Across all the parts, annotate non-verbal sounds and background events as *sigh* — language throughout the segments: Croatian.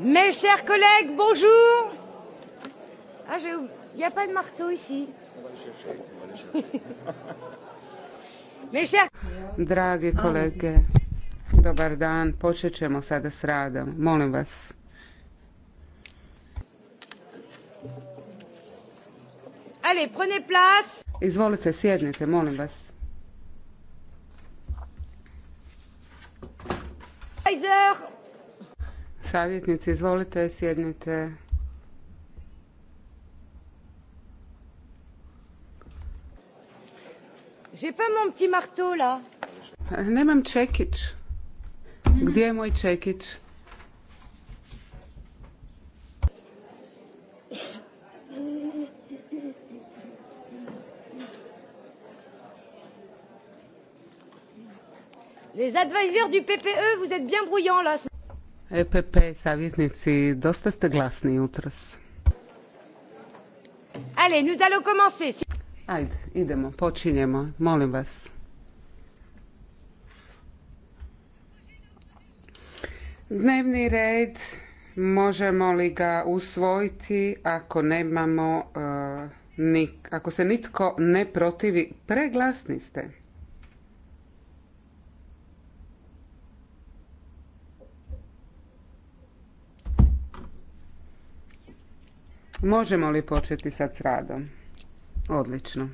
Mes chers collègues, bonjour. Ah, il n'y a pas de marteau ici. *laughs* Mes chers... Dragi kolege, dobar dan. Počet ćemo sada s radom. Molim vas. Allez, prenez place. Izvolite, sjednite, molim vas. Kaiser, savjetnici, izvolite, sjednite. J'ai pas mon petit marteau là. Nemam čekić. Gdje je moj čekić? Les advisors du PPE, vous êtes bien brouillants là. EPP savjetnici, dosta ste glasni jutros. Ale, nous allons commencer. Ajde, idemo, počinjemo, molim vas. Dnevni red, možemo li ga usvojiti ako nemamo, e, ako se nitko ne protivi, preglasni ste. Možemo li početi sad s radom? Odlično.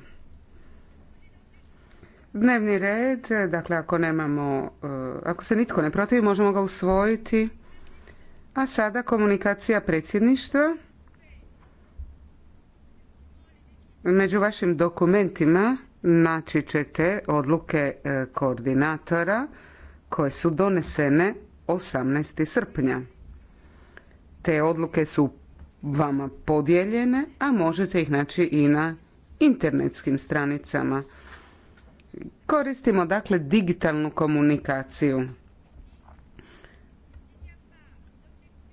Dnevni red, dakle ako nemamo, e, ako se nitko ne protivi, možemo ga usvojiti. A sada komunikacija predsjedništva. Među vašim dokumentima naći ćete odluke e, koordinatora koje su donesene 18. srpnja. Te odluke su vama podijeljene, a možete ih naći i na internetskim stranicama. Koristimo dakle digitalnu komunikaciju.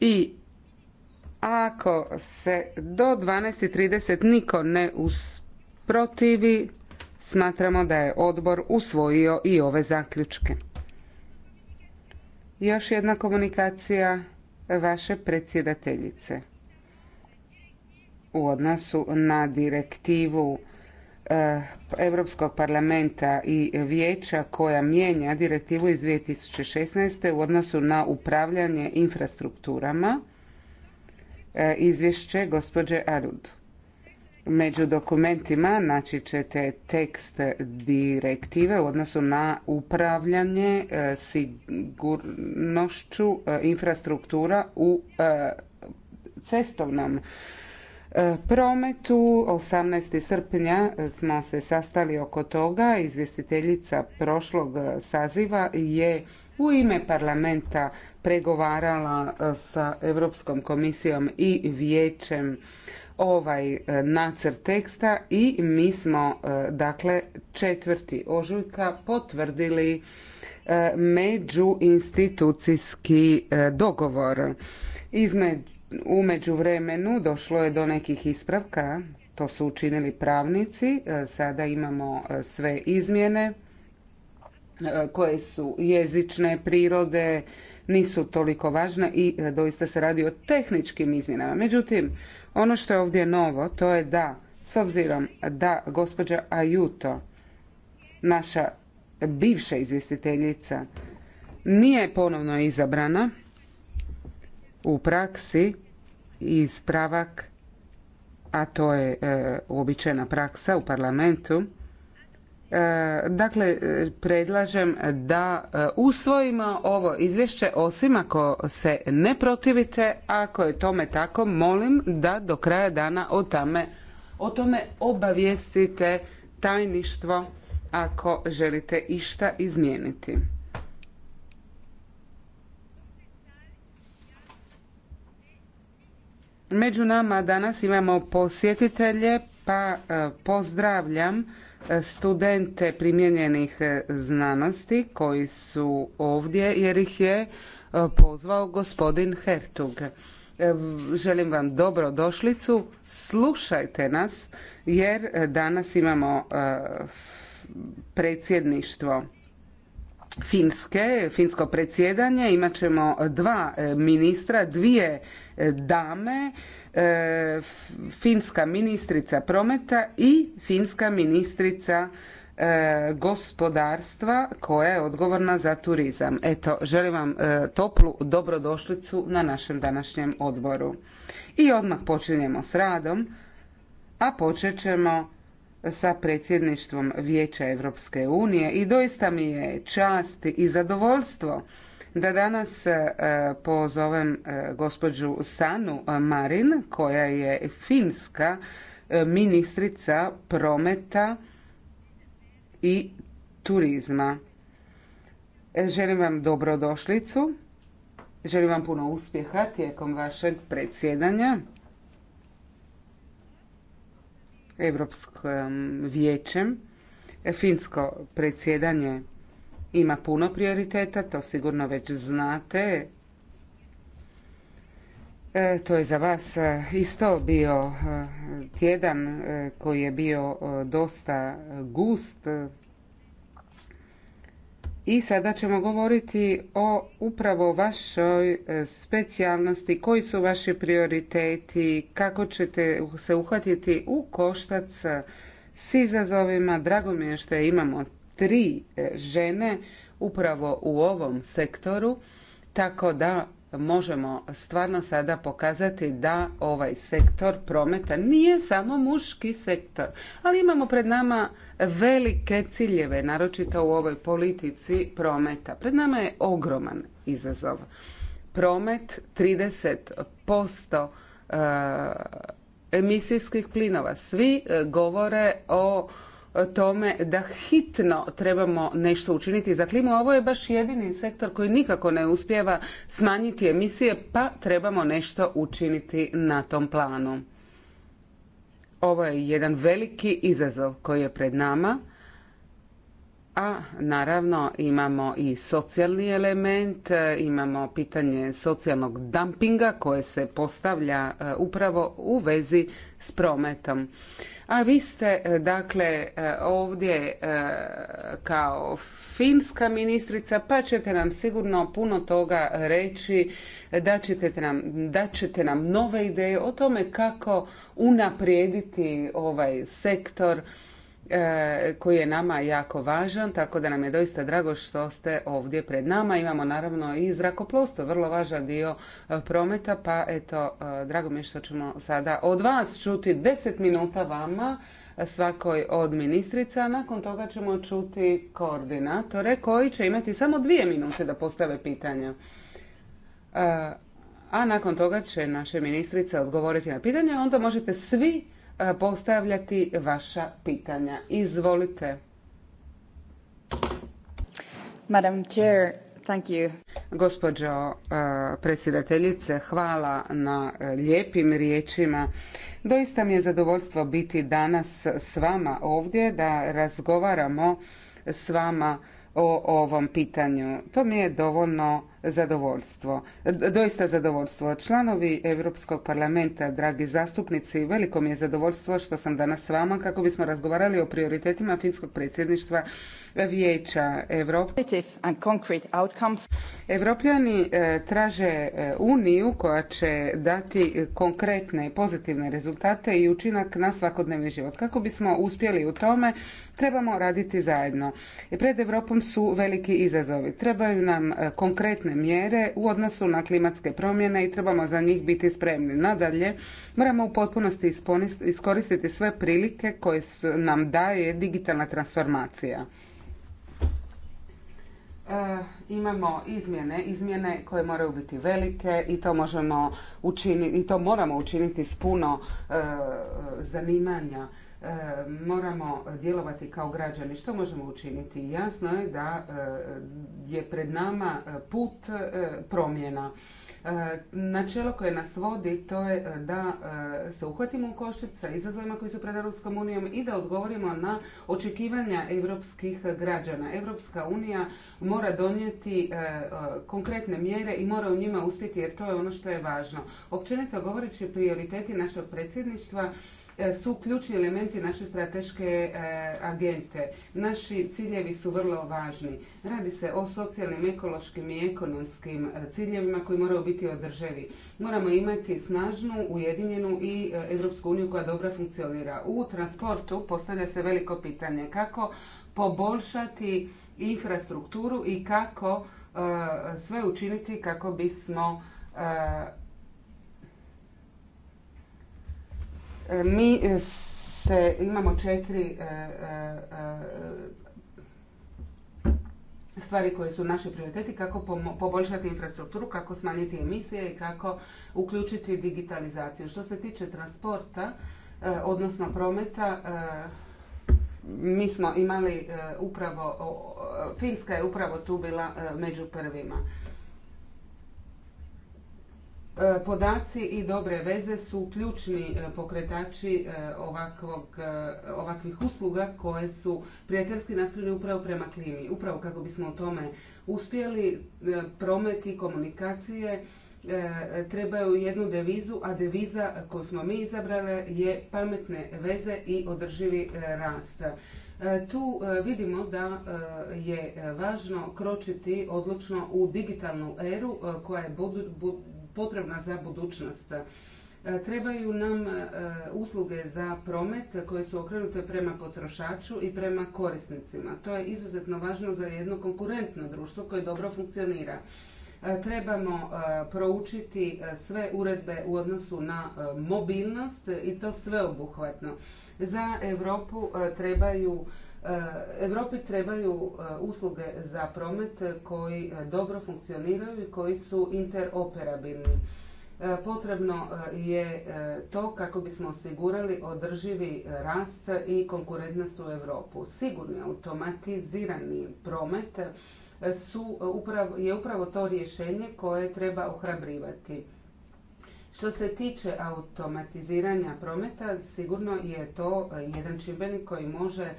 I ako se do 12.30 niko ne usprotivi, smatramo da je odbor usvojio i ove zaključke. Još jedna komunikacija vaše predsjedateljice u odnosu na direktivu eh, Europskog parlamenta i vijeća koja mijenja direktivu iz 2016. u odnosu na upravljanje infrastrukturama eh, izvješće gospođe Arud. Među dokumentima naći ćete tekst direktive u odnosu na upravljanje eh, sigurnošću infrastruktura u cestovnom E, prometu. 18. srpnja e, smo se sastali oko toga. Izvjestiteljica prošlog e, saziva je u ime parlamenta pregovarala sa Europskom komisijom i vijećem ovaj nacrt teksta i mi smo dakle četvrti ožujka potvrdili međuinstitucijski dogovor između u međuvremenu došlo je do nekih ispravka, to su učinili pravnici, e, sada imamo e, sve izmjene e, koje su jezične prirode, nisu toliko važne i doista se radi o tehničkim izmjenama. Međutim, ono što je ovdje novo, to je da, s obzirom da gospođa Ajuto, naša bivša izvjestiteljica, nije ponovno izabrana, u praksi ispravak, a to je e, uobičajena praksa u parlamentu, e, Dakle, e, predlažem da usvojimo ovo izvješće, osim ako se ne protivite, ako je tome tako, molim da do kraja dana o tome, o tome obavijestite tajništvo ako želite išta izmijeniti. Među nama danas imamo posjetitelje, pa e, pozdravljam e, studente primijenjenih e, znanosti koji su ovdje jer ih je pozvao gospodin Hertug. Želim vam dobrodošlicu, slušajte nas jer danas imamo predsjedništvo Finske, finsko predsjedanje, imat ćemo e, dva e, ministra, dvije e, dame, finska ministrica prometa i finska ministrica gospodarstva koja je odgovorna za turizam. Eto, želim vam toplu dobrodošlicu na našem današnjem odboru. I odmah počinjemo s radom, a počet ćemo sa predsjedništvom Vijeća Europske unije i doista mi je čast i zadovoljstvo da danas e, pozovem e, gospođu Sanu Marin koja je finska e, ministrica prometa i turizma. Želim vam dobrodošlicu. Želim vam puno uspjeha tijekom vašeg predsjedanja. Europskom vijećem. E, Finsko predsjedanje ima puno prioriteta, to sigurno već znate. E, to je za vas e, isto bio tjedan koji je bio dosta gust, i sada ćemo govoriti o upravo vašoj e, specijalnosti, koji su vaši prioriteti, kako ćete se uhvatiti u koštac s izazovima. Drago mi je što imamo tri e, žene upravo u ovom sektoru, tako da možemo stvarno sada pokazati da ovaj sektor prometa nije samo muški sektor, ali imamo pred nama velike ciljeve, naročito u ovoj politici prometa. Pred nama je ogroman izazov. Promet 30% eh, emisijskih plinova. Svi eh, govore o tome da hitno trebamo nešto učiniti za klimu. Ovo je baš jedini sektor koji nikako ne uspjeva smanjiti emisije, pa trebamo nešto učiniti na tom planu. Ovo je jedan veliki izazov koji je pred nama a naravno imamo i socijalni element, e, imamo pitanje socijalnog dumpinga koje se postavlja e, upravo u vezi s prometom. A vi ste e, dakle ovdje kao finska ministrica pa ćete nam sigurno puno toga reći da ćete nam, da ćete nam nove ideje o tome kako unaprijediti ovaj sektor E, koji je nama jako važan, tako da nam je doista drago što ste ovdje pred nama. Imamo naravno i zrakoplovstvo, vrlo važan dio e, prometa, pa eto, e, drago mi je što ćemo sada od vas čuti 10 minuta vama, svakoj od ministrica. Nakon toga ćemo čuti koordinatore koji će imati samo dvije minute da postave pitanja. A nakon toga će naše ministrice odgovoriti na pitanje, onda možete svi E, postavljati vaša pitanja. Izvolite. Madam Chair, thank you. Gospođo e, predsjedateljice, hvala na e, lijepim riječima. Doista mi je zadovoljstvo biti danas s vama ovdje da razgovaramo s vama o ovom pitanju. To mi je dovoljno zadovoljstvo, doista zadovoljstvo. Članovi Europskog parlamenta, dragi zastupnici, veliko mi je zadovoljstvo što sam danas s vama kako bismo razgovarali o prioritetima finskog predsjedništva Vijeća Europe. Evropljani e, traže e, uniju koja će dati konkretne i pozitivne rezultate i učinak na svakodnevni život. Kako bismo uspjeli u tome, trebamo raditi zajedno. Pred Evropom su veliki izazovi. Trebaju nam e, konkretne mjere u odnosu na klimatske promjene i trebamo za njih biti spremni. Nadalje, moramo u potpunosti iskoristiti sve prilike koje nam daje digitalna transformacija. E, imamo izmjene, izmjene koje moraju biti velike i to možemo učiniti, i to moramo učiniti s puno e, zanimanja E, moramo djelovati kao građani. Što možemo učiniti? Jasno je da e, je pred nama e, put promjena. Načelo koje nas vodi to je da se uhvatimo u koštac sa izazovima koji su pred Europskom unijom i da odgovorimo na očekivanja europskih građana. Evropska unija mora donijeti konkretne mjere i mora u njima uspjeti jer to je ono što je važno. Općenito govoreći prioriteti našeg predsjedništva E, su ključni elementi naše strateške e, agente. Naši ciljevi su vrlo važni. Radi se o socijalnim, ekološkim i ekonomskim e, ciljevima koji moraju biti održivi. Moramo imati snažnu, ujedinjenu i Europsku uniju koja dobro funkcionira. U transportu postavlja se veliko pitanje kako poboljšati infrastrukturu i kako sve učiniti kako bismo E, mi e, se imamo četiri e, stvari koje su naši prioriteti, kako poboljšati infrastrukturu, kako smanjiti emisije i kako uključiti digitalizaciju. Što se tiče transporta, odnosno prometa, mi smo imali upravo, Finska je upravo tu bila među prvima. E, podaci i dobre veze su ključni e, pokretači e, ovakvih usluga koje su prijateljski nastrojene upravo prema klimi. Upravo kako bismo u tome uspjeli, promet i komunikacije trebaju jednu devizu, a deviza koju smo mi izabrali je pametne veze i održivi rast. Tu vidimo da je važno kročiti odlučno u digitalnu eru koja je potrebna za budućnost. E, trebaju nam e, usluge za promet koje su okrenute prema potrošaču i prema korisnicima. To je izuzetno važno za jedno konkurentno društvo koje dobro funkcionira. E, trebamo proučiti sve uredbe u odnosu na mobilnost i to sveobuhvatno. Za Europu trebaju Europi eh, trebaju eh, usluge za promet koji eh, dobro funkcioniraju i koji su interoperabilni. Potrebno je to kako bismo osigurali održivi rast i konkurentnost u Europu. Sigurni automatizirani promet su, je upravo to rješenje koje treba ohrabrivati. Što se tiče automatiziranja prometa, sigurno je to jedan čimbenik koji može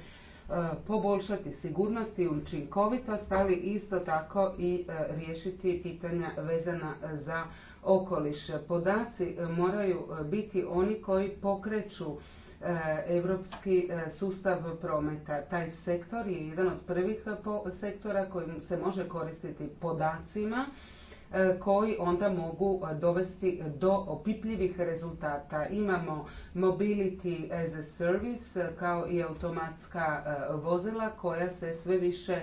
E, poboljšati sigurnost i učinkovitost, ali isto tako i e, riješiti pitanja vezana za okoliš. Podaci e, moraju biti oni koji pokreću europski sustav prometa. Taj sektor je jedan od prvih sektora koji se može koristiti podacima E, koji onda mogu e, dovesti do opipljivih rezultata. Imamo mobility as a service e, kao i automatska vozila koja se sve više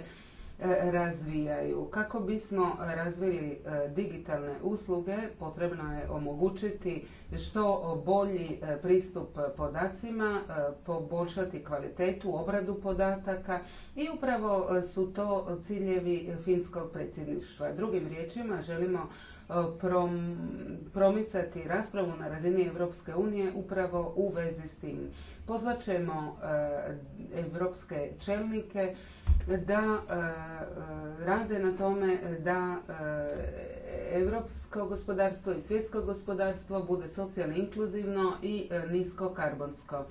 E, razvijaju. Kako bismo razvili e, digitalne usluge, potrebno je omogućiti što bolji e, pristup podacima, poboljšati kvalitetu, obradu podataka i upravo su to ciljevi finskog predsjedništva. Drugim riječima želimo promicati raspravu na razini Europske unije upravo u vezi s tim. Pozvat ćemo eh, evropske čelnike da eh, rade na tome da eh, evropsko gospodarstvo i svjetsko gospodarstvo bude socijalno inkluzivno i nisko karbonsko.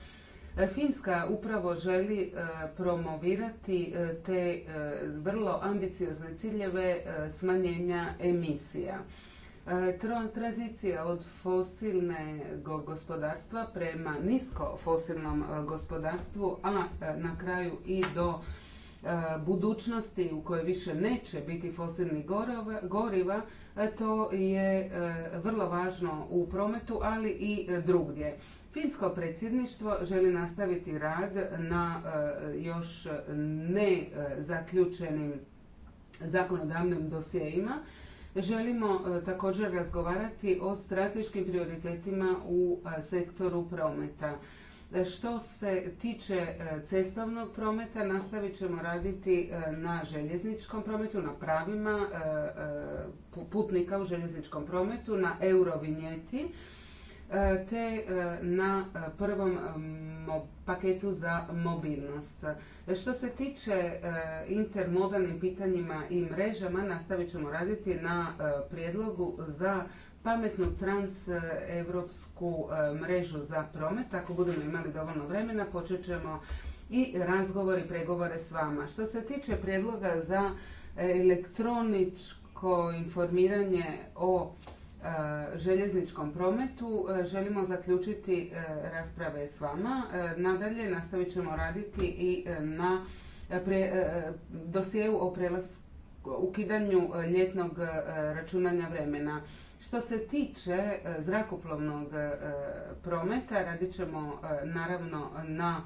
Finska upravo želi promovirati te vrlo ambiciozne ciljeve smanjenja emisija. E, tranzicija od fosilnog gospodarstva prema nisko fosilnom e, gospodarstvu, a e, na kraju i do budućnosti u kojoj više neće biti fosilnih goriva, to je vrlo važno u prometu, ali i drugdje. Finsko predsjedništvo želi nastaviti rad na još ne zaključenim zakonodavnim dosjeima Želimo e, također razgovarati o strateškim prioritetima u e, sektoru prometa. E, što se tiče cestovnog prometa, nastavit ćemo raditi na željezničkom prometu, na pravima putnika u željezničkom prometu, na eurovinjeti E, te e, na e, prvom paketu za mobilnost. Što se tiče intermodalnim pitanjima i mrežama, nastavit ćemo raditi na prijedlogu za pametnu transevropsku mrežu za promet. Ako budemo imali dovoljno vremena, počet ćemo i razgovori, i pregovore s vama. Što se tiče prijedloga za elektroničko informiranje o E, željezničkom prometu e, želimo zaključiti e, rasprave s vama. Nadalje nastavit ćemo raditi i na dosjeu o ukidanju ljetnog računanja vremena. Što se tiče zrakoplovnog prometa, radit ćemo naravno na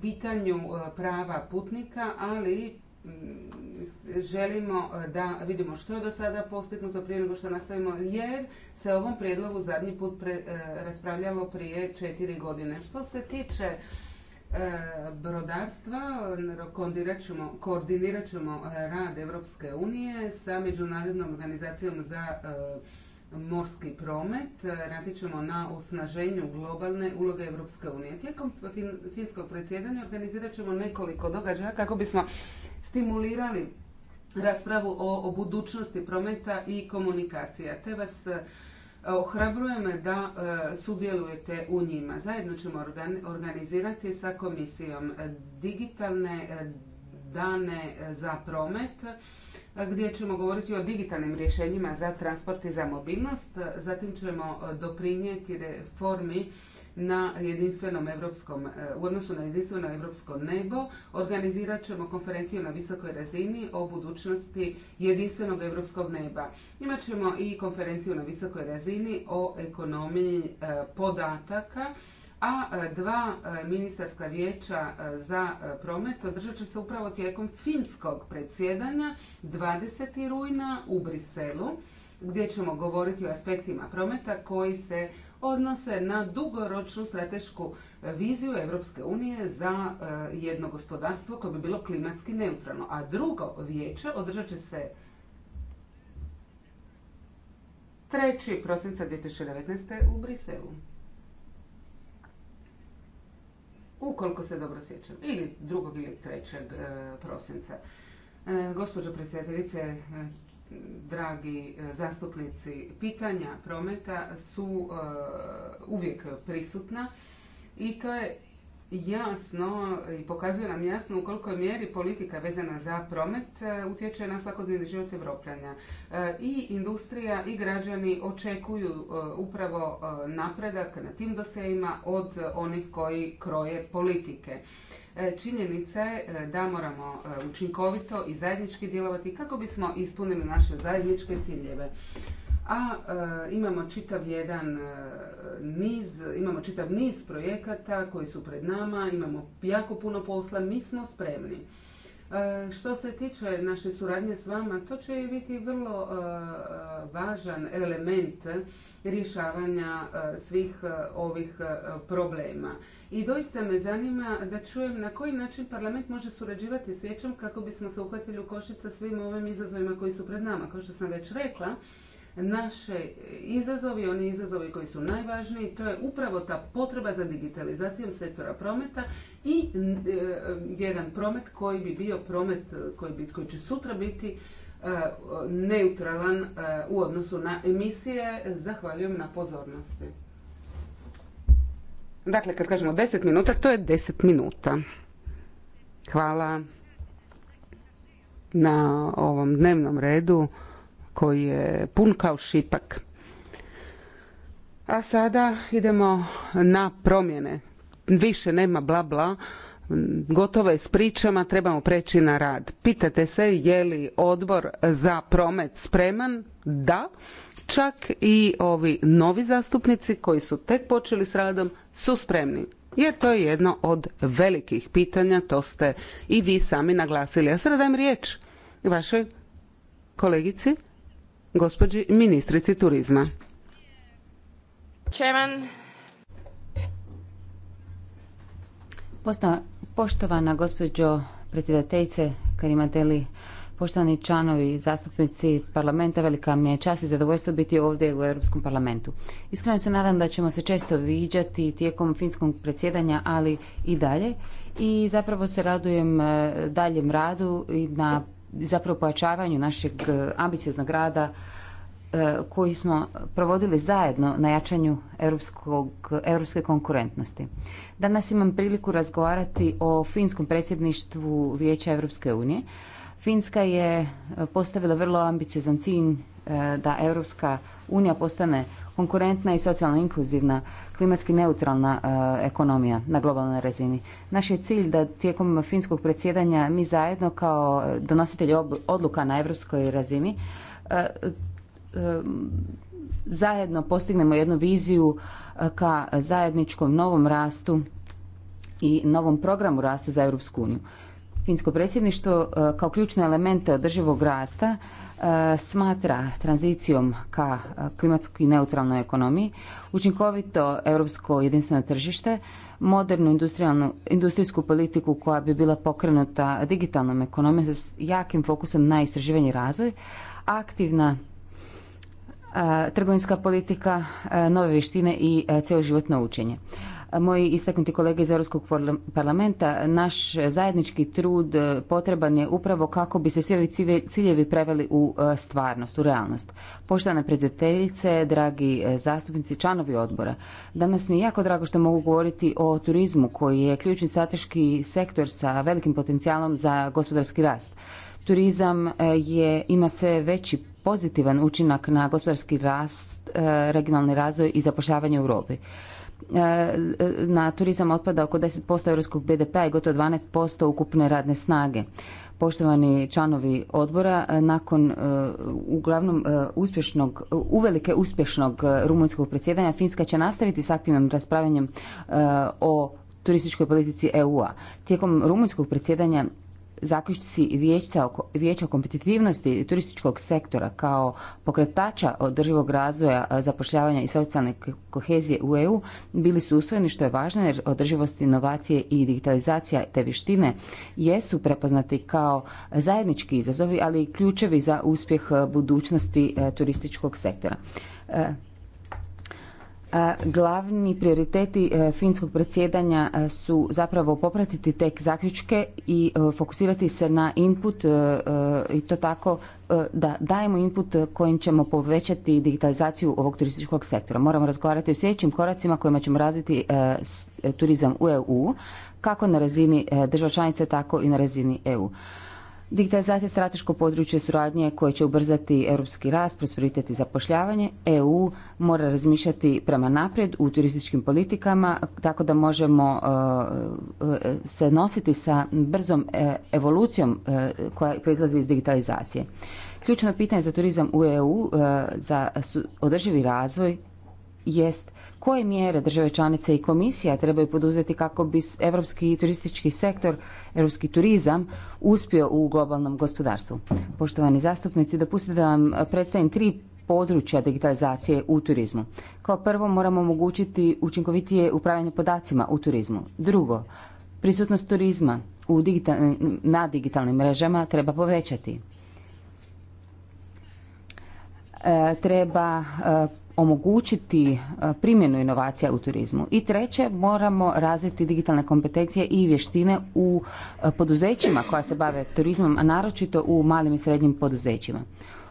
pitanju prava putnika, ali Mm, želimo e, da vidimo što je do sada postignuto prije nego što nastavimo, jer se ovom prijedlogu zadnji put e, raspravljalo prije četiri godine. Što se tiče e, brodarstva koordinirat ćemo rad Europske unije sa Međunarodnom organizacijom za morski promet. Radit ćemo na osnaženju globalne uloge Europske unije. Tijekom finskog predsjedanja organizirat ćemo nekoliko događaja kako bismo stimulirali raspravu o, budućnosti prometa i komunikacija, te vas e, ohrabrujem da e, sudjelujete u njima. Zajedno ćemo organizirati sa komisijom digitalne e, dane za promet, gdje ćemo govoriti o digitalnim rješenjima za transport i za mobilnost. Zatim ćemo doprinijeti reformi na jedinstvenom europskom, e, u odnosu na jedinstveno europsko nebo. Organizirat ćemo konferenciju na visokoj razini o budućnosti jedinstvenog europskog neba. Imat ćemo i konferenciju na visokoj razini o ekonomiji e, podataka a e, dva ministarska vijeća za promet održat će se upravo tijekom finskog predsjedanja 20. rujna u Briselu gdje ćemo govoriti o aspektima prometa koji se odnose na dugoročnu stratešku viziju Europske unije za eh, jedno gospodarstvo koje bi bilo klimatski neutralno. A drugo vijeće održat će se 3. prosinca 2019. u Briselu. Ukoliko se dobro sjećam. Ili drugog ili trećeg eh, prosinca. Eh, gospođo predsjedateljice, dragi e, zastupnici, pitanja prometa su e, uvijek prisutna i to je jasno i pokazuje nam jasno u kolikoj mjeri politika vezana za promet e, utječe na svakodnevni život Evropljanja. E, I industrija i građani očekuju e, upravo napredak na tim dosejima od onih koji kroje politike. Činjenica je da moramo učinkovito i zajednički djelovati kako bismo ispunili naše zajedničke ciljeve a e, imamo čitav jedan e, niz, imamo čitav niz projekata koji su pred nama, imamo jako puno posla, mi smo spremni. E, što se tiče naše suradnje s vama, to će biti vrlo važan element rješavanja svih ovih problema. I doista me zanima da čujem na koji način parlament može surađivati s Vijećom kako bismo se uhvatili u košica svim ovim izazovima koji su pred nama. Kao što sam već rekla, naše izazovi, oni izazovi koji su najvažniji, to je upravo ta potreba za digitalizacijom sektora prometa i e, jedan promet koji bi bio promet koji, bi, koji će sutra biti e, neutralan e, u odnosu na emisije. Zahvaljujem na pozornosti. Dakle, kad kažemo 10 minuta, to je 10 minuta. Hvala na ovom dnevnom redu koji je pun kao šipak. A sada idemo na promjene. Više nema bla bla, gotovo je s pričama, trebamo preći na rad. Pitate se je li odbor za promet spreman? Da. Čak i ovi novi zastupnici koji su tek počeli s radom su spremni. Jer to je jedno od velikih pitanja, to ste i vi sami naglasili. Ja sada dajem riječ vašoj kolegici gospođi ministrici turizma. poštovana gospođo predsjedateljice Karimateli, poštovani članovi, zastupnici parlamenta, velika mi je čast i zadovoljstvo biti ovdje u Europskom parlamentu. Iskreno se nadam da ćemo se često viđati tijekom finskog predsjedanja, ali i dalje. I zapravo se radujem eh, daljem radu i na zapravo pojačavanju našeg e, ambicioznog rada e, koji smo provodili zajedno na jačanju europske konkurentnosti. Danas imam priliku razgovarati o finskom predsjedništvu Vijeća Europske unije. Finska je postavila vrlo ambiciozan cilj e, da Europska unija postane konkurentna i socijalno inkluzivna, klimatski neutralna e, ekonomija na globalnoj razini. Naš je cilj da tijekom finskog predsjedanja mi zajedno kao e, donositelji odluka na europskoj razini e, zajedno postignemo jednu viziju ka zajedničkom novom rastu i novom programu rasta za Europsku uniju. Finsko predsjedništvo kao ključne elemente održivog rasta E, smatra tranzicijom ka e, klimatski neutralnoj ekonomiji, učinkovito europsko jedinstveno tržište, modernu industrijsku politiku koja bi bila pokrenuta digitalnom ekonomijom sa jakim fokusom na istraživanje i razvoj, aktivna e, trgovinska politika, nove vještine i životno učenje moji istaknuti kolege iz Europskog parlamenta, naš zajednički trud e, potreban je upravo kako bi se svi ovi ciljevi preveli u e, stvarnost, u realnost. Poštovana predsjedateljice, dragi e, zastupnici, članovi odbora, danas mi je jako drago što mogu govoriti o turizmu koji je ključni strateški sektor sa velikim potencijalom za gospodarski rast. Turizam je, ima sve veći pozitivan učinak na gospodarski rast, regionalni razvoj i zapošljavanje u Europi. E, na turizam otpada oko 10% europskog BDP-a i gotovo 12% ukupne radne snage. Poštovani članovi odbora, e, nakon e, uglavnom uspješnog, uvelike uspješnog rumunjskog predsjedanja, Finska će nastaviti s aktivnim raspravljanjem o turističkoj politici EU-a. Tijekom rumunjskog predsjedanja zaključci vijeća o kompetitivnosti turističkog sektora kao pokretača održivog razvoja zapošljavanja i socijalne kohezije u EU bili su usvojeni što je važno jer održivost inovacije i digitalizacija te vještine jesu prepoznati kao zajednički izazovi ali i ključevi za uspjeh budućnosti turističkog sektora. Glavni prioriteti e, finskog predsjedanja e, su zapravo popratiti tek zaključke i e, fokusirati se na input i to tako da dajemo input kojim ćemo povećati digitalizaciju ovog turističkog sektora. Moramo razgovarati o sljedećim koracima kojima ćemo razviti turizam u EU, kako na razini država članica, tako i na razini EU. Digitalizacija strateško područje suradnje koje će ubrzati europski rast, prosperitet i zapošljavanje, EU mora razmišljati prema naprijed u turističkim politikama tako da možemo e, e, se nositi sa brzom e, evolucijom koja proizlazi iz digitalizacije. Ključno pitanje za turizam u EU za održivi razvoj jest koje mjere države članice i komisija trebaju poduzeti kako bi europski turistički sektor, europski turizam uspio u globalnom gospodarstvu. Poštovani zastupnici, dopustite da vam predstavim tri područja digitalizacije u turizmu. Kao prvo moramo omogućiti učinkovitije upravljanje podacima u turizmu. Drugo, prisutnost turizma na digitalnim mrežama treba povećati. E, treba e, omogućiti e, primjenu inovacija u turizmu. I treće, moramo razviti digitalne kompetencije i vještine u e, poduzećima koja se bave turizmom, a naročito u malim i srednjim poduzećima.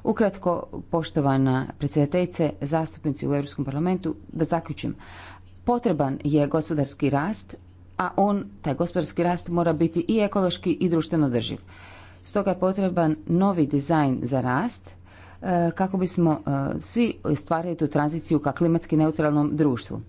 Ukratko, poštovana predsjedateljice, zastupnici u Europskom parlamentu, da zaključim. Potreban je gospodarski rast, a on, taj gospodarski rast, mora biti i ekološki i društveno drživ. Stoga je potreban novi dizajn za rast, E, kako bismo e, svi ostvarili tu tranziciju ka klimatski neutralnom društvu.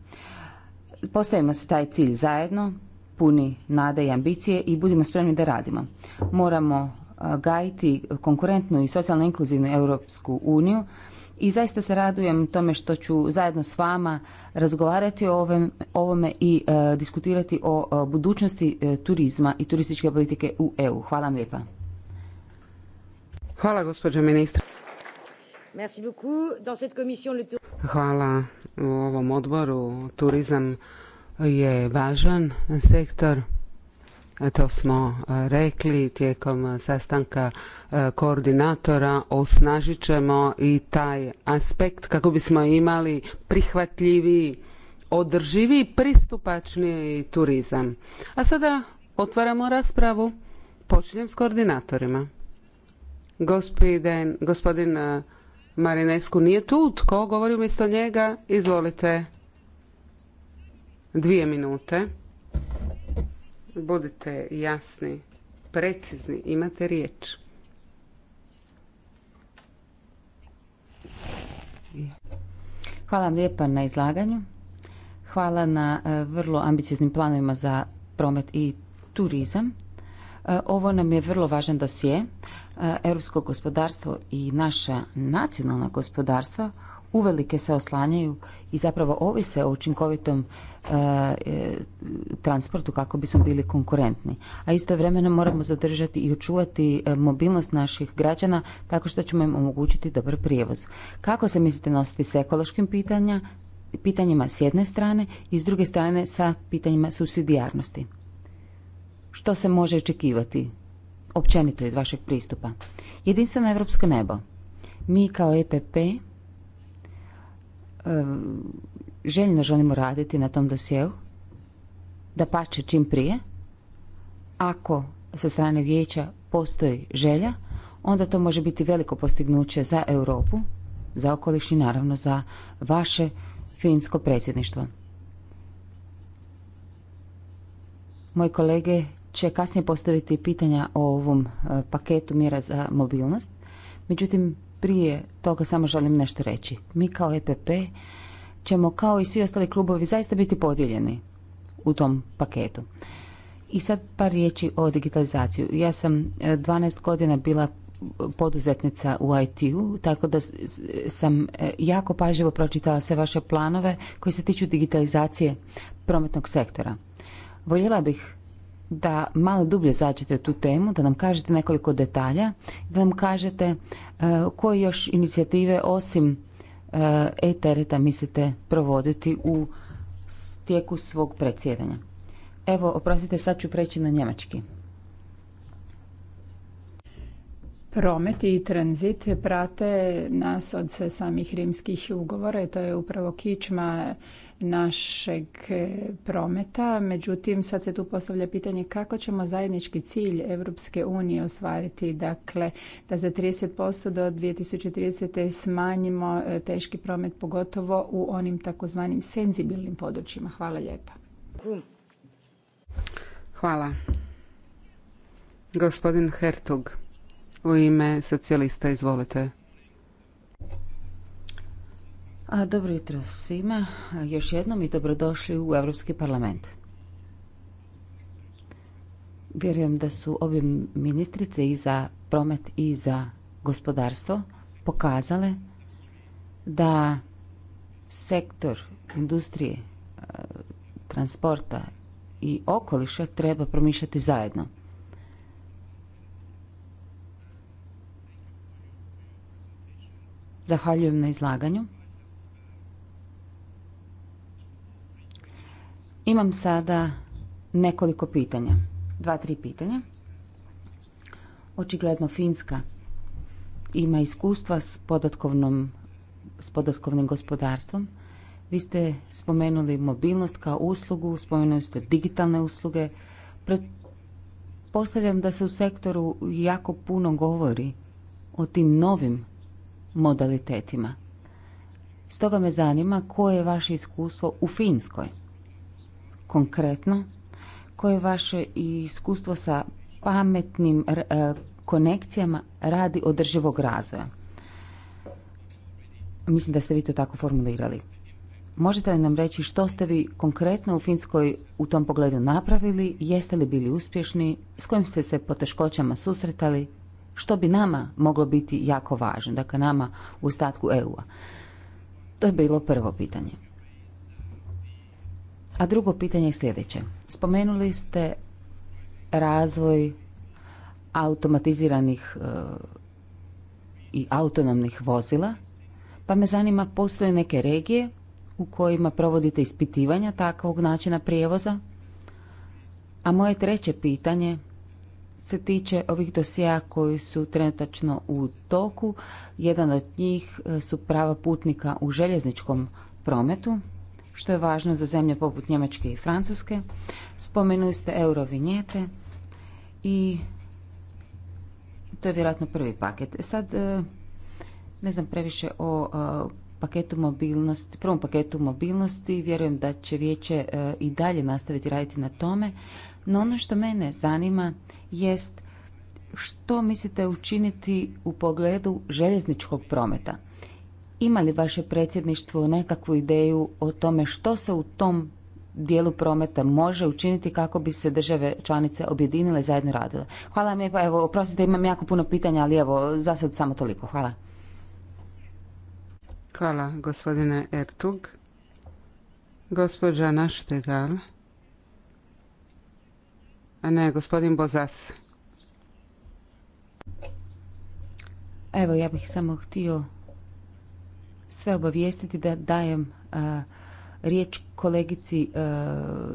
Postavimo se taj cilj zajedno, puni nade i ambicije i budimo spremni da radimo. Moramo e, gajiti konkurentnu i socijalno inkluzivnu Europsku uniju i zaista se radujem tome što ću zajedno s vama razgovarati o ovome i diskutirati o budućnosti turizma i turističke politike u EU. Hvala vam lijepa. Hvala gospođo ministra. Hvala u ovom odboru. Turizam je važan sektor. To smo e, rekli tijekom e, sastanka e, koordinatora. Osnažit ćemo i taj aspekt kako bismo imali prihvatljiviji, održiviji, pristupačni turizam. A sada otvaramo raspravu. Počinjem s koordinatorima. Gospodin, gospodin Marinesku nije tu. Tko govori umjesto njega? Izvolite. Dvije minute. Budite jasni, precizni, imate riječ. Hvala vam lijepa na izlaganju. Hvala na e, vrlo ambicioznim planovima za promet i turizam. E, ovo nam je vrlo važan dosije. E, europsko gospodarstvo i naša nacionalna gospodarstva uvelike se oslanjaju i zapravo ovise o učinkovitom e, e, transportu kako bismo bili konkurentni. A istovremeno moramo zadržati i očuvati mobilnost naših građana tako što ćemo im omogućiti dobar prijevoz. Kako se mislite nositi s ekološkim pitanja, pitanjima s jedne strane i s druge strane sa pitanjima subsidijarnosti? Što se može očekivati općenito iz vašeg pristupa. Jedinstveno evropsko nebo. Mi kao EPP e, željno želimo raditi na tom dosjeu, da pače čim prije. Ako sa strane vijeća postoji želja, onda to može biti veliko postignuće za Europu, za okoliš i naravno za vaše finsko predsjedništvo. Moji kolege će kasnije postaviti pitanja o ovom e, paketu mjera za mobilnost. Međutim, prije toga samo želim nešto reći. Mi kao EPP ćemo kao i svi ostali klubovi zaista biti podijeljeni u tom paketu. I sad par riječi o digitalizaciju. Ja sam 12 e, godina bila poduzetnica u IT-u, tako da sam e, jako pažljivo pročitala sve vaše planove koji se tiču digitalizacije prometnog sektora. Voljela bih da malo dublje zađete u tu temu, da nam kažete nekoliko detalja, da nam kažete e, koje još inicijative osim e, e-tereta mislite provoditi u tijeku svog predsjedanja. Evo, oprostite, sad ću preći na njemački. Promet i tranzit prate nas od samih rimskih ugovora i to je upravo kičma našeg e, prometa. Međutim, sad se tu postavlja pitanje kako ćemo zajednički cilj Europske unije ostvariti, dakle da za 30% do 2030. smanjimo e, teški promet, pogotovo u onim takozvanim senzibilnim područjima. Hvala lijepa. Hvala. Gospodin Hertog u ime socijalista. Izvolite. Dobro jutro svima. Još jednom i dobrodošli u Europski parlament. Vjerujem da su obje ministrice i za promet i za gospodarstvo pokazale da sektor industrije, transporta i okoliša treba promišljati zajedno. Zahvaljujem na izlaganju. Imam sada nekoliko pitanja. Dva, tri pitanja. Očigledno Finska ima iskustva s podatkovnom, podatkovnim gospodarstvom. Vi ste spomenuli mobilnost kao uslugu, spomenuli ste digitalne usluge. Postavljam da se u sektoru jako puno govori o tim novim modalitetima. Stoga me zanima koje je vaše iskustvo u Finskoj. Konkretno, koje je vaše iskustvo sa pametnim e, konekcijama radi održivog razvoja. Mislim da ste vi to tako formulirali. Možete li nam reći što ste vi konkretno u Finskoj u tom pogledu napravili, jeste li bili uspješni, s kojim ste se poteškoćama susretali što bi nama moglo biti jako važno, dakle nama u statku EU-a. To je bilo prvo pitanje. A drugo pitanje je sljedeće. Spomenuli ste razvoj automatiziranih e, i autonomnih vozila, pa me zanima postoje neke regije u kojima provodite ispitivanja takvog načina prijevoza? A moje treće pitanje se tiče ovih dosija koji su trenutačno u toku, jedan od njih e, su prava putnika u željezničkom prometu, što je važno za zemlje poput Njemačke i Francuske. Spomenuli ste eurovinjete i to je vjerojatno prvi paket. Sad e, ne znam previše o e, paketu mobilnosti, prvom paketu mobilnosti, vjerujem da će vijeće i dalje nastaviti raditi na tome, no ono što mene zanima jest što mislite učiniti u pogledu željezničkog prometa? Ima li vaše predsjedništvo nekakvu ideju o tome što se u tom dijelu prometa može učiniti kako bi se države članice objedinile i zajedno radile? Hvala vam lijepa, evo, oprostite, imam jako puno pitanja, ali evo, za sad samo toliko. Hvala. Hvala, gospodine Ertug. Gospođa Naštegal. Ne, gospodin Bozas. Evo, ja bih samo htio sve obavijestiti da dajem riječ kolegici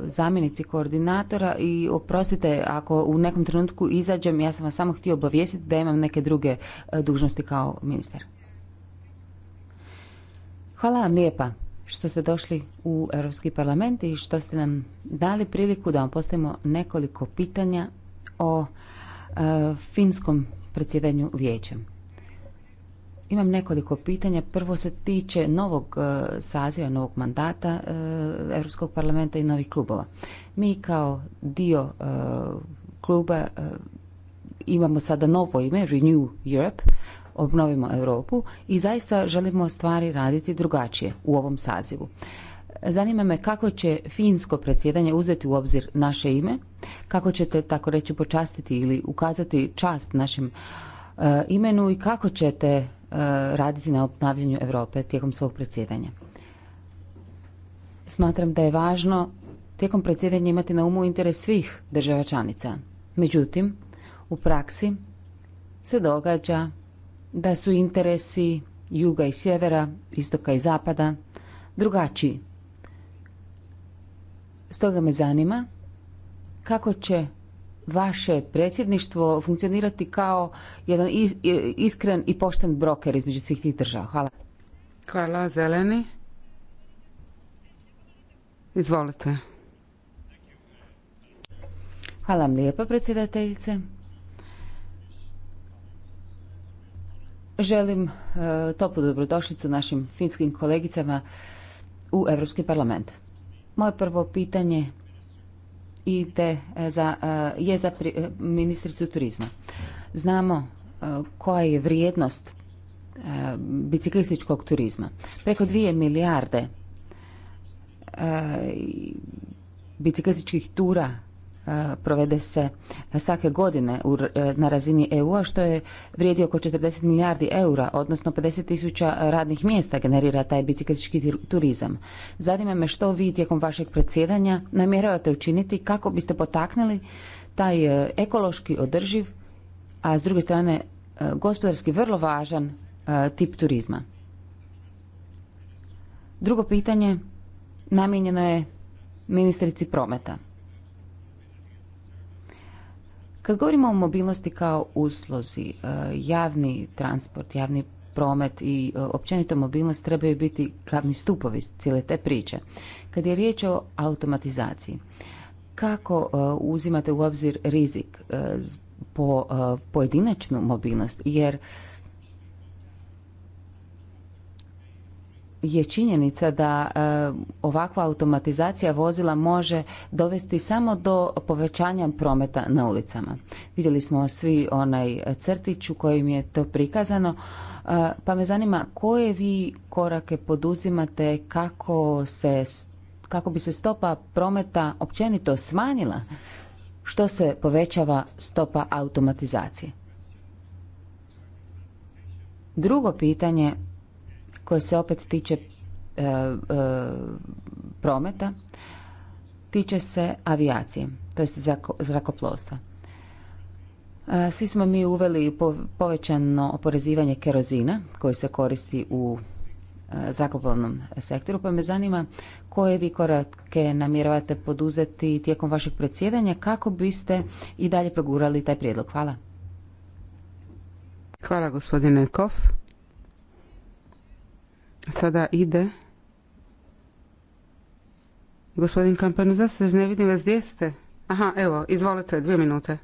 zamjenici koordinatora i oprostite ako u nekom trenutku izađem, ja sam vas samo htio obavijestiti da imam neke druge dužnosti kao ministar. Hvala vam lijepa što ste došli u Europski parlament i što ste nam dali priliku da vam postavimo nekoliko pitanja o e, finskom predsjedanju vijećem. Imam nekoliko pitanja. Prvo se tiče novog e, saziva, novog mandata e, Europskog parlamenta i novih klubova. Mi kao dio kluba imamo sada novo ime, Renew Europe, obnovimo Europu i zaista želimo stvari raditi drugačije u ovom sazivu. Zanima me kako će finsko predsjedanje uzeti u obzir naše ime, kako ćete tako reći počastiti ili ukazati čast našem e, imenu i kako ćete e, raditi na obnavljanju Europe tijekom svog predsjedanja. Smatram da je važno tijekom predsjedanja imati na umu interes svih država članica. Međutim, u praksi se događa da su interesi juga i sjevera, istoka i zapada drugačiji. Stoga me zanima kako će vaše predsjedništvo funkcionirati kao jedan iskren i pošten broker između svih tih država. Hvala. Hvala, Zeleni. Izvolite. Hvala vam lijepa, predsjedateljice. Želim e, toplu dobrodošlicu našim finskim kolegicama u Europski parlament. Moje prvo pitanje ide e, za, e, je za ministricu turizma. Znamo koja je vrijednost biciklističkog turizma. Preko dvije milijarde biciklističkih tura E, provede se svake godine e, na razini EU-a što je vrijedi oko 40 milijardi eura, odnosno 50 tisuća radnih mjesta generira taj biciklistički turizam. Zanima me što vi tijekom vašeg predsjedanja namjeravate učiniti kako biste potaknuli taj e, ekološki održiv, a s druge strane gospodarski vrlo važan tip turizma. Drugo pitanje namijenjeno je ministrici prometa. Kad govorimo o mobilnosti kao uslozi, e, javni transport, javni promet i e, općenito mobilnost trebaju biti glavni stupovi cijele te priče. Kad je riječ o automatizaciji, kako e, uzimate u obzir rizik po pojedinačnu mobilnost, jer je činjenica da e, ovakva automatizacija vozila može dovesti samo do povećanja prometa na ulicama. Vidjeli smo svi onaj crtić u kojim je to prikazano, e, pa me zanima koje vi korake poduzimate kako, se, kako bi se stopa prometa općenito smanjila što se povećava stopa automatizacije. Drugo pitanje koje se opet tiče e, e, prometa, tiče se avijacije, to jest zrakoplovstva. E, svi smo mi uveli povećano oporezivanje kerozina koji se koristi u zrakoplovnom sektoru, pa me zanima koje vi korake namjeravate poduzeti tijekom vašeg predsjedanja kako biste i dalje progurali taj prijedlog. Hvala. Hvala gospodine Kof. Sada ide. Gospodin Kampanu, ne vidim vas gdje ste. Aha, evo, izvolite, dvije minute.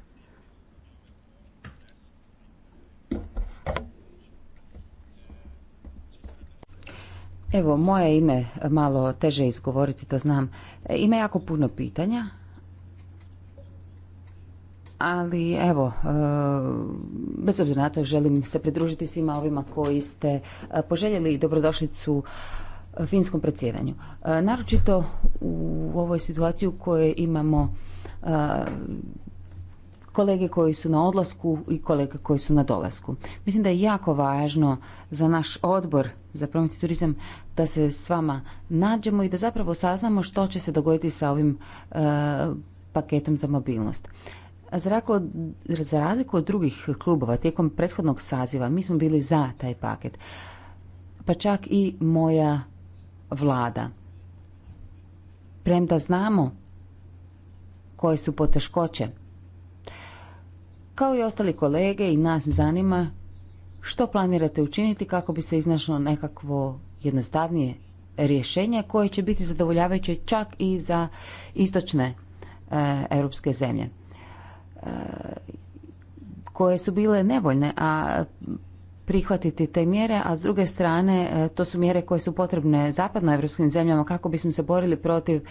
Evo, moje ime malo teže izgovoriti, to znam. E, ima jako puno pitanja ali evo, e, bez obzira na to želim se pridružiti svima ovima koji ste e, poželjeli dobrodošlicu e, finskom predsjedanju. Naročito u ovoj situaciji u kojoj imamo kolege koji su na odlasku i kolege koji su na dolasku. Mislim da je jako važno za naš odbor za promet i turizam da se s vama nađemo i da zapravo saznamo što će se dogoditi sa ovim paketom za mobilnost za razliku od drugih klubova tijekom prethodnog saziva mi smo bili za taj paket. Pa čak i moja vlada. Premda znamo koje su poteškoće. Kao i ostali kolege i nas zanima što planirate učiniti kako bi se iznašlo nekakvo jednostavnije rješenje koje će biti zadovoljavajuće čak i za istočne e, europske zemlje koje su bile nevoljne, a prihvatiti te mjere, a s druge strane e, to su mjere koje su potrebne zapadnoevropskim zemljama kako bismo se borili protiv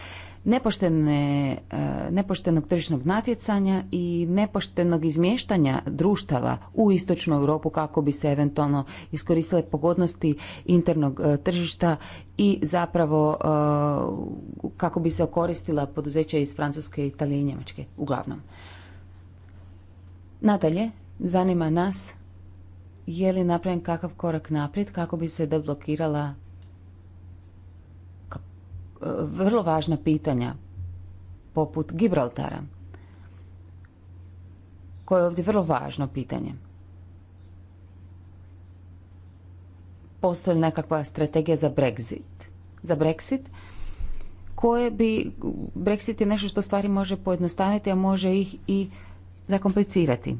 nepoštene, e, nepoštenog tržišnog natjecanja i nepoštenog izmještanja društava u istočnu Europu kako bi se eventualno iskoristile pogodnosti internog e, tržišta i zapravo kako bi se okoristila poduzeća iz Francuske, Italije i Njemačke uglavnom. Nadalje, zanima nas je li napravljen kakav korak naprijed kako bi se deblokirala e, vrlo važna pitanja poput Gibraltara, koje je ovdje vrlo važno pitanje. Postoji li nekakva strategija za Brexit? Za Brexit koje bi, Brexit je nešto što stvari može pojednostaviti, a može ih i zakomplicirati.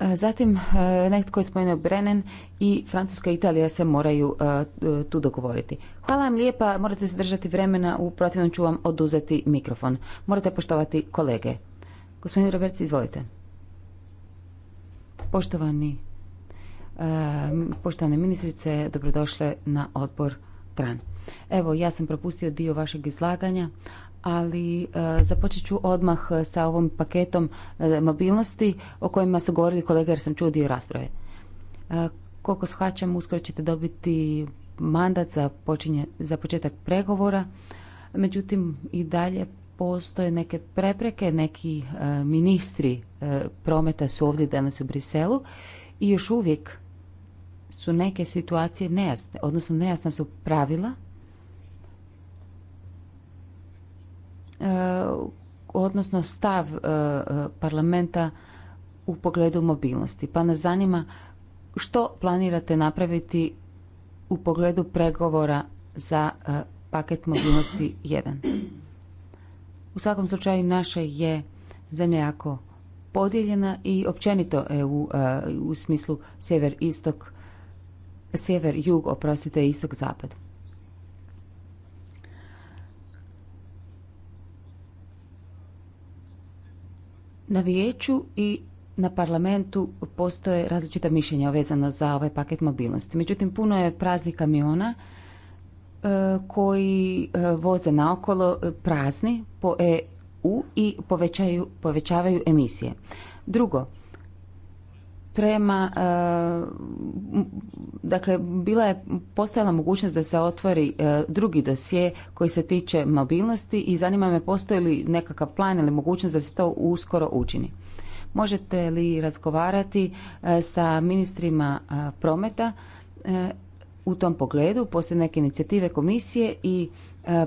E, zatim, e, netko je spomenuo Brennan i Francuska i Italija se moraju e, tu dogovoriti. Hvala vam lijepa, morate se držati vremena, u protivnom ću vam oduzeti mikrofon. Morate poštovati kolege. Gospodin Roberts, izvolite. Poštovani, poštovane ministrice, dobrodošle na odbor TRAN. Evo, ja sam propustio dio vašeg izlaganja, ali e, započet ću odmah sa ovom paketom e, mobilnosti o kojima su govorili kolege jer sam čuo dio rasprave. E, koliko shvaćam, uskoro ćete dobiti mandat za, za početak pregovora, međutim i dalje postoje neke prepreke, neki ministri prometa su ovdje danas u Briselu i još uvijek su neke situacije nejasne, odnosno nejasna su pravila Eh, odnosno stav eh, parlamenta u pogledu mobilnosti. Pa nas zanima što planirate napraviti u pogledu pregovora za eh, paket mobilnosti 1. U svakom slučaju naša je zemlja jako podijeljena i općenito EU u smislu sjever-istok, sjever-jug, oprostite, istok-zapad. Na vijeću i na parlamentu postoje različita mišljenja vezano za ovaj paket mobilnosti. Međutim, puno je praznih kamiona e, koji e, voze naokolo e, prazni po EU i povećavaju emisije. Drugo, prema e, dakle bila je postojala mogućnost da se otvori e, drugi dosje koji se tiče mobilnosti i zanima me postoji li nekakav plan ili mogućnost da se to uskoro učini. Možete li razgovarati e, sa ministrima prometa u tom pogledu postoje neke inicijative komisije i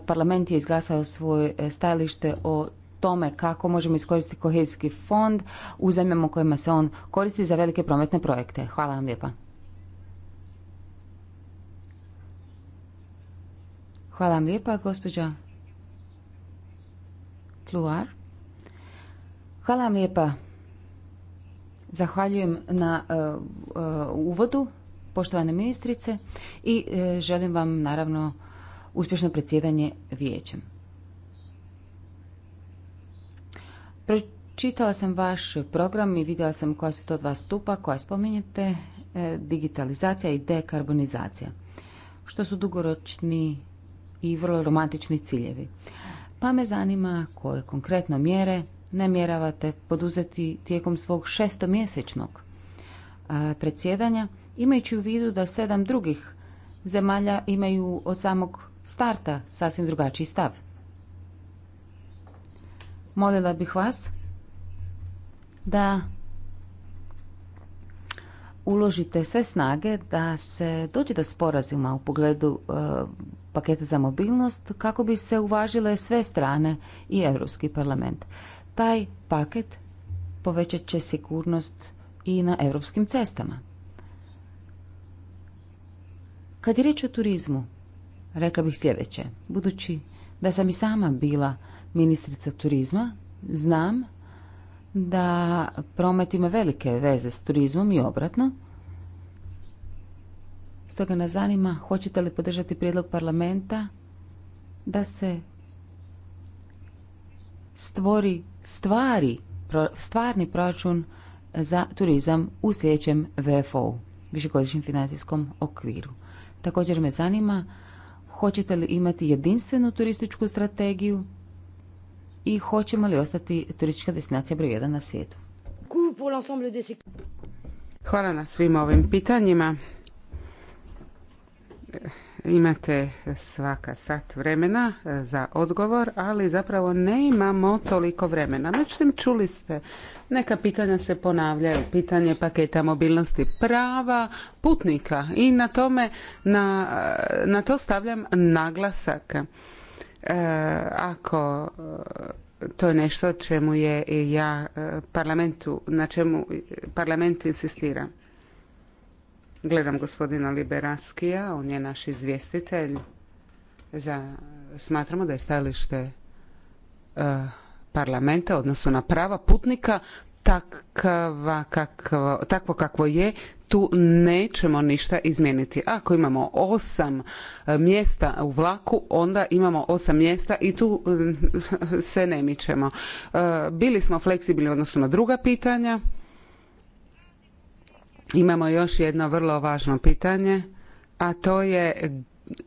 parlament je izglasao svoje stajalište o tome kako možemo iskoristiti kohezijski fond u zemljama kojima se on koristi za velike prometne projekte. Hvala vam lijepa. Hvala vam lijepa, gospođa Kluar. Hvala vam lijepa. Zahvaljujem na e, e, uvodu, poštovane ministrice, i e, želim vam naravno uspješno predsjedanje vijećem. Pročitala sam vaš program i vidjela sam koja su to dva stupa koja spominjete, e, digitalizacija i dekarbonizacija, što su dugoročni i vrlo romantični ciljevi. Pa me zanima koje konkretno mjere namjeravate poduzeti tijekom svog šestomjesečnog e, predsjedanja, imajući u vidu da sedam drugih zemalja imaju od samog starta sasvim drugačiji stav. Molila bih vas da uložite sve snage da se dođe do sporazuma u pogledu e, paketa za mobilnost kako bi se uvažile sve strane i Europski parlament. Taj paket povećat će sigurnost i na europskim cestama. Kad je riječ o turizmu, rekla bih sljedeće, budući da sam i sama bila ministrica turizma, znam da promet ima velike veze s turizmom i obratno. Stoga nas zanima hoćete li podržati prijedlog parlamenta da se stvori stvari, stvarni proračun za turizam u sjećem VFO-u, višegodišnjem financijskom okviru. Također me zanima hoćete li imati jedinstvenu turističku strategiju i hoćemo li ostati turistička destinacija broj 1 na svijetu. Hvala na svim ovim pitanjima. Imate svaka sat vremena e, za odgovor, ali zapravo ne imamo toliko vremena. Međutim, čuli ste, neka pitanja se ponavljaju. Pitanje paketa mobilnosti prava putnika i na, tome, na e, to stavljam naglasak. E, ako e, to je nešto čemu je i ja e, parlamentu, na čemu parlament insistira. Gledam gospodina Liberaskija, on je naš izvjestitelj. Za, smatramo da je stajalište parlamenta, odnosno na prava putnika, takva, takvo kakvo je, tu nećemo ništa izmijeniti. Ako imamo osam e, mjesta u vlaku, onda imamo osam mjesta i tu e, *laughs* se ne mičemo. E, bili smo fleksibilni odnosu na druga pitanja. Imamo još jedno vrlo važno pitanje, a to je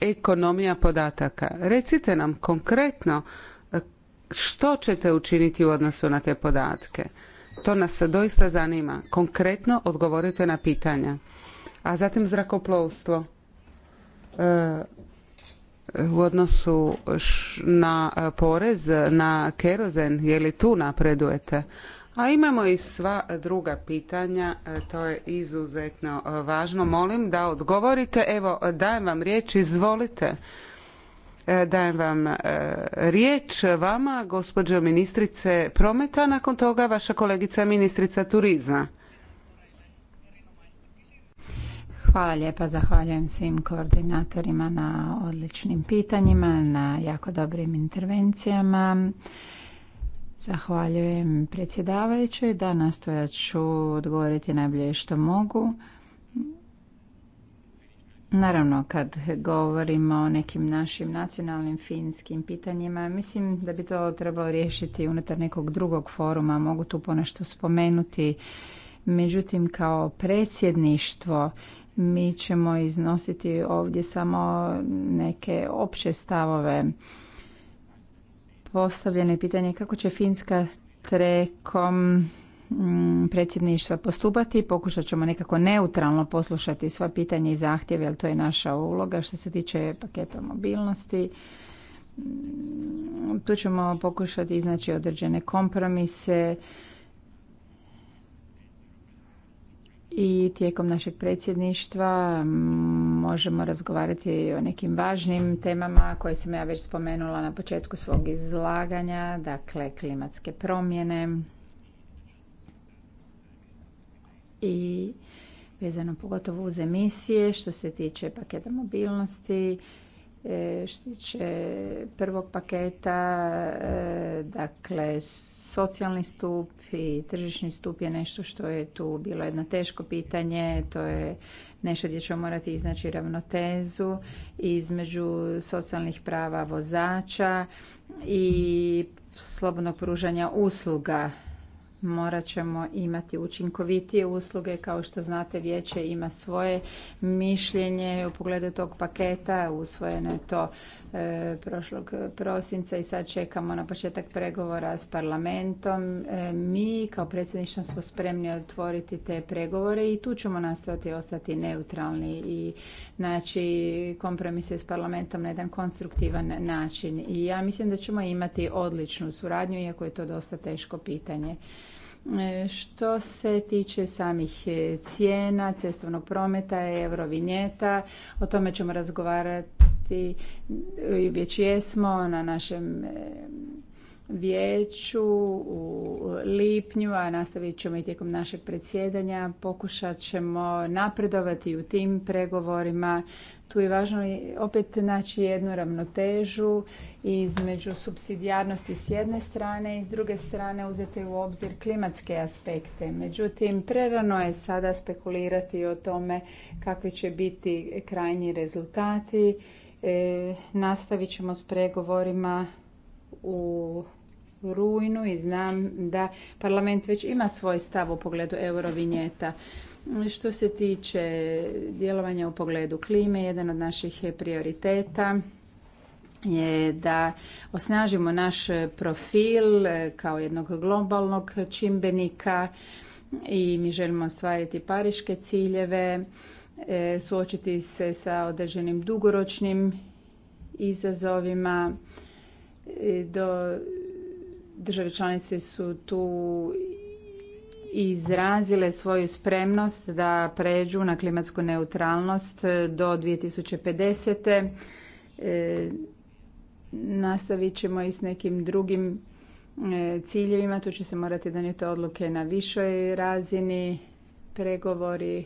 ekonomija podataka. Recite nam konkretno što ćete učiniti u odnosu na te podatke. To nas doista zanima. Konkretno odgovorite na pitanja. A zatim zrakoplovstvo. E, u odnosu na e, porez na kerozen, je li tu napredujete? A imamo i sva druga pitanja, e, to je izuzetno e, važno. Molim da odgovorite, evo dajem vam riječ, izvolite. E, dajem vam e, riječ vama, gospođo ministrice prometa, nakon toga vaša kolegica ministrica turizma. Hvala lijepa, zahvaljujem svim koordinatorima na odličnim pitanjima, na jako dobrim intervencijama. Zahvaljujem predsjedavajućoj, da nastojat ću odgovoriti najbolje što mogu. Naravno, kad govorimo o nekim našim nacionalnim finskim pitanjima, mislim da bi to trebalo riješiti unutar nekog drugog foruma, mogu tu ponešto spomenuti. Međutim, kao predsjedništvo mi ćemo iznositi ovdje samo neke opće stavove. Postavljeno je pitanje kako će Finska trekom Mm, predsjedništva postupati. Pokušat ćemo nekako neutralno poslušati sva pitanja i zahtjeve, jer to je naša uloga što se tiče paketa mobilnosti. Mm, tu ćemo pokušati iznaći određene kompromise i tijekom našeg predsjedništva mm, možemo razgovarati o nekim važnim temama koje sam ja već spomenula na početku svog izlaganja, dakle klimatske promjene, i vezano pogotovo uz emisije što se tiče paketa mobilnosti, e, što tiče prvog paketa, e, dakle socijalni stup i tržišni stup je nešto što je tu bilo jedno teško pitanje, to je nešto gdje ćemo morati iznaći ravnotezu između socijalnih prava vozača i slobodnog pružanja usluga morat ćemo imati učinkovitije usluge. Kao što znate, vijeće ima svoje mišljenje u pogledu tog paketa. Usvojeno je to e, prošlog prosinca i sad čekamo na početak pregovora s parlamentom. E, mi kao predsjedništvo smo spremni otvoriti te pregovore i tu ćemo nastojati ostati neutralni i naći kompromise s parlamentom na jedan konstruktivan način. I ja mislim da ćemo imati odličnu suradnju, iako je to dosta teško pitanje. E, što se tiče samih e, cijena, cestovnog prometa, eurovinjeta, o tome ćemo razgovarati, e, već jesmo na našem vijeću u lipnju, a nastavit ćemo i tijekom našeg predsjedanja. Pokušat ćemo napredovati u tim pregovorima. Tu je važno opet naći jednu ravnotežu između subsidijarnosti s jedne strane i s druge strane uzeti u obzir klimatske aspekte. Međutim, prerano je sada spekulirati o tome kakvi će biti krajnji rezultati. E, nastavit ćemo s pregovorima u rujnu i znam da parlament već ima svoj stav u pogledu eurovinjeta. Što se tiče djelovanja u pogledu klime, jedan od naših prioriteta je da osnažimo naš profil e, kao jednog globalnog čimbenika i mi želimo ostvariti pariške ciljeve, e, suočiti se sa određenim dugoročnim izazovima e, do Države članice su tu izrazile svoju spremnost da pređu na klimatsku neutralnost do 2050. E, nastavit ćemo i s nekim drugim e, ciljevima. Tu će se morati donijeti odluke na višoj razini. Pregovori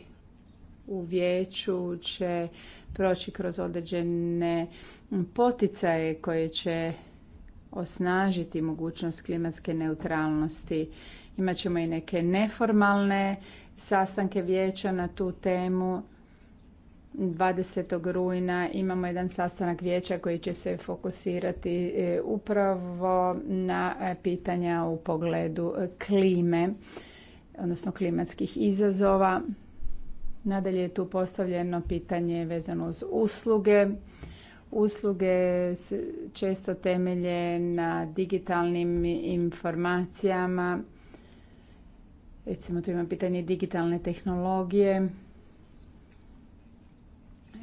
u vijeću će proći kroz određene poticaje koje će osnažiti mogućnost klimatske neutralnosti. Imaćemo i neke neformalne sastanke vijeća na tu temu. 20. rujna imamo jedan sastanak vijeća koji će se fokusirati e, upravo na e, pitanja u pogledu e, klime, odnosno klimatskih izazova. Nadalje je tu postavljeno pitanje vezano uz usluge Usluge često temelje na digitalnim informacijama. Recimo tu ima pitanje digitalne tehnologije.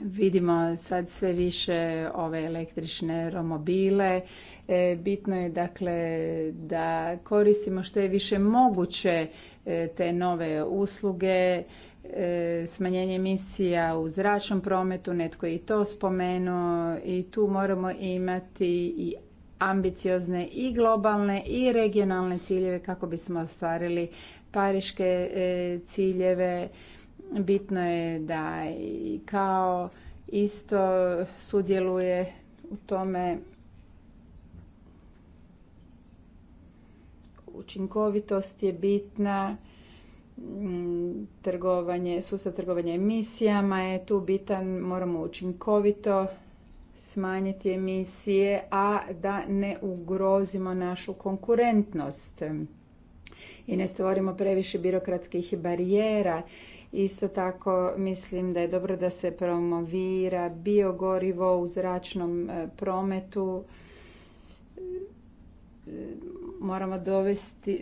Vidimo sad sve više ove električne romobile. E, bitno je dakle da koristimo što je više moguće e, te nove usluge E, smanjenje emisija u zračnom prometu, netko je i to spomenuo i tu moramo imati i ambiciozne i globalne i regionalne ciljeve kako bismo ostvarili pariške e, ciljeve. Bitno je da i kao isto sudjeluje u tome učinkovitost je bitna Mm, trgovanje, sustav trgovanja emisijama je tu bitan, moramo učinkovito smanjiti emisije, a da ne ugrozimo našu konkurentnost i ne stvorimo previše birokratskih barijera. Isto tako mislim da je dobro da se promovira biogorivo u zračnom e, prometu. E, moramo dovesti,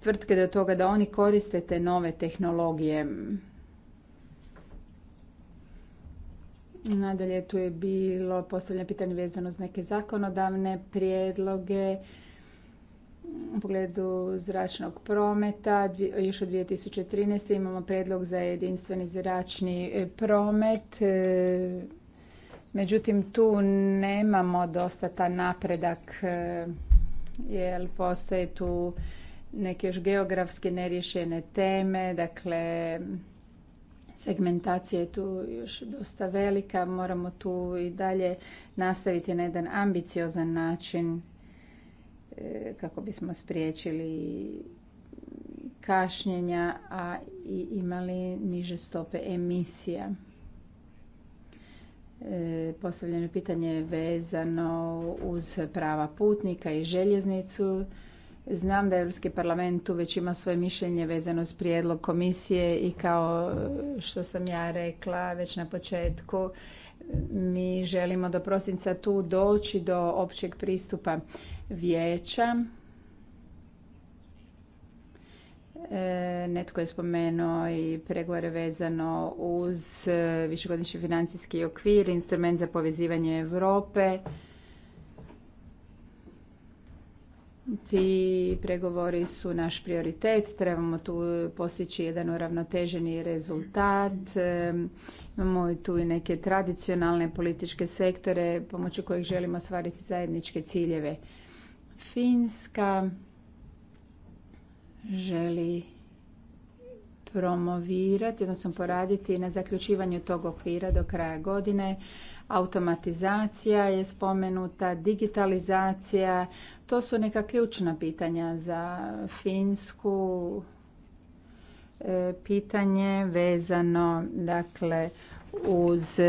tvrtke do toga da oni koriste te nove tehnologije. Nadalje tu je bilo postavljeno pitanje vezano uz neke zakonodavne prijedloge u pogledu zračnog prometa. Još od 2013. imamo predlog za jedinstveni zračni e, promet. E, međutim, tu nemamo dostatan napredak e, jer postoje tu neke još geografske nerješene teme, dakle segmentacija je tu još dosta velika, moramo tu i dalje nastaviti na jedan ambiciozan način e, kako bismo spriječili kašnjenja, a i imali niže stope emisija. E, postavljeno pitanje je vezano uz prava putnika i željeznicu. Znam da Europski parlament tu već ima svoje mišljenje vezano s prijedlog komisije i kao što sam ja rekla već na početku, mi želimo do prosinca tu doći do općeg pristupa vijeća. E, netko je spomenuo i pregovore vezano uz višegodišnji financijski okvir, instrument za povezivanje Europe. Ti pregovori su naš prioritet, trebamo tu postići jedan uravnoteženi rezultat. Imamo tu i neke tradicionalne političke sektore pomoću kojih želimo ostvariti zajedničke ciljeve. Finska želi promovirati, odnosno poraditi na zaključivanju tog okvira do kraja godine. Automatizacija je spomenuta, digitalizacija, to su neka ključna pitanja za Finsku, e, pitanje vezano dakle uz e,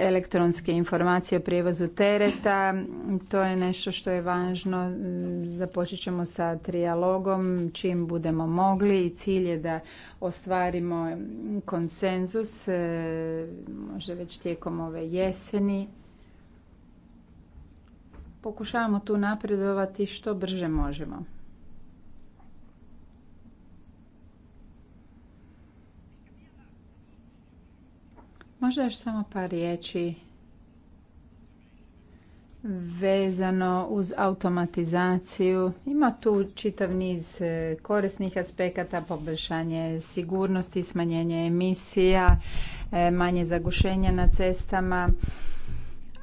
elektronske informacije o prijevozu tereta. To je nešto što je važno. Mm, započet ćemo sa trijalogom čim budemo mogli i cilj je da ostvarimo konsenzus e, možda već tijekom ove jeseni. Pokušavamo tu napredovati što brže možemo. Možda još samo par riječi vezano uz automatizaciju. Ima tu čitav niz e, korisnih aspekata, poboljšanje sigurnosti, smanjenje emisija, e, manje zagušenja na cestama.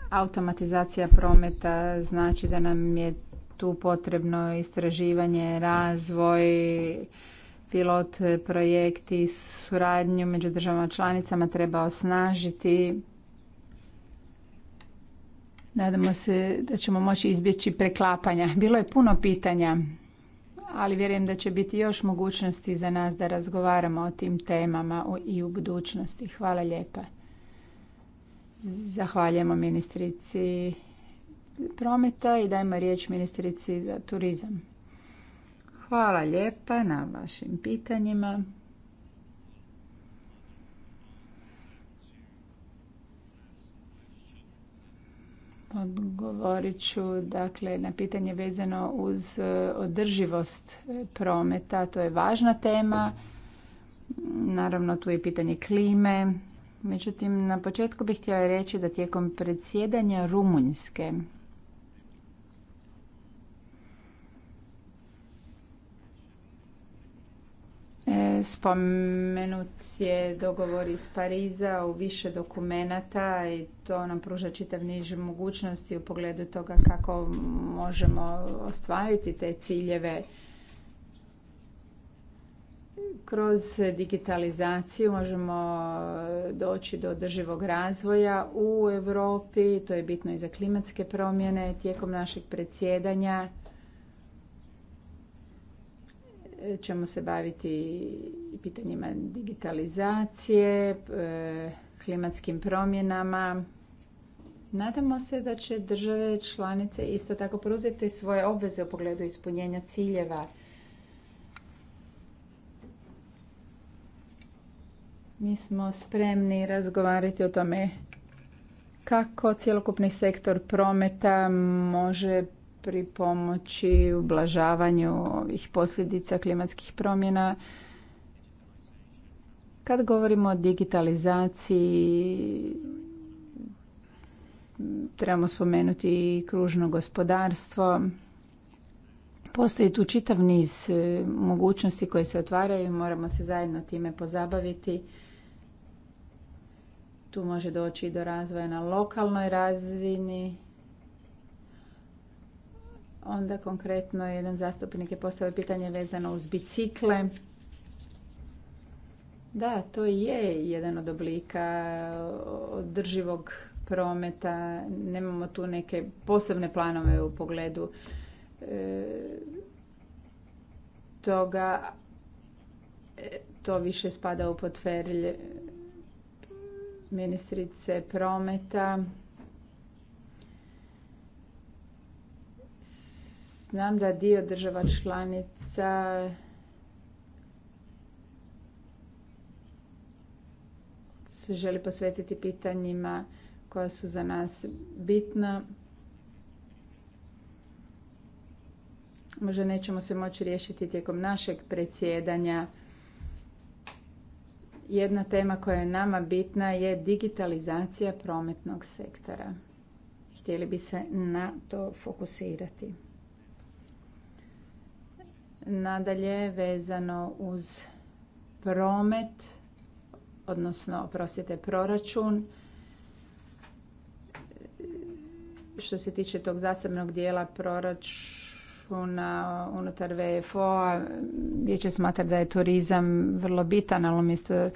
Automatizacija prometa znači da nam je tu potrebno istraživanje, razvoj, pilot projekti suradnju među državama članicama treba osnažiti. Nadamo se da ćemo moći izbjeći preklapanja. Bilo je puno pitanja, ali vjerujem da će biti još mogućnosti za nas da razgovaramo o tim temama i u budućnosti. Hvala lijepa. Zahvaljujemo ministrici prometa i dajmo riječ ministrici za turizam. Hvala lijepa na vašim pitanjima. Odgovorit ću dakle, na pitanje vezano uz e, održivost e, prometa. To je važna tema. Naravno, tu je pitanje klime. Međutim, na početku bih htjela reći da tijekom predsjedanja Rumunjske Spomenut je dogovor iz Pariza u više dokumenata i to nam pruža čitav niž mogućnosti u pogledu toga kako možemo ostvariti te ciljeve kroz digitalizaciju možemo doći do održivog razvoja u Europi, to je bitno i za klimatske promjene tijekom našeg predsjedanja ćemo se baviti pitanjima digitalizacije, e, klimatskim promjenama. Nadamo se da će države članice isto tako preuzeti svoje obveze u pogledu ispunjenja ciljeva. Mi smo spremni razgovarati o tome kako cjelokupni sektor prometa može pri pomoći ublažavanju ovih posljedica klimatskih promjena. Kad govorimo o digitalizaciji, trebamo spomenuti i kružno gospodarstvo. Postoji tu čitav niz e, mogućnosti koje se otvaraju i moramo se zajedno time pozabaviti. Tu može doći do razvoja na lokalnoj razvini. Onda konkretno jedan zastupnik je postavio pitanje vezano uz bicikle. Da, to je jedan od oblika održivog prometa. Nemamo tu neke posebne planove u pogledu e, toga. E, to više spada u potferilje ministrice prometa. Znam da dio država članica se želi posvetiti pitanjima koja su za nas bitna. Možda nećemo se moći riješiti tijekom našeg predsjedanja. Jedna tema koja je nama bitna je digitalizacija prometnog sektora. Htjeli bi se na to fokusirati. Nadalje, vezano uz promet, odnosno, oprostite, proračun, što se tiče tog zasebnog dijela proračuna unutar VFO-a, vijeće smatra da je turizam vrlo bitan, ali umjesto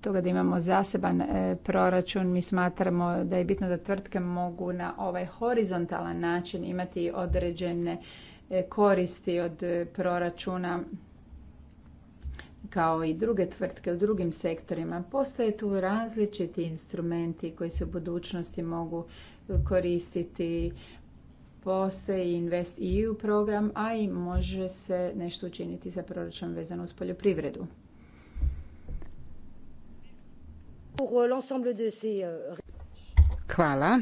toga da imamo zaseban e, proračun, mi smatramo da je bitno da tvrtke mogu na ovaj horizontalan način imati određene E, koristi od e, proračuna kao i druge tvrtke u drugim sektorima. Postoje tu različiti instrumenti koji se u budućnosti mogu koristiti. Postoji Invest EU program, a i može se nešto učiniti za proračun vezano uz poljoprivredu. Euh, euh, Hvala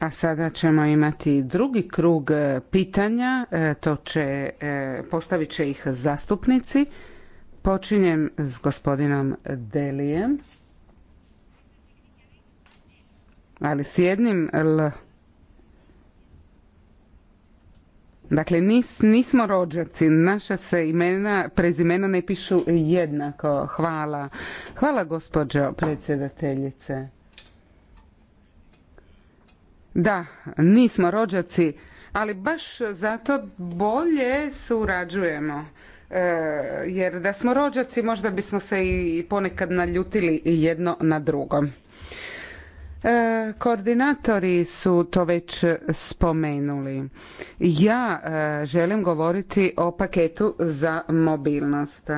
A sada ćemo imati drugi krug e, pitanja, e, to će, e, postavit će ih zastupnici. Počinjem s gospodinom Delijem. Ali s jednim L. Dakle, nismo rođaci, naša se imena, prezimena ne pišu jednako. Hvala. Hvala gospođo predsjedateljice. Da, nismo rođaci, ali baš zato bolje surađujemo. E, jer da smo rođaci možda bismo se i ponekad naljutili jedno na drugo. E, koordinatori su to već spomenuli. Ja e, želim govoriti o paketu za mobilnost.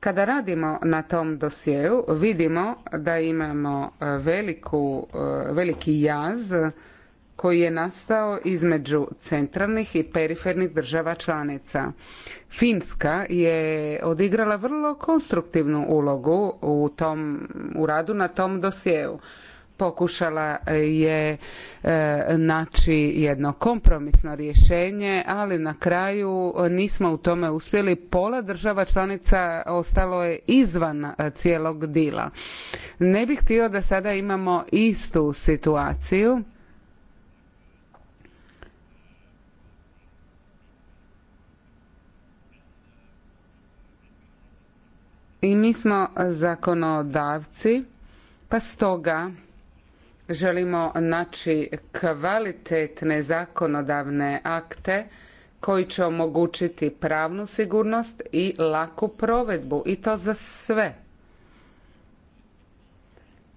Kada radimo na tom dosjeu vidimo da imamo e, veliku, e, veliki jaz koji je nastao između centralnih i perifernih država članica. Finska je odigrala vrlo konstruktivnu ulogu u, tom, u radu na tom dosjeu. Pokušala je e, naći jedno kompromisno rješenje, ali na kraju nismo u tome uspjeli. Pola država članica ostalo je izvan e, cijelog dila. Ne bih htio da sada imamo istu situaciju i mi smo zakonodavci, pa stoga želimo naći kvalitetne zakonodavne akte koji će omogućiti pravnu sigurnost i laku provedbu i to za sve.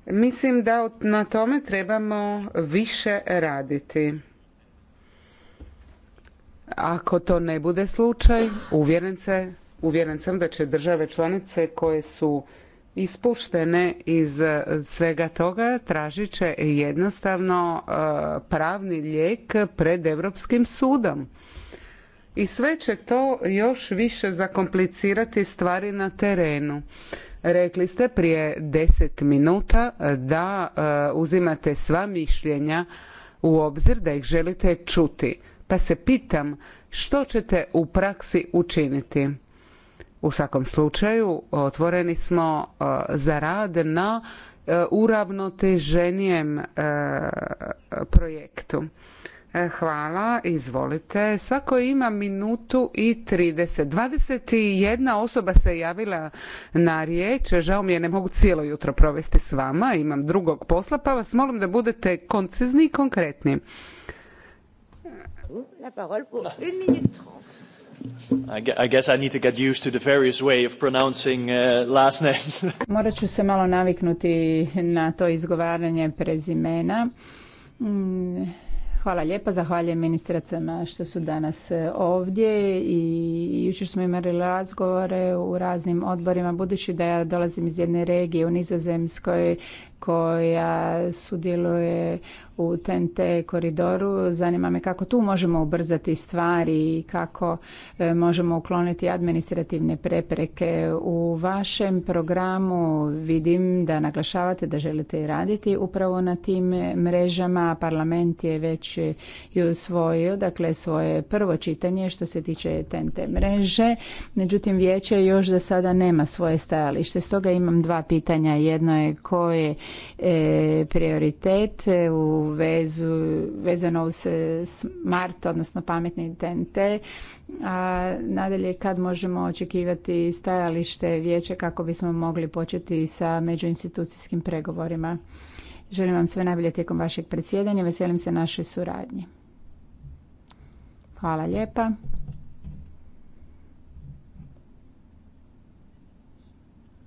Mislim da na tome trebamo više raditi. Ako to ne bude slučaj, uvjeren se Uvjeren sam da će države članice koje su ispuštene iz svega toga tražit će jednostavno e, pravni lijek pred Europskim sudom. I sve će to još više zakomplicirati stvari na terenu. Rekli ste prije deset minuta da e, uzimate sva mišljenja u obzir da ih želite čuti. Pa se pitam što ćete u praksi učiniti? U svakom slučaju otvoreni smo e, za rad na e, uravnoteženijem e, projektu. Hvala, izvolite. Svako ima minutu i 30. 21 osoba se javila na riječ. Žao mi je, ne mogu cijelo jutro provesti s vama. Imam drugog posla, pa vas molim da budete koncizni i konkretni. La pour Morat ću se malo naviknuti na to izgovaranje prezimena. Mm, hvala lijepa, zahvaljujem ministracama što su danas e, ovdje i jučer smo imali razgovore u raznim odborima, budući da ja dolazim iz jedne regije u Nizozemskoj koja sudjeluje u TNT koridoru. Zanima me kako tu možemo ubrzati stvari i kako e, možemo ukloniti administrativne prepreke. U vašem programu vidim da naglašavate da želite raditi upravo na tim mrežama. Parlament je već i usvojio dakle, svoje prvo čitanje što se tiče TNT mreže. Međutim, vijeće još za sada nema svoje stajalište. Stoga imam dva pitanja. Jedno je koje E, prioritet e, u vezu, vezano uz e, smart, odnosno pametni TNT. A nadalje kad možemo očekivati stajalište vijeća kako bismo mogli početi sa međuinstitucijskim pregovorima. Želim vam sve najbolje tijekom vašeg predsjedanja. Veselim se našoj suradnji. Hvala lijepa.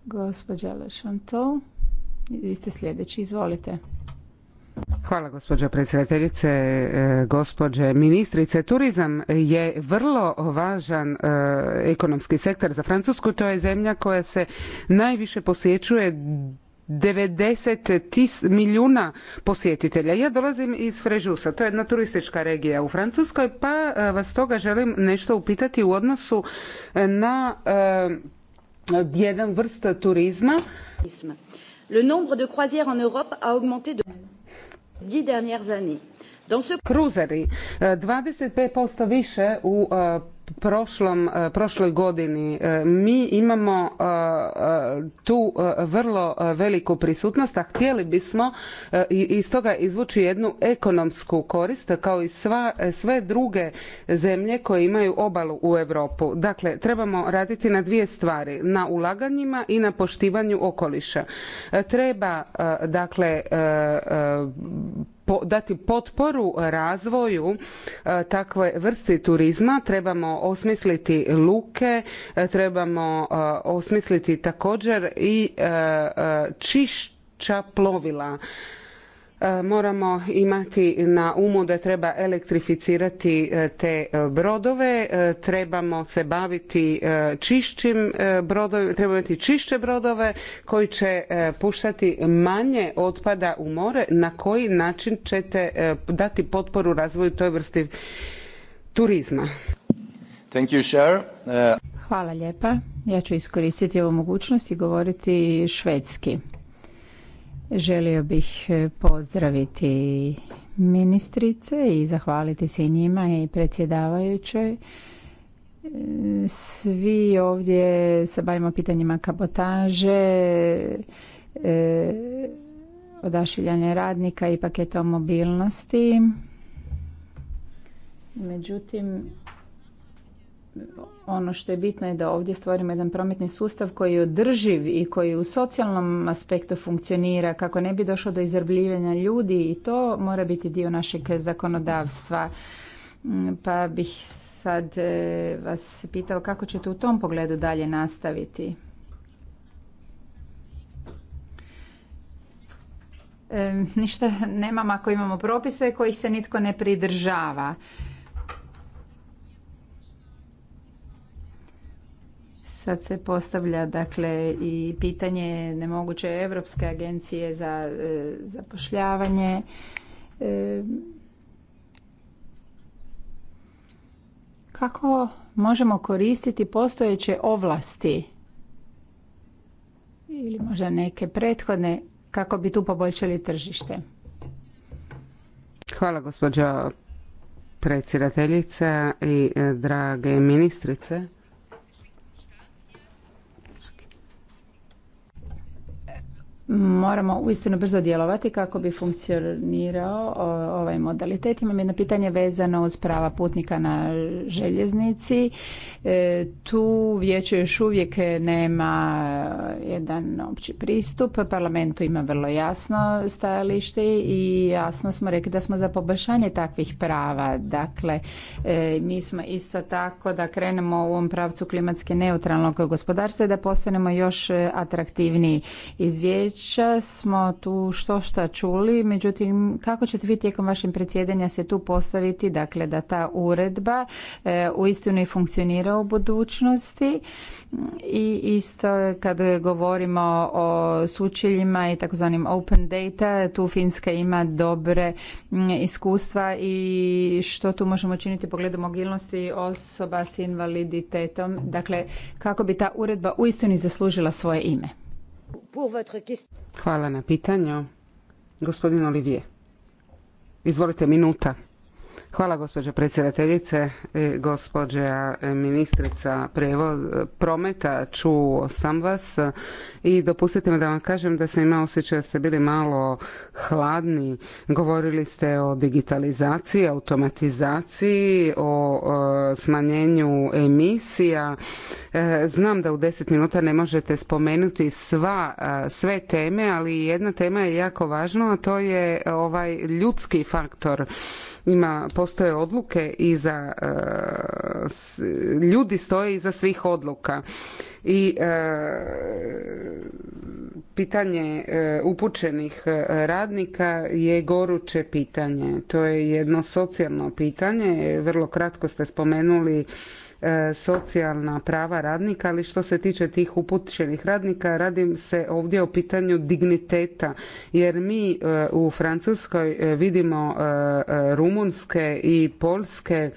Gospođa vi ste sljedeći, izvolite. Hvala gospođa predsjedateljice, e, gospođe ministrice. Turizam je vrlo važan e, ekonomski sektor za Francusku. To je zemlja koja se najviše posjećuje 90 milijuna posjetitelja. Ja dolazim iz Frežusa, to je jedna turistička regija u Francuskoj, pa e, vas toga želim nešto upitati u odnosu na jedan vrst turizma. Le nombre de croisières en Europe a augmenté de 10 dernières années. Kruzeri, 25% eh, više u eh, prošlom, e, prošloj godini e, mi imamo e, tu vrlo veliku prisutnost, a htjeli bismo iz toga izvući jednu ekonomsku korist kao i sve druge zemlje koje imaju obalu u Europu. Dakle, trebamo raditi na dvije stvari, na ulaganjima i na poštivanju okoliša. Treba dakle dati potporu razvoju e, takve vrste turizma, trebamo osmisliti luke, e, trebamo e, osmisliti također i čišća plovila E, moramo imati na umu da treba elektrificirati e, te e, brodove, trebamo se baviti čišćim brodovima, trebamo imati čišće brodove koji će puštati manje otpada u more. Na koji način ćete dati potporu razvoju toj vrsti turizma? Hvala lijepa. Ja ću iskoristiti ovu mogućnost i govoriti švedski. Želio bih e, pozdraviti ministrice i zahvaliti se i njima i predsjedavajućoj. E, svi ovdje se bavimo pitanjima kabotaže, e, odašiljanje radnika i paketa mobilnosti. Međutim, ono što je bitno je da ovdje stvorimo jedan prometni sustav koji je održiv i koji u socijalnom aspektu funkcionira kako ne bi došlo do izrbljivanja ljudi i to mora biti dio našeg zakonodavstva. Mm, pa bih sad e, vas pitao kako ćete u tom pogledu dalje nastaviti. ništa nemam ako imamo propise kojih se nitko ne pridržava. Sad se postavlja dakle i pitanje nemoguće Europske agencije za e, zapošljavanje. E, kako možemo koristiti postojeće ovlasti ili možda neke prethodne kako bi tu poboljšali tržište? Hvala gospođo predsjedateljica i e, drage ministrice. moramo uistinu brzo djelovati kako bi funkcionirao ovaj modalitet. Imam jedno pitanje vezano uz prava putnika na željeznici. E, tu vijeće još uvijek nema jedan opći pristup. Parlamentu ima vrlo jasno stajalište i jasno smo rekli da smo za poboljšanje takvih prava. Dakle, e, mi smo isto tako da krenemo u ovom pravcu klimatske neutralnog gospodarstva i da postanemo još atraktivniji izvjeć već smo tu što šta čuli, međutim kako ćete vi tijekom vašeg predsjedanja se tu postaviti, dakle da ta uredba e, uistinu i funkcionira u budućnosti i isto kad govorimo o sučeljima i takozvanim open data, tu Finska ima dobre iskustva i što tu možemo činiti pogledom mogilnosti osoba s invaliditetom, dakle kako bi ta uredba uistinu zaslužila svoje ime. Hvala na pitanju. Gospodin Olivije. Izvolite, minuta. Hvala gospođo predsjedateljice, e, gospođa ministrica prometa, čuo sam vas i dopustite mi da vam kažem da sam imao osjećaj da ste bili malo hladni. Govorili ste o digitalizaciji, automatizaciji, o e, smanjenju emisija. E, znam da u deset minuta ne možete spomenuti sva, sve teme, ali jedna tema je jako važna, a to je ovaj ljudski faktor ima, postoje odluke i za e, ljudi stoje iza svih odluka. I e, pitanje e, upućenih radnika je goruće pitanje. To je jedno socijalno pitanje. Vrlo kratko ste spomenuli E, socijalna prava radnika, ali što se tiče tih upućenih radnika, radim se ovdje o pitanju digniteta, jer mi e, u Francuskoj e, vidimo rumunske i poljske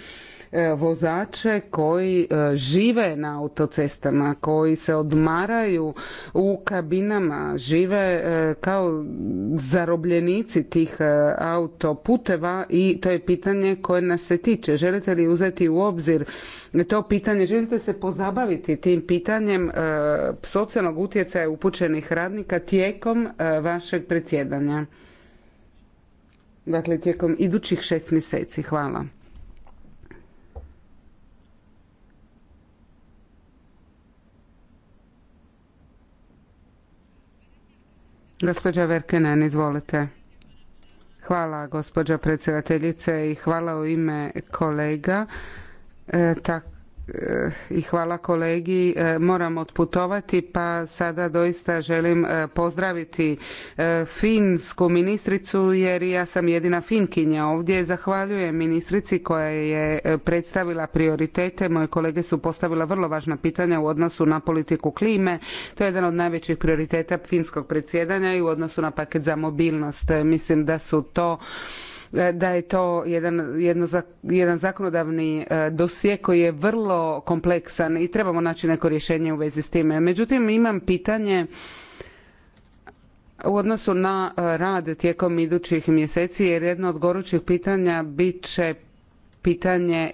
E, vozače koji e, žive na autocestama, koji se odmaraju u kabinama, žive e, kao zarobljenici tih autoputeva i to je pitanje koje nas se tiče. Želite li uzeti u obzir to pitanje? Želite se pozabaviti tim pitanjem socijalnog utjecaja upućenih radnika tijekom vašeg predsjedanja? Dakle, tijekom idućih šest mjeseci. Hvala. Gospođa Verkenen, izvolite. Hvala gospođa predsjedateljice i hvala u ime kolega. E, tak, i hvala kolegi. E, moram otputovati pa sada doista želim e, pozdraviti e, finsku ministricu jer ja sam jedina finkinja ovdje. Zahvaljujem ministrici koja je predstavila prioritete. Moje kolege su postavila vrlo važna pitanja u odnosu na politiku klime. To je jedan od najvećih prioriteta finskog predsjedanja i u odnosu na paket za mobilnost. Mislim da su to da je to jedan, zakonodavni e, dosje koji je vrlo kompleksan i trebamo naći neko rješenje u vezi s time. Međutim, imam pitanje u odnosu na e, rad tijekom idućih mjeseci jer jedno od gorućih pitanja bit će pitanje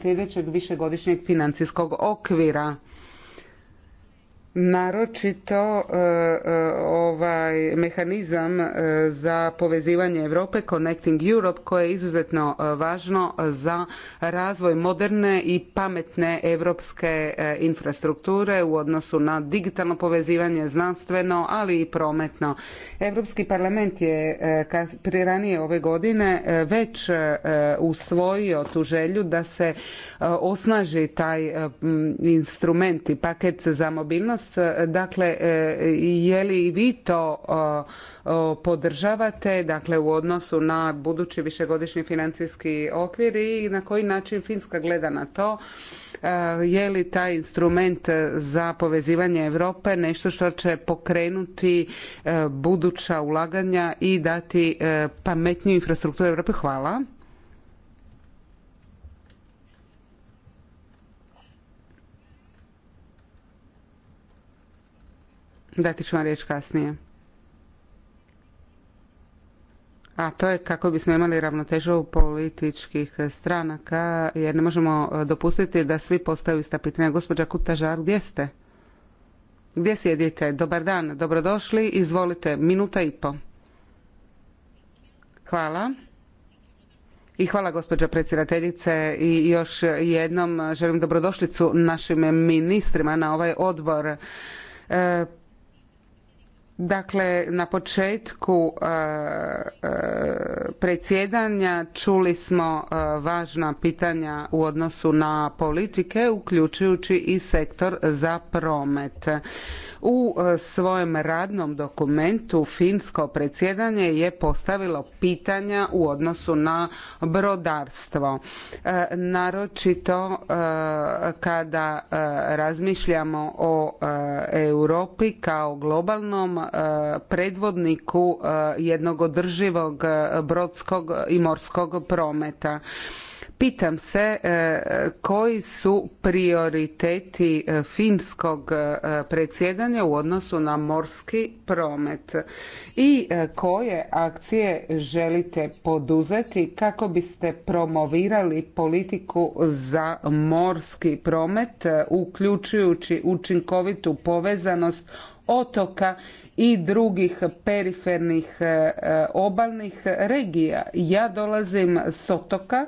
sljedećeg višegodišnjeg financijskog okvira naročito e, e, ovaj mehanizam e, za povezivanje Europe Connecting Europe koje je izuzetno važno za razvoj moderne i pametne europske infrastrukture u odnosu na digitalno povezivanje znanstveno ali i prometno. Europski parlament je prije ranije ove godine već usvojio tu želju da se osnaži taj instrument i paket za mobilnost dakle, e, je li i vi to e, podržavate, dakle, u odnosu na budući višegodišnji financijski okvir i na koji način Finska gleda na to? E, je li taj instrument za povezivanje Europe nešto što će pokrenuti buduća ulaganja i dati pametniju infrastrukturu Europe? Hvala. Dati ću vam riječ kasnije. A to je kako bismo imali ravnotežu političkih stranaka, jer ne možemo e, dopustiti da svi postaju ista pitanja. Gospođa Kutažar, gdje ste? Gdje sjedite? Dobar dan, dobrodošli. Izvolite, minuta i po. Hvala. I hvala gospođa predsjedateljice i još jednom želim dobrodošlicu našim ministrima na ovaj odbor. E, Dakle, na početku e, e, predsjedanja čuli smo e, važna pitanja u odnosu na politike, uključujući i sektor za promet. U e, svojem radnom dokumentu finsko predsjedanje je postavilo pitanja u odnosu na brodarstvo. E, naročito e, kada razmišljamo o Europi kao globalnom predvodniku jednog održivog brodskog i morskog prometa. Pitam se e, koji su prioriteti e, finskog e, predsjedanja u odnosu na morski promet i koje akcije želite poduzeti kako biste promovirali politiku za morski promet uključujući učinkovitu povezanost otoka i drugih perifernih e, obalnih regija. Ja dolazim s otoka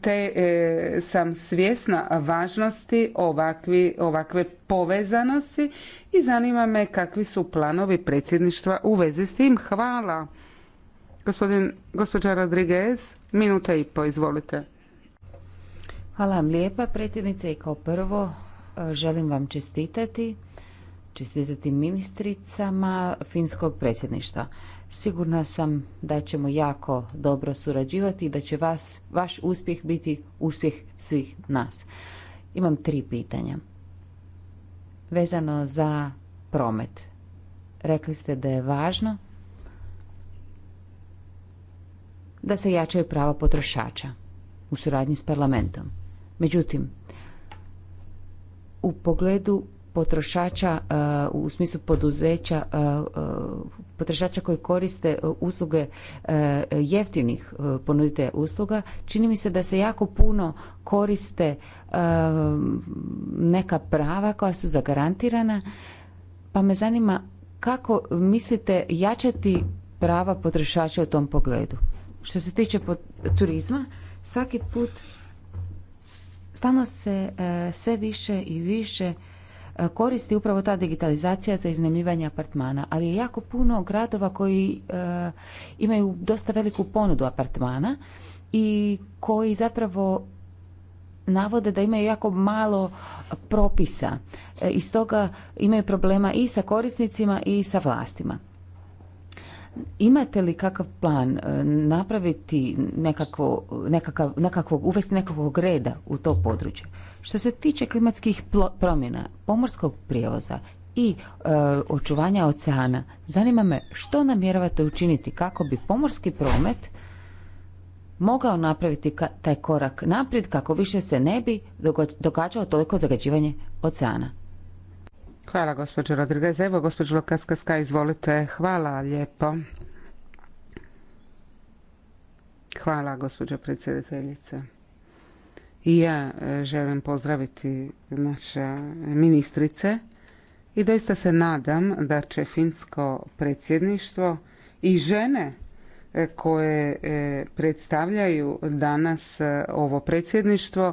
te e, sam svjesna važnosti ovakvi, ovakve povezanosti i zanima me kakvi su planovi predsjedništva u vezi s tim. Hvala. Gospodin, gospođa Rodriguez, minuta i po, izvolite. Hvala vam lijepa, predsjednice, i kao prvo e, želim vam čestitati čestitati ministricama finskog predsjedništva. Sigurna sam da ćemo jako dobro surađivati i da će vas, vaš uspjeh biti uspjeh svih nas. Imam tri pitanja. Vezano za promet. Rekli ste da je važno da se jačaju prava potrošača u suradnji s parlamentom. Međutim, u pogledu potrošača e, u smislu poduzeća, e, e, potrošača koji koriste usluge jeftinih ponudite usluga, čini mi se da se jako puno koriste neka prava koja su zagarantirana, pa me zanima kako mislite jačati prava potrošača u tom pogledu. Što se tiče turizma, svaki put stalno se sve više i više E, koristi upravo ta digitalizacija za iznajmljivanje apartmana, ali je jako puno gradova koji e, imaju dosta veliku ponudu apartmana i koji zapravo navode da imaju jako malo propisa e, i stoga imaju problema i sa korisnicima i sa vlastima. Imate li kakav plan e, napraviti nekakvo, nekakav, nekakvog, uvesti nekakvog reda u to područje? Što se tiče klimatskih promjena, pomorskog prijevoza i e, očuvanja oceana, zanima me što namjeravate učiniti kako bi pomorski promet mogao napraviti taj korak naprijed kako više se ne bi događalo toliko zagađivanje oceana. Hvala gospođo Rodriguez. Evo gospođo Lokaskaska, izvolite. Hvala lijepo. Hvala gospođo predsjedateljice. I ja e, želim pozdraviti naše ministrice i doista se nadam da će finsko predsjedništvo i žene e, koje e, predstavljaju danas ovo predsjedništvo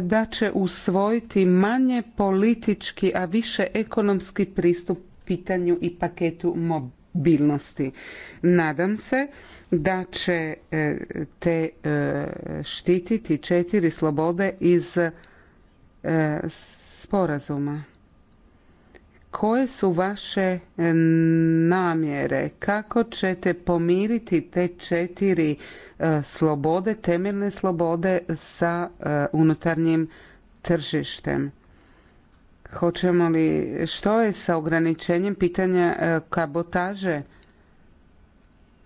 da će usvojiti manje politički, a više ekonomski pristup pitanju i paketu mobilnosti. Nadam se da će e, te e, štititi četiri slobode iz e, sporazuma. Koje su vaše namjere? Kako ćete pomiriti te četiri E, slobode, temeljne slobode sa e, unutarnjim tržištem. Hoćemo li, što je sa ograničenjem pitanja e, kabotaže?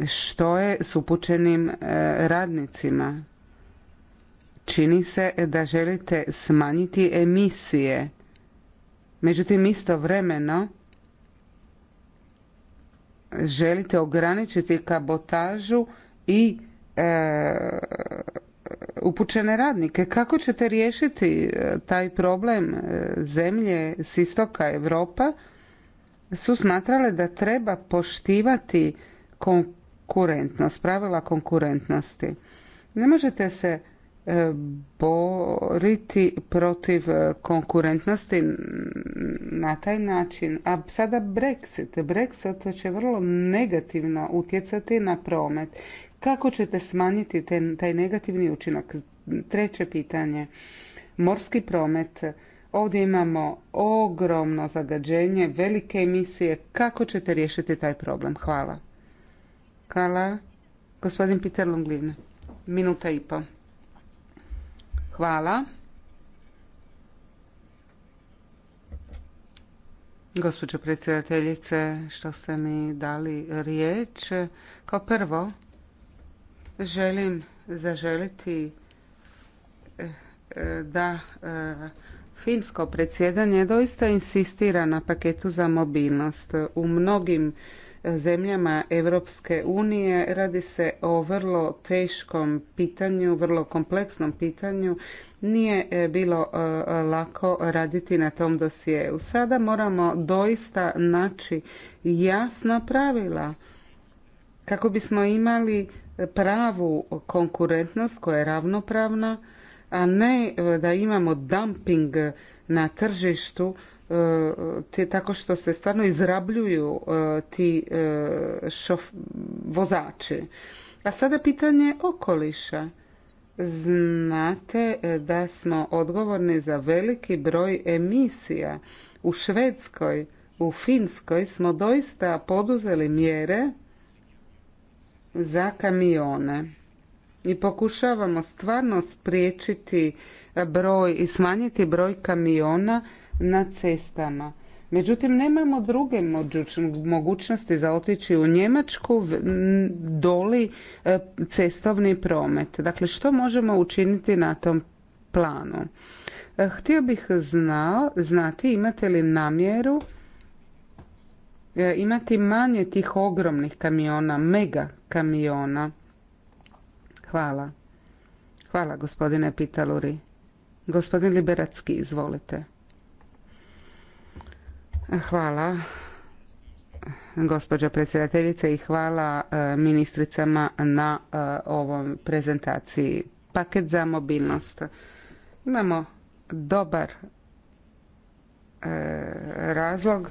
Što je s upućenim radnicima? Čini se da želite smanjiti emisije. Međutim, istovremeno želite ograničiti kabotažu i E, upućene radnike. Kako ćete riješiti e, taj problem e, zemlje s istoka Europa su smatrale da treba poštivati konkurentnost, pravila konkurentnosti. Ne možete se boriti protiv konkurentnosti na taj način. A sada Brexit. Brexit će vrlo negativno utjecati na promet. Kako ćete smanjiti taj negativni učinak? Treće pitanje. Morski promet. Ovdje imamo ogromno zagađenje, velike emisije. Kako ćete riješiti taj problem? Hvala. Hvala. Gospodin Peter Longlin. Minuta i pol. Hvala. Gospođo predsjedateljice, što ste mi dali riječ. Kao prvo, želim zaželiti eh, eh, da eh, finsko predsjedanje doista insistira na paketu za mobilnost. U mnogim zemljama Europske unije radi se o vrlo teškom pitanju, vrlo kompleksnom pitanju. Nije bilo lako raditi na tom dosjeu. Sada moramo doista naći jasna pravila kako bismo imali pravu konkurentnost koja je ravnopravna, a ne e, da imamo dumping na tržištu e, te tako što se stvarno izrabljuju e, ti vozači. A sada pitanje okoliša. Znate da smo odgovorni za veliki broj emisija. U Švedskoj, u Finskoj smo doista poduzeli mjere za kamione i pokušavamo stvarno spriječiti broj i smanjiti broj kamiona na cestama. Međutim, nemamo druge mogućnosti za otići u Njemačku doli e, cestovni promet. Dakle, što možemo učiniti na tom planu? E, htio bih znao, znati imate li namjeru E, imati manje tih ogromnih kamiona, mega kamiona. Hvala. Hvala gospodine Pitaluri. Gospodin Liberacki, izvolite. Hvala gospođa predsjedateljice i hvala e, ministricama na e, ovom prezentaciji. Paket za mobilnost. Imamo dobar E, razlog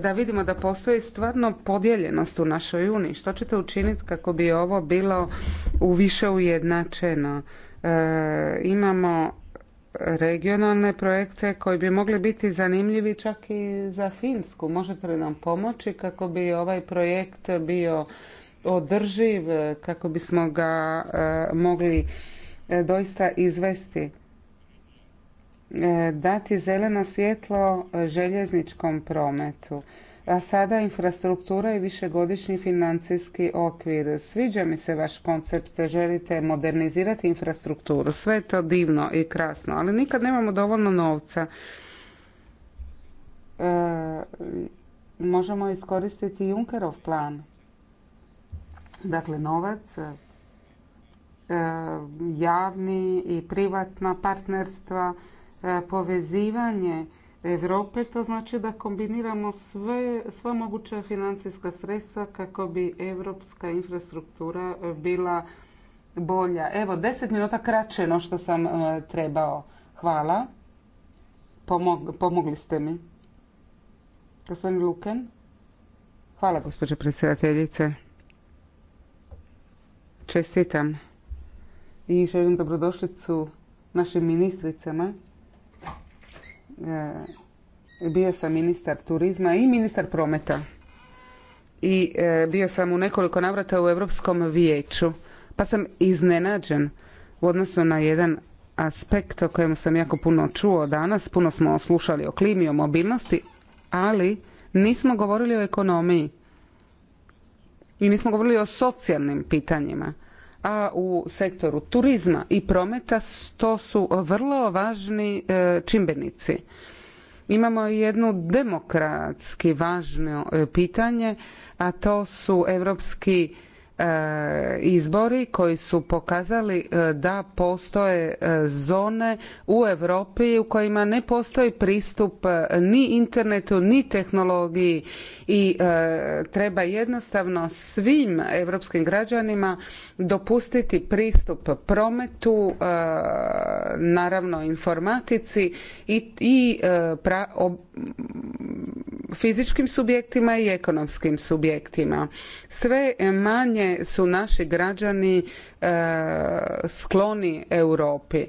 da vidimo da postoji stvarno podijeljenost u našoj uniji. Što ćete učiniti kako bi ovo bilo u više ujednačeno? E, imamo regionalne projekte koji bi mogli biti zanimljivi čak i za Finsku. Možete li nam pomoći kako bi ovaj projekt bio održiv, kako bismo ga e, mogli doista izvesti? E, dati zeleno svjetlo e, željezničkom prometu a sada infrastruktura i višegodišnji financijski okvir. Sviđa mi se vaš koncept, želite modernizirati infrastrukturu. Sve je to divno i krasno, ali nikad nemamo dovoljno novca. E, možemo iskoristiti Junkerov plan. Dakle, novac, javni i privatna partnerstva, E, povezivanje Europe, to znači da kombiniramo sve, sva moguća financijska sredstva kako bi europska infrastruktura e, bila bolja. Evo, deset minuta kraće no što sam e, trebao. Hvala. pomogli ste mi. Gospodin Luken. Hvala, gospođo predsjedateljice. Čestitam i želim dobrodošlicu našim ministricama. E, bio sam ministar turizma i ministar prometa i e, bio sam u nekoliko navrata u Europskom vijeću pa sam iznenađen u odnosu na jedan aspekt o kojemu sam jako puno čuo danas, puno smo slušali o klimi, o mobilnosti, ali nismo govorili o ekonomiji i nismo govorili o socijalnim pitanjima a u sektoru turizma i prometa to su vrlo važni e, čimbenici. Imamo jedno demokratski važno e, pitanje, a to su europski E, izbori koji su pokazali e, da postoje e, zone u Europi u kojima ne postoji pristup ni internetu ni tehnologiji i treba jednostavno svim europskim građanima dopustiti pristup prometu, naravno informatici i fizičkim subjektima i ekonomskim subjektima. Sve manje su naši građani e, skloni Europi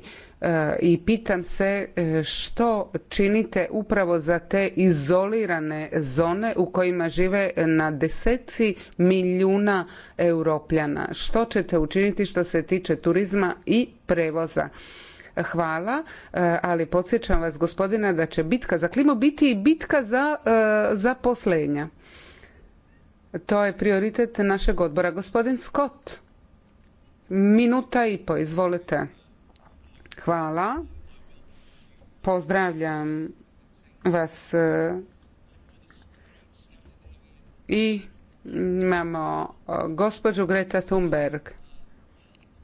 e, i pitam se e, što činite upravo za te izolirane zone u kojima žive na deseci milijuna europljana. Što ćete učiniti što se tiče turizma i prevoza? Hvala, ali podsjećam vas gospodina da će bitka za klimu biti i bitka za zaposlenja. To je prioritet našeg odbora. Gospodin Scott, minuta i po, izvolite. Hvala. Pozdravljam vas eh, i imamo eh, gospođu Greta Thunberg,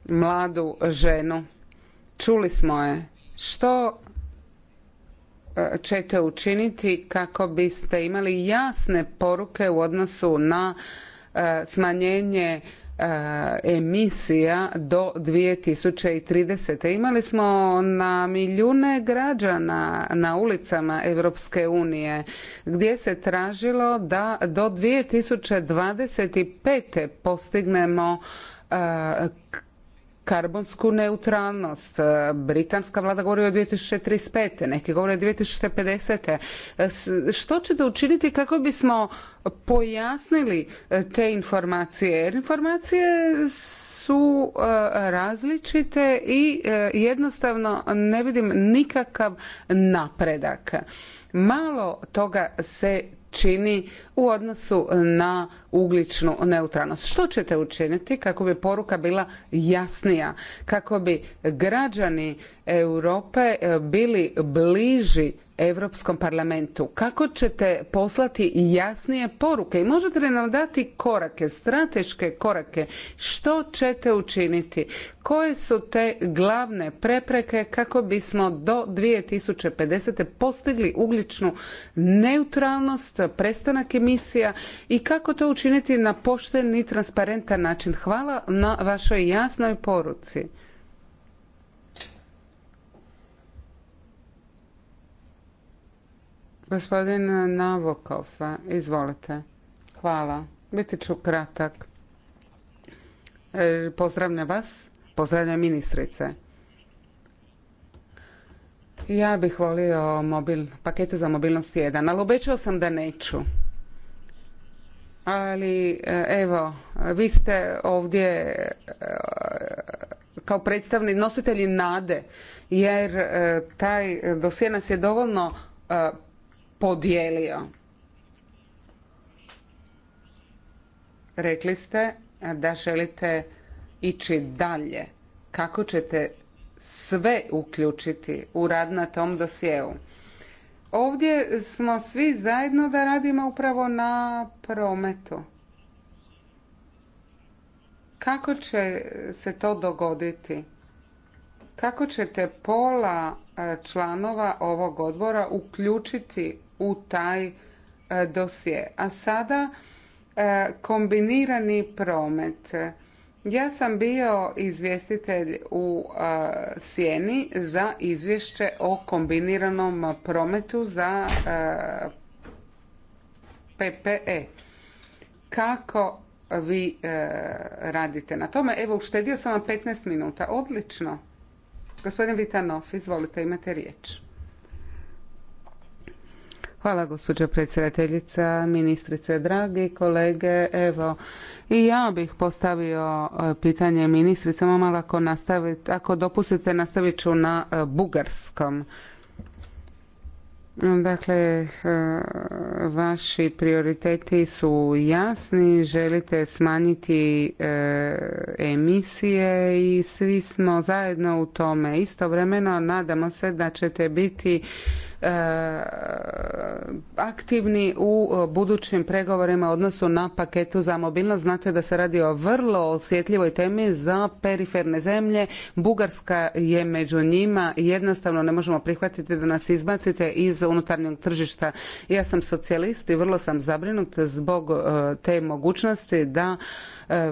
mladu ženu. Čuli smo je. Što ćete učiniti kako biste imali jasne poruke u odnosu na e, smanjenje e, emisija do 2030. Imali smo na milijune građana na ulicama Europske unije gdje se tražilo da do 2025. postignemo e, karbonsku neutralnost. E, Britanska vlada govori o 2035. Neki govore o 2050. E, što ćete učiniti kako bismo pojasnili e, te informacije? Jer informacije su različite i jednostavno ne vidim nikakav napredak. Malo toga se čini u odnosu na ugličnu neutralnost. Što ćete učiniti kako bi poruka bila jasnija, kako bi građani Europe e, bili bliži Europskom parlamentu? Kako ćete poslati jasnije poruke i možete li nam dati korake, strateške korake? Što ćete učiniti? Koje su te glavne prepreke kako bismo do 2050. postigli ugljičnu neutralnost, prestanak emisija i kako to učiniti na pošten i transparentan način? Hvala na vašoj jasnoj poruci. Gospodin Navokov, izvolite. Hvala. Biti ću kratak. E, pozdravljam vas, pozdravljam ministrice. Ja bih volio mobil, paketu za mobilnost 1, ali obećao sam da neću. Ali e, evo, vi ste ovdje e, kao predstavni nositelji nade, jer taj dosje nas je dovoljno podijelio. Rekli ste da želite ići dalje. Kako ćete sve uključiti u rad na tom dosjeu? Ovdje smo svi zajedno da radimo upravo na prometu. Kako će se to dogoditi? Kako ćete pola e, članova ovog odbora uključiti u taj e, dosje. A sada e, kombinirani promet. Ja sam bio izvjestitelj u e, Sjeni za izvješće o kombiniranom prometu za PPE. Kako vi radite na tome? Evo, uštedio sam vam 15 minuta. Odlično. Gospodin Vitanov, izvolite, imate riječ. Hvala gospođo predsjedateljica, ministrice, dragi kolege. Evo, i ja bih postavio e, pitanje ministricama, malo ako, nastavite, ako dopustite nastavit ću na e, bugarskom. Dakle, e, vaši prioriteti su jasni, želite smanjiti emisije i svi smo zajedno u tome. Istovremeno nadamo se da ćete biti Eh, aktivni u eh, budućim pregovorima odnosu na paketu za mobilnost. Znate da se radi o vrlo osjetljivoj temi za periferne zemlje. Bugarska je među njima. Jednostavno ne možemo prihvatiti da nas izbacite iz unutarnjeg tržišta. Ja sam socijalist i vrlo sam zabrinut zbog eh, te mogućnosti da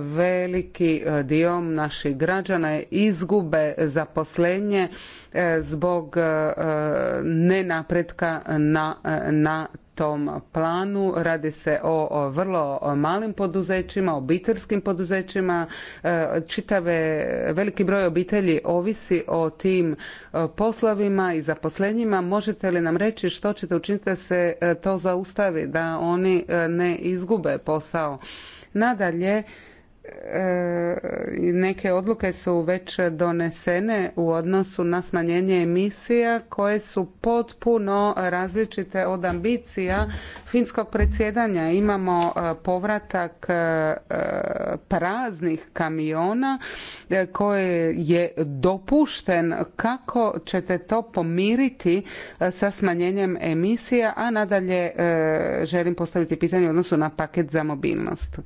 veliki e, dio naših građana izgube zaposlenje e, zbog e, nenapretka na, na tom planu. Radi se o vrlo malim poduzećima, obiteljskim poduzećima. Čitave, veliki broj obitelji ovisi o tim poslovima i zaposlenjima. Možete li nam reći što ćete učiniti da se to zaustavi, da oni ne izgube posao? Nadalje, E, neke odluke su već donesene u odnosu na smanjenje emisija koje su potpuno različite od ambicija finskog predsjedanja. Imamo e, povratak e, praznih kamiona koje je dopušten kako ćete to pomiriti sa smanjenjem emisija, a nadalje želim postaviti pitanje u odnosu na paket za mobilnost.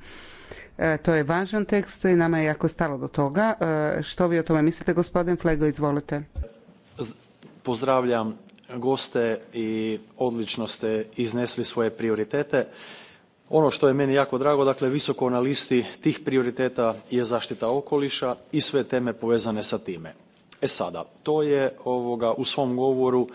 E, to je važan tekst i nama je jako stalo do toga. E, što vi o tome mislite, gospodin Flego, izvolite. Pozdravljam goste i odlično ste iznesli svoje prioritete. Ono što je meni jako drago, dakle visoko na listi tih prioriteta je zaštita okoliša i sve teme povezane sa time. E sada, to je ovoga u svom govoru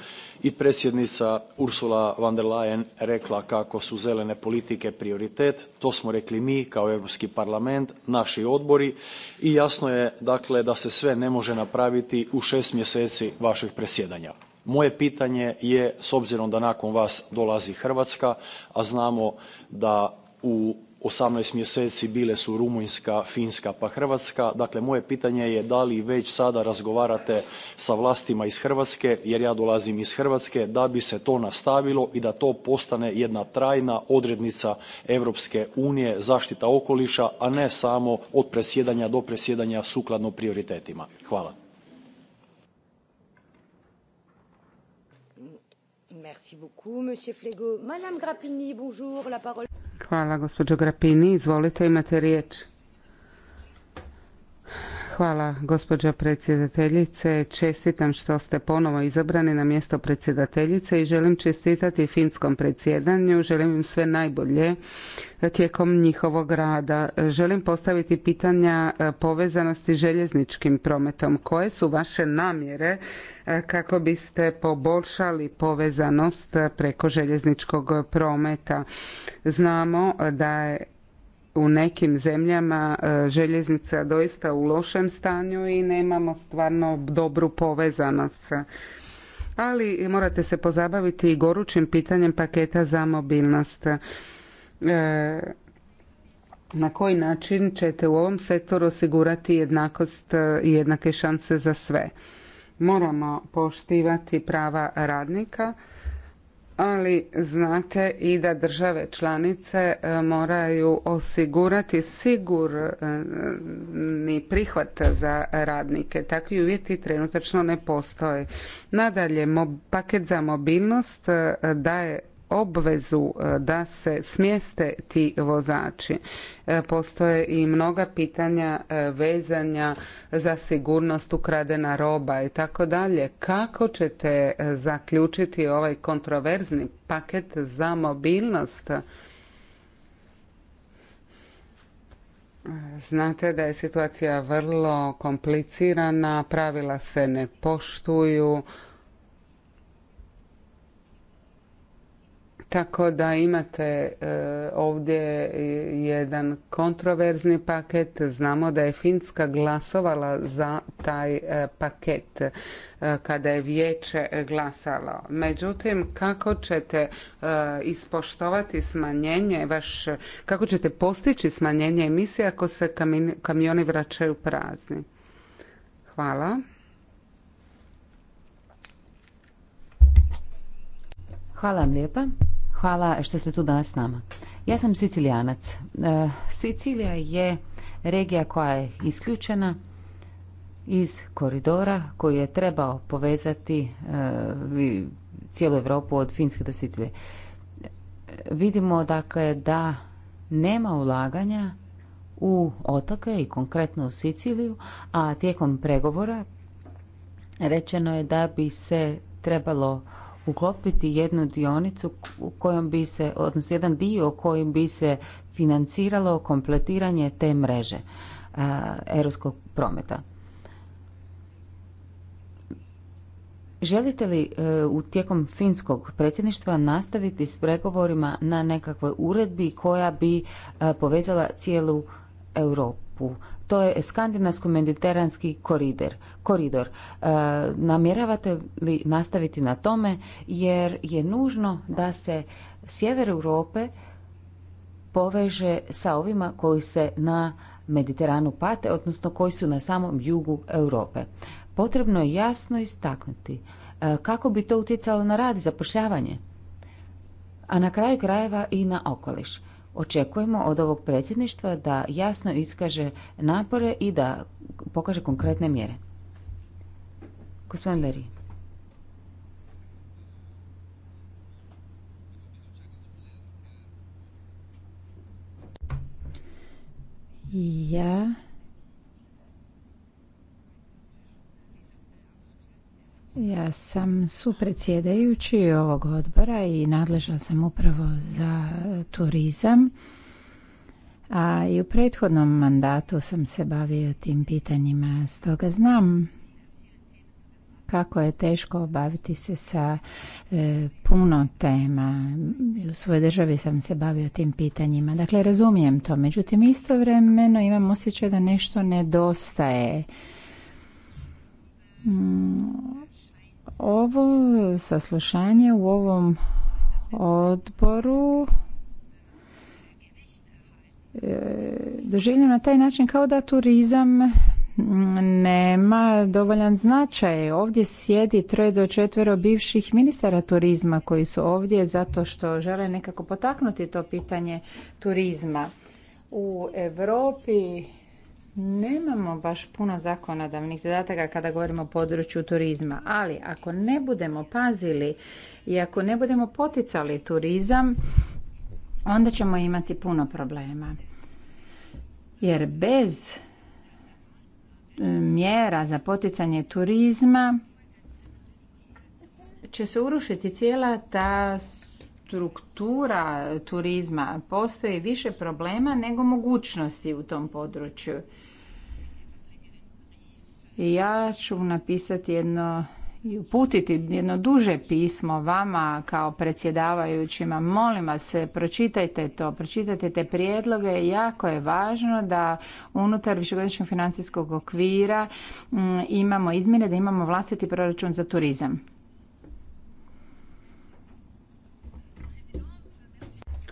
i predsjednica Ursula von der Leyen rekla kako su zelene politike prioritet, to smo rekli mi kao Europski parlament, naši odbori i jasno je dakle da se sve ne može napraviti u šest mjeseci vaših presjedanja. Moje pitanje je, s obzirom da nakon vas dolazi Hrvatska, a znamo da u 18 mjeseci bile su Rumunjska, Finska pa Hrvatska. Dakle, moje pitanje je da li već sada razgovarate sa vlastima iz Hrvatske, jer ja dolazim iz Hrvatske, da bi se to nastavilo i da to postane jedna trajna odrednica Europske unije, zaštita okoliša, a ne samo od presjedanja do presjedanja sukladno prioritetima. Hvala. Hvala gospođo Grapini. Izvolite, imate riječ. Hvala gospođa predsjedateljice. Čestitam što ste ponovo izabrani na mjesto predsjedateljice i želim čestitati finskom predsjedanju. Želim im sve najbolje tijekom njihovog rada. Želim postaviti pitanja e, povezanosti željezničkim prometom. Koje su vaše namjere e, kako biste poboljšali povezanost e, preko željezničkog prometa? Znamo da je u nekim zemljama e, željeznica doista u lošem stanju i nemamo stvarno dobru povezanost. Ali morate se pozabaviti i gorućim pitanjem paketa za mobilnost. E, na koji način ćete u ovom sektoru osigurati jednakost e, i jednake šanse za sve? Moramo poštivati prava radnika ali znate i da države članice e, moraju osigurati sigurni prihvat za radnike. Takvi uvjeti trenutačno ne postoje. Nadalje, paket za mobilnost e, daje obvezu e, da se smjeste ti vozači. E, postoje i mnoga pitanja e, vezanja za sigurnost ukradena roba i tako dalje. Kako ćete zaključiti ovaj kontroverzni paket za mobilnost? Znate da je situacija vrlo komplicirana, pravila se ne poštuju, Tako da imate e, ovdje jedan kontroverzni paket. Znamo da je Finska glasovala za taj e, paket e, kada je vijeće glasalo. Međutim, kako ćete ispoštovati smanjenje vaš, kako ćete postići smanjenje emisije ako se kamioni vraćaju prazni? Hvala. Hvala vam lijepa. Hvala što ste tu danas s nama. Ja sam Sicilijanac. E, Sicilija je regija koja je isključena iz koridora koji je trebao povezati e, cijelu Europu od Finske do Sicilije. Vidimo dakle da nema ulaganja u otoke i konkretno u Siciliju, a tijekom pregovora rečeno je da bi se trebalo uklopiti jednu dionicu u kojom bi se, odnosno jedan dio kojim bi se financiralo kompletiranje te mreže e, europskog prometa. Želite li e, u tijekom finskog predsjedništva nastaviti s pregovorima na nekakvoj uredbi koja bi e, povezala cijelu Europu? to je skandinavsko-mediteranski koridor. koridor. E, namjeravate li nastaviti na tome jer je nužno da se sjever Europe poveže sa ovima koji se na Mediteranu pate, odnosno koji su na samom jugu Europe. Potrebno je jasno istaknuti e, kako bi to utjecalo na rad i zapošljavanje, a na kraju krajeva i na okoliš. Očekujemo od ovog predsjedništva da jasno iskaže napore i da pokaže konkretne mjere. Gospodin Ja Ja sam supredsjedajući ovog odbora i nadležna sam upravo za turizam. A i u prethodnom mandatu sam se bavio tim pitanjima, stoga znam kako je teško baviti se sa e, puno tema. U svojoj državi sam se bavio tim pitanjima. Dakle, razumijem to. Međutim, istovremeno imam osjećaj da nešto nedostaje. Mm, ovo saslušanje u ovom odboru e, doživljeno na taj način kao da turizam nema dovoljan značaj. Ovdje sjedi troje do četvero bivših ministara turizma koji su ovdje zato što žele nekako potaknuti to pitanje turizma. U Europi Nemamo baš puno zakonodavnih zadataka kada govorimo o području turizma, ali ako ne budemo pazili i ako ne budemo poticali turizam, onda ćemo imati puno problema. Jer bez e, mjera za poticanje turizma će se urušiti cijela ta struktura turizma. Postoji više problema nego mogućnosti u tom području. Ja ću napisati jedno i uputiti jedno duže pismo vama kao predsjedavajućima. Molim vas, pročitajte to, pročitajte te prijedloge. Jako je važno da unutar višegodišnjeg financijskog okvira mm, imamo izmjene, da imamo vlastiti proračun za turizam.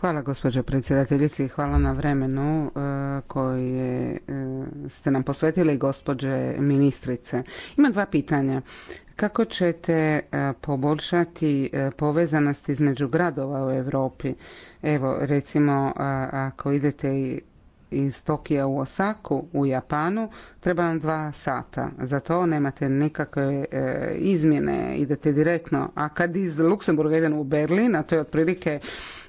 Hvala gospođo predsjedateljici i hvala na vremenu e, koje e, ste nam posvetili gospođe ministrice. Ima dva pitanja. Kako ćete e, poboljšati povezanost između gradova u Europi? Evo recimo ako idete iz Tokija u Osaku u Japanu treba vam dva sata. Za to nemate nikakve e, izmjene, idete direktno. A kad iz Luksemburga idem u Berlin, a to je otprilike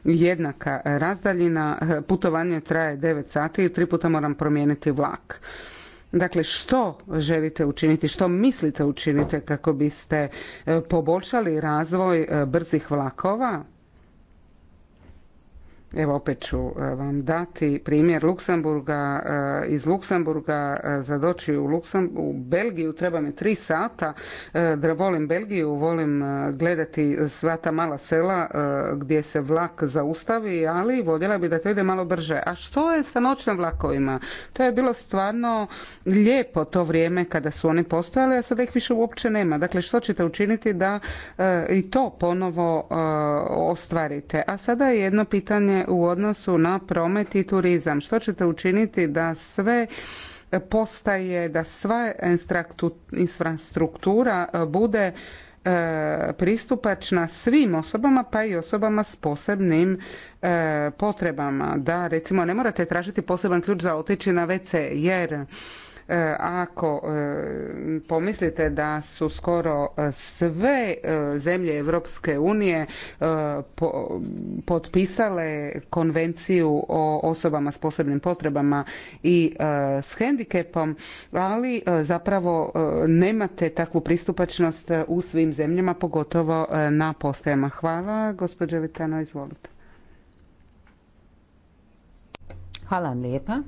jednaka razdaljina, e, putovanje traje devet sati i tri puta moram promijeniti vlak. Dakle, što želite učiniti, što mislite učiniti kako biste e, poboljšali razvoj brzih vlakova Evo opet ću e, vam dati primjer Luksemburga. E, iz Luksemburga e, za doći u, u Belgiju treba mi tri sata. Volim Belgiju, volim gledati sva ta mala sela gdje se vlak zaustavi, ali voljela bi da to ide malo brže. A što je sa noćnim vlakovima? To je bilo stvarno lijepo to vrijeme kada su oni postojali, a sada ih više uopće nema. Dakle, što ćete učiniti da i to ponovo ostvarite? A sada je jedno pitanje u odnosu na promet i turizam? Što ćete učiniti da sve postaje, da sva infrastruktura e, bude e, pristupačna svim osobama pa i osobama s posebnim e, potrebama. Da, recimo ne morate tražiti poseban ključ za otići na WC jer E, ako e, pomislite da su skoro e, sve zemlje Europske unije potpisale konvenciju o osobama s posebnim potrebama i s hendikepom, ali zapravo nemate takvu pristupačnost u svim zemljama, pogotovo na postajama. Hvala. gospođo Vitano, izvolite. Hvala lijepa.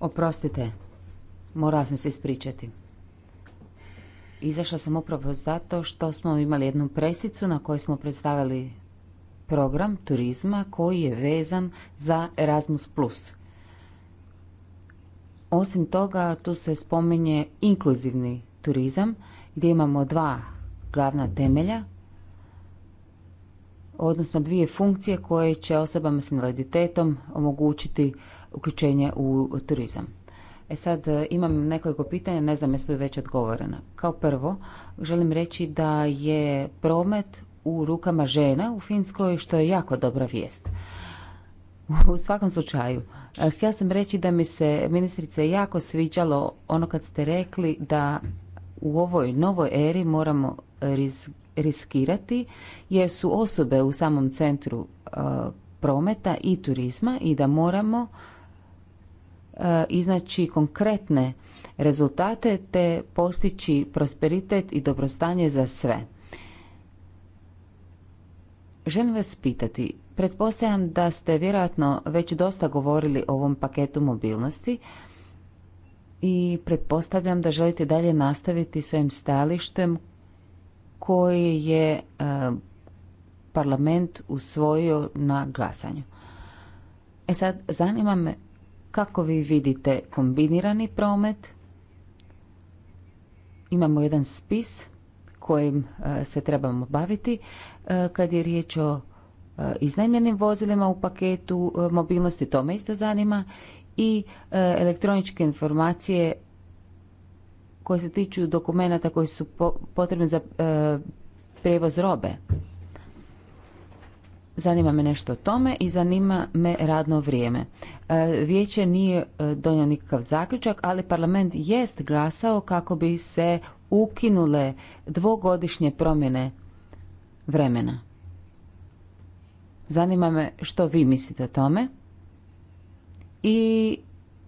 Oprostite, Morala sam se ispričati. Izašla sam upravo zato što smo imali jednu presicu na kojoj smo predstavili program turizma koji je vezan za Erasmus+. Osim toga, tu se spominje inkluzivni turizam gdje imamo dva glavna temelja, odnosno dvije funkcije koje će osobama s invaliditetom omogućiti uključenje u turizam. E sad e, imam nekoliko pitanja, ne znam jesu li već odgovorena. Kao prvo, želim reći da je promet u rukama žena u Finskoj, što je jako dobra vijest. U svakom slučaju, e, htjela sam reći da mi se, ministrice, jako sviđalo ono kad ste rekli da u ovoj novoj eri moramo riskirati jer su osobe u samom centru e, prometa i turizma i da moramo E, iznaći konkretne rezultate te postići prosperitet i dobrostanje za sve. Želim vas pitati, pretpostavljam da ste vjerojatno već dosta govorili o ovom paketu mobilnosti i pretpostavljam da želite dalje nastaviti svojim stajalištem koji je e, parlament usvojio na glasanju. E sad, zanima me kako vi vidite kombinirani promet? Imamo jedan spis kojim e, se trebamo baviti e, kad je riječ o e, iznajmljenim vozilima u paketu mobilnosti, to me isto zanima, i elektroničke informacije koje se tiču dokumenata koji su potrebni za prijevoz robe. Zanima me nešto o tome i zanima me radno vrijeme. E, vijeće nije e, donio nikakav zaključak, ali parlament jest glasao kako bi se ukinule dvogodišnje promjene vremena. Zanima me što vi mislite o tome. I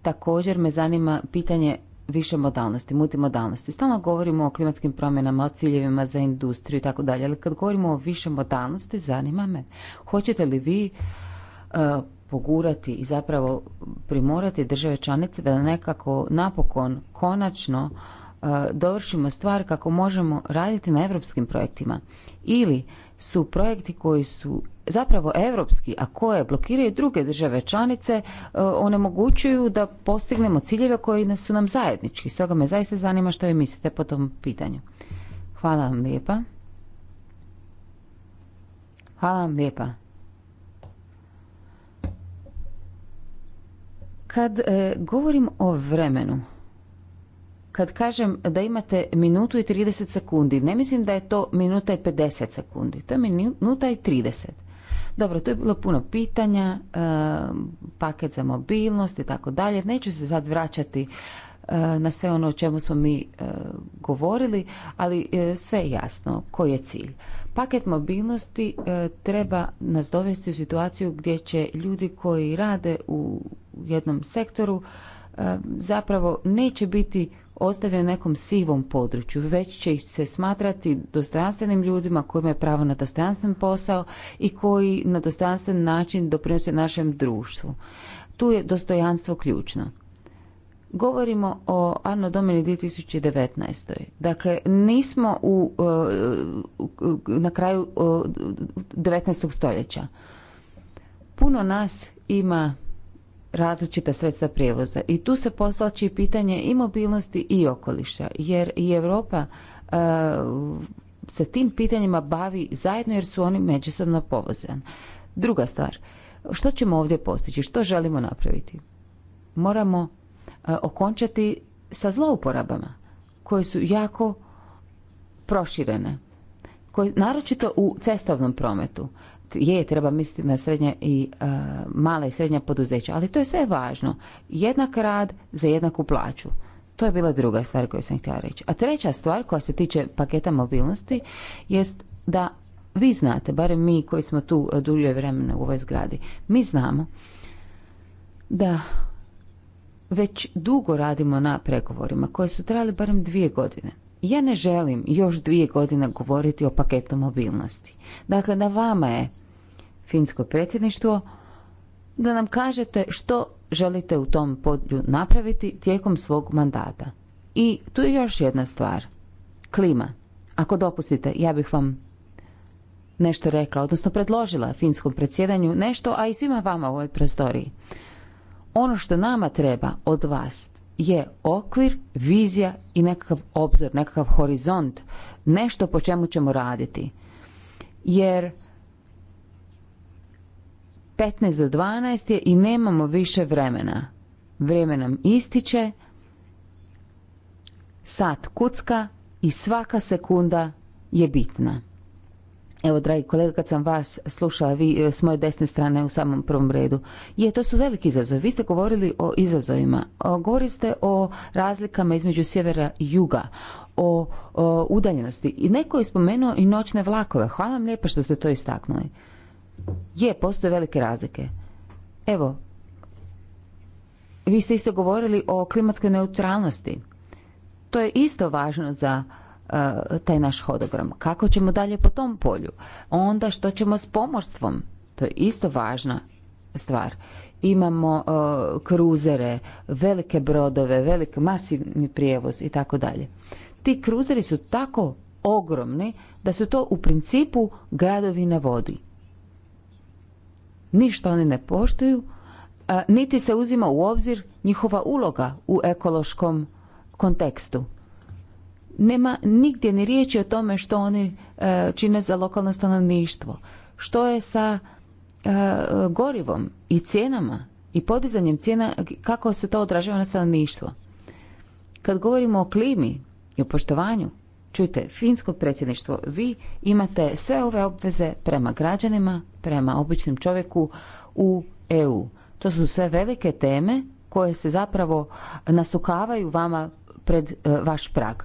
također me zanima pitanje više modalnosti, multimodalnosti. Stalno govorimo o klimatskim promjenama, o ciljevima za industriju i tako dalje, ali kad govorimo o više modalnosti, zanima me, hoćete li vi e, pogurati i zapravo primorati države članice da nekako napokon, konačno, e, dovršimo stvar kako možemo raditi na evropskim projektima. Ili su projekti koji su zapravo europski, a koje blokiraju druge države članice, e, onemogućuju da postignemo ciljeve koji su nam zajednički. Stoga me zaista zanima što vi mislite po tom pitanju. Hvala vam lijepa. Hvala vam lijepa. Kad e, govorim o vremenu, kad kažem da imate minutu i 30 sekundi, ne mislim da je to minuta i 50 sekundi, to je minuta i 30. Dobro, to je bilo puno pitanja, e, paket za mobilnost i tako dalje. Neću se sad vraćati e, na sve ono o čemu smo mi e, govorili, ali sve je jasno koji je cilj. Paket mobilnosti treba nas dovesti u situaciju gdje će ljudi koji rade u jednom sektoru E, zapravo neće biti ostavljen nekom sivom području, već će ih se smatrati dostojanstvenim ljudima koji imaju pravo na dostojanstven posao i koji na dostojanstven način doprinose našem društvu. Tu je dostojanstvo ključno. Govorimo o Arno Domini 2019. Dakle, nismo u, e, na kraju 19. E, stoljeća. Puno nas ima različita sredstva prijevoza. I tu se poslači pitanje i mobilnosti i okoliša, jer i Europa e, se tim pitanjima bavi zajedno jer su oni međusobno povezani. Druga stvar, što ćemo ovdje postići, što želimo napraviti? Moramo e, okončati sa zlouporabama koje su jako proširene, koje, naročito u cestovnom prometu je, treba misliti na srednje i e, mala i srednja poduzeća, ali to je sve važno. Jednak rad za jednaku plaću. To je bila druga stvar koju sam htjela reći. A treća stvar koja se tiče paketa mobilnosti jest da vi znate, barem mi koji smo tu dulje vremena u ovoj zgradi, mi znamo da već dugo radimo na pregovorima koje su trajali barem dvije godine. Ja ne želim još dvije godine govoriti o paketu mobilnosti. Dakle, na vama je finsko predsjedništvo, da nam kažete što želite u tom podlju napraviti tijekom svog mandata. I tu je još jedna stvar. Klima. Ako dopustite, ja bih vam nešto rekla, odnosno predložila finskom predsjedanju nešto, a i svima vama u ovoj prostoriji. Ono što nama treba od vas je okvir, vizija i nekakav obzor, nekakav horizont, nešto po čemu ćemo raditi. Jer 15 do 12 je i nemamo više vremena. Vrijeme nam ističe, sat kucka i svaka sekunda je bitna. Evo, dragi kolega, kad sam vas slušala, vi e, s moje desne strane u samom prvom redu, je, to su veliki izazovi. Vi ste govorili o izazovima. Govorili ste o razlikama između sjevera i juga, o, udaljenosti. I neko je spomenuo i noćne vlakove. Hvala vam lijepa što ste to istaknuli. Je, postoje velike razlike. Evo, vi ste isto govorili o klimatskoj neutralnosti. To je isto važno za e, taj naš hodogram. Kako ćemo dalje po tom polju? Onda što ćemo s pomorstvom? To je isto važna stvar. Imamo e, kruzere, velike brodove, velik masivni prijevoz i tako dalje. Ti kruzeri su tako ogromni da su to u principu gradovi na vodi ništa oni ne poštuju, niti se uzima u obzir njihova uloga u ekološkom kontekstu. Nema nigdje ni riječi o tome što oni e, čine za lokalno stanovništvo, što je sa e, gorivom i cijenama i podizanjem cijena, kako se to odražava na stanovništvo. Kad govorimo o klimi i o poštovanju Čujte, finsko predsjedništvo, vi imate sve ove obveze prema građanima, prema običnom čovjeku u EU. To su sve velike teme koje se zapravo nasukavaju vama pred e, vaš prag.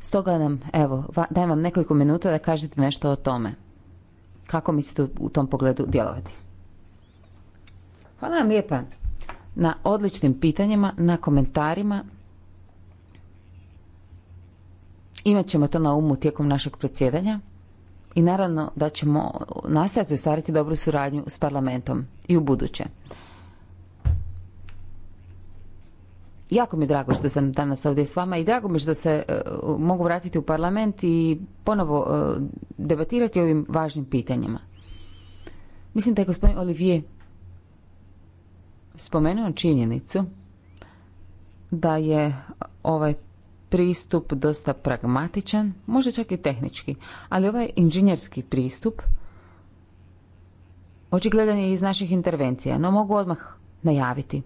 Stoga nam, evo, dajem vam nekoliko minuta da kažete nešto o tome. Kako mislite u tom pogledu djelovati? Hvala vam lijepa na odličnim pitanjima, na komentarima. Imat ćemo to na umu tijekom našeg predsjedanja i naravno da ćemo nastojati ostvariti dobru suradnju s parlamentom i u buduće. Jako mi je drago što sam danas ovdje s vama i drago mi je što se e, mogu vratiti u parlament i ponovo e, debatirati o ovim važnim pitanjima. Mislim da je gospodin Olivier spomenuo činjenicu da je ovaj pristup dosta pragmatičan, možda čak i tehnički, ali ovaj inženjerski pristup očigledan je iz naših intervencija, no mogu odmah najaviti.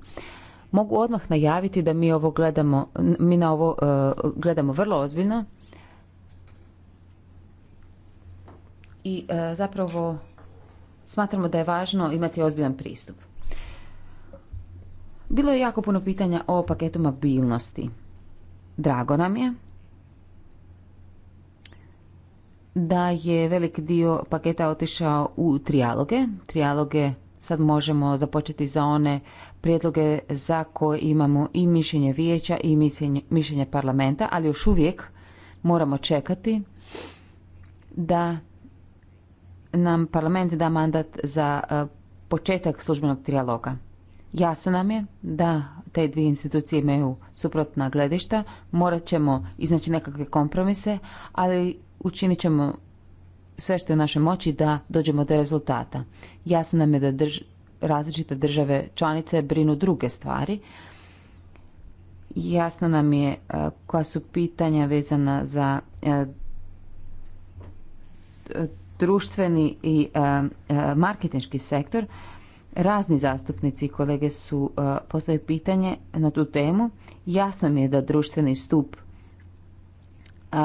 Mogu odmah najaviti da mi ovo gledamo, mi na ovo e, gledamo vrlo ozbiljno i e, zapravo smatramo da je važno imati ozbiljan pristup. Bilo je jako puno pitanja o paketu mobilnosti. Drago nam je da je velik dio paketa otišao u trijaloge. Trijaloge sad možemo započeti za one prijedloge za koje imamo i mišljenje vijeća i mišljenje, mišljenje parlamenta, ali još uvijek moramo čekati da nam parlament da mandat za eh, početak službenog trijaloga. Jasno nam je da te dvije institucije imaju suprotna gledišta, morat ćemo iznaći nekakve kompromise, ali učinit ćemo sve što je u našoj moći da dođemo do rezultata. Jasno nam je da različite države članice brinu druge stvari. Jasno nam je e, koja su pitanja vezana za e, e, društveni i marketinški sektor. Razni zastupnici i kolege su e, postavili pitanje na tu temu. Jasno mi je da društveni stup e,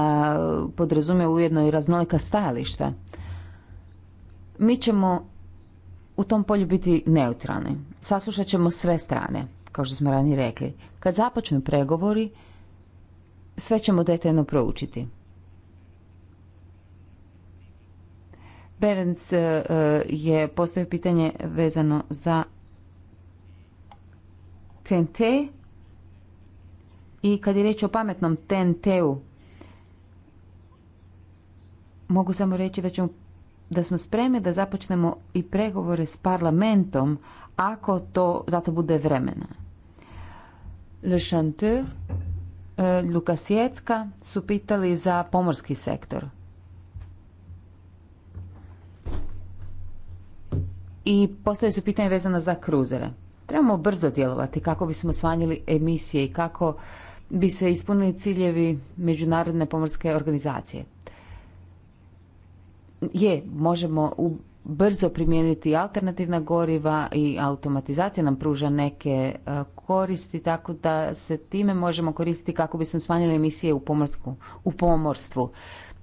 podrazume ujedno i raznolika stajališta. Mi ćemo u tom polju biti neutralni. Saslušat ćemo sve strane, kao što smo ranije rekli. Kad započnu pregovori, sve ćemo detaljno proučiti. Berens e, e, je postavio pitanje vezano za TNT i kad je riječ o pametnom TNT-u, mogu samo reći da ćemo da smo spremni da započnemo i pregovore s parlamentom ako to zato bude vremena. Le Chanteur, e, Lukasjecka su pitali za pomorski sektor. i postavljaju su pitanje vezana za kruzere. Trebamo brzo djelovati kako bismo smanjili emisije i kako bi se ispunili ciljevi Međunarodne pomorske organizacije. Je, možemo u brzo primijeniti alternativna goriva i automatizacija nam pruža neke e, koristi, tako da se time možemo koristiti kako bismo smanjili emisije u, pomorsku, u pomorstvu.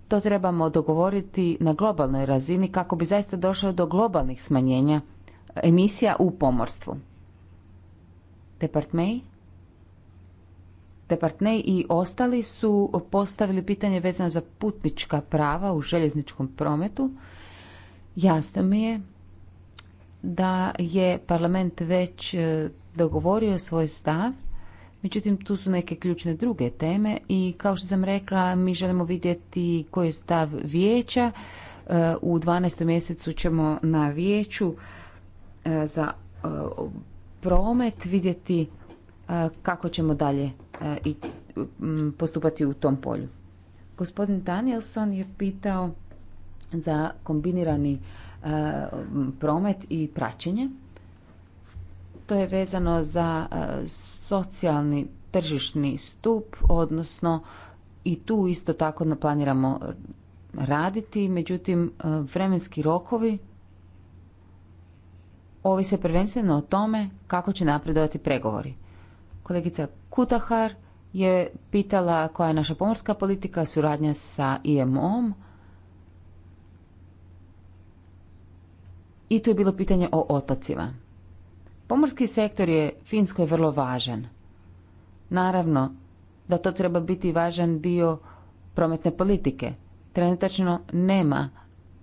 To trebamo dogovoriti na globalnoj razini kako bi zaista došlo do globalnih smanjenja emisija u pomorstvu. Departmej? i ostali su postavili pitanje vezano za putnička prava u željezničkom prometu. Jasno mi je da je parlament već e, dogovorio svoj stav Međutim, tu su neke ključne druge teme i kao što sam rekla, mi želimo vidjeti koji je stav vijeća. E, u 12. mjesecu ćemo na vijeću e, za e, promet vidjeti kako ćemo dalje postupati u tom polju. Gospodin Danielson je pitao za kombinirani promet i praćenje. To je vezano za e, socijalni tržišni stup, odnosno i tu isto tako planiramo raditi, međutim e, vremenski rokovi ovise prvenstveno o tome kako će napredovati pregovori. Kolegica Kutahar je pitala koja je naša pomorska politika, suradnja sa IMO-om. I tu je bilo pitanje o otocima. Pomorski sektor je Finskoj vrlo važan. Naravno da to treba biti važan dio prometne politike. Trenutačno nema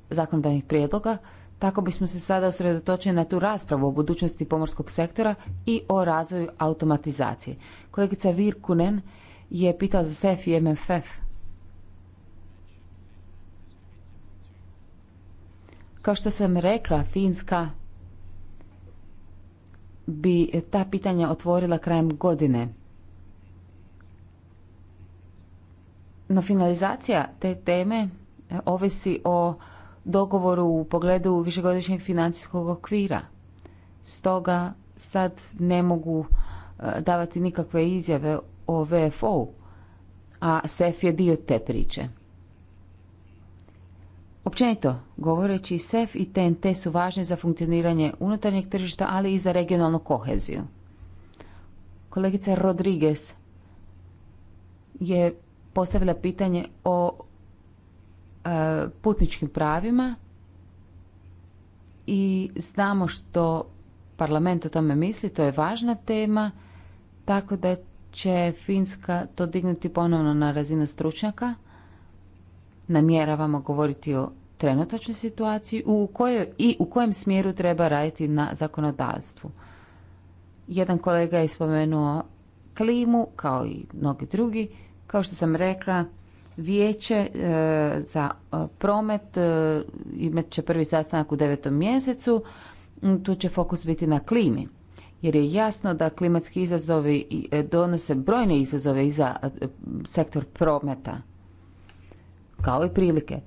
zakonodavnih prijedloga, tako bismo se sada usredotočili na tu raspravu o budućnosti pomorskog sektora i o razvoju automatizacije. Kolegica Virkunen je pitala za SEF i MFF. Kao što sam rekla, Finska bi ta pitanja otvorila krajem godine. No finalizacija te teme e, ovisi o dogovoru u pogledu višegodišnjeg financijskog okvira. Stoga sad ne mogu e, davati nikakve izjave o VFO-u, a SEF je dio te priče. Općenito, govoreći SEF i TNT su važni za funkcioniranje unutarnjeg tržišta, ali i za regionalnu koheziju. Kolegica Rodriguez je postavila pitanje o e, putničkim pravima i znamo što parlament o tome misli, to je važna tema, tako da će Finska to dignuti ponovno na razinu stručnjaka namjeravamo govoriti o trenutačnoj situaciji u kojoj, i u kojem smjeru treba raditi na zakonodavstvu. Jedan kolega je spomenuo klimu kao i mnogi drugi. Kao što sam rekla, vijeće e, za e, promet e, imat će prvi sastanak u devetom mjesecu. Mm, tu će fokus biti na klimi jer je jasno da klimatski izazovi donose brojne izazove i za sektor prometa kao i prilike.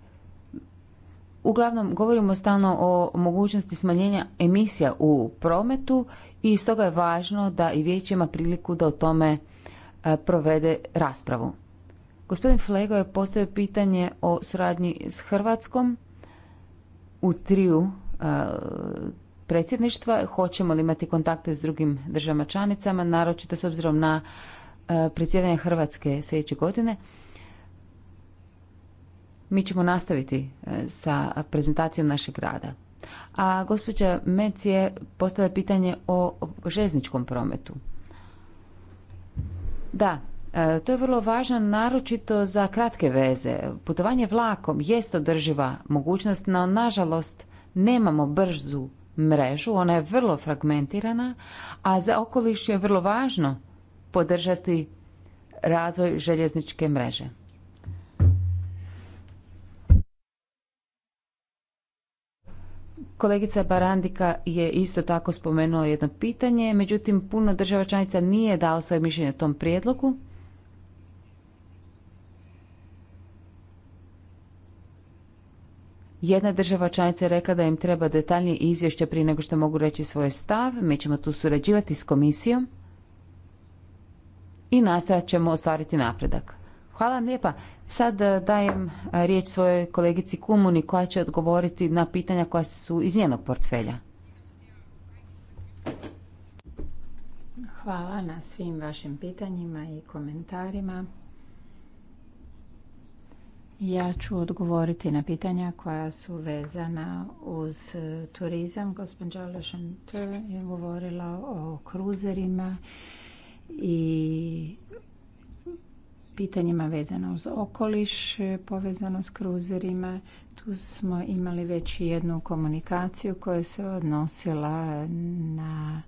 Uglavnom, govorimo stalno o mogućnosti smanjenja emisija u prometu i stoga je važno da i vijeće ima priliku da o tome e, provede raspravu. Gospodin Flego je postavio pitanje o suradnji s Hrvatskom u triju e, predsjedništva. Hoćemo li imati kontakte s drugim državama članicama, naročito s obzirom na e, predsjedanje Hrvatske sljedeće godine. Mi ćemo nastaviti e, sa prezentacijom našeg rada. A gospođa Mec je postavila pitanje o željezničkom prometu. Da, e, to je vrlo važno, naročito za kratke veze. Putovanje vlakom jest održiva mogućnost, no nažalost nemamo brzu mrežu, ona je vrlo fragmentirana, a za okoliš je vrlo važno podržati razvoj željezničke mreže. Kolegica Barandika je isto tako spomenula jedno pitanje, međutim puno država članica nije dao svoje mišljenje o tom prijedlogu. Jedna država članica je rekla da im treba detaljnije izvješće prije nego što mogu reći svoj stav. Mi ćemo tu surađivati s komisijom i nastojat ćemo ostvariti napredak. Hvala vam lijepa. Sad eh, dajem eh, riječ svojoj kolegici Kumuni koja će odgovoriti na pitanja koja su iz njenog portfelja. Hvala na svim vašim pitanjima i komentarima. Ja ću odgovoriti na pitanja koja su vezana uz eh, turizam. Gospođa Lešant je govorila o kruzerima i pitanjima vezano uz okoliš, povezano s kruzerima. Tu smo imali već jednu komunikaciju koja se odnosila na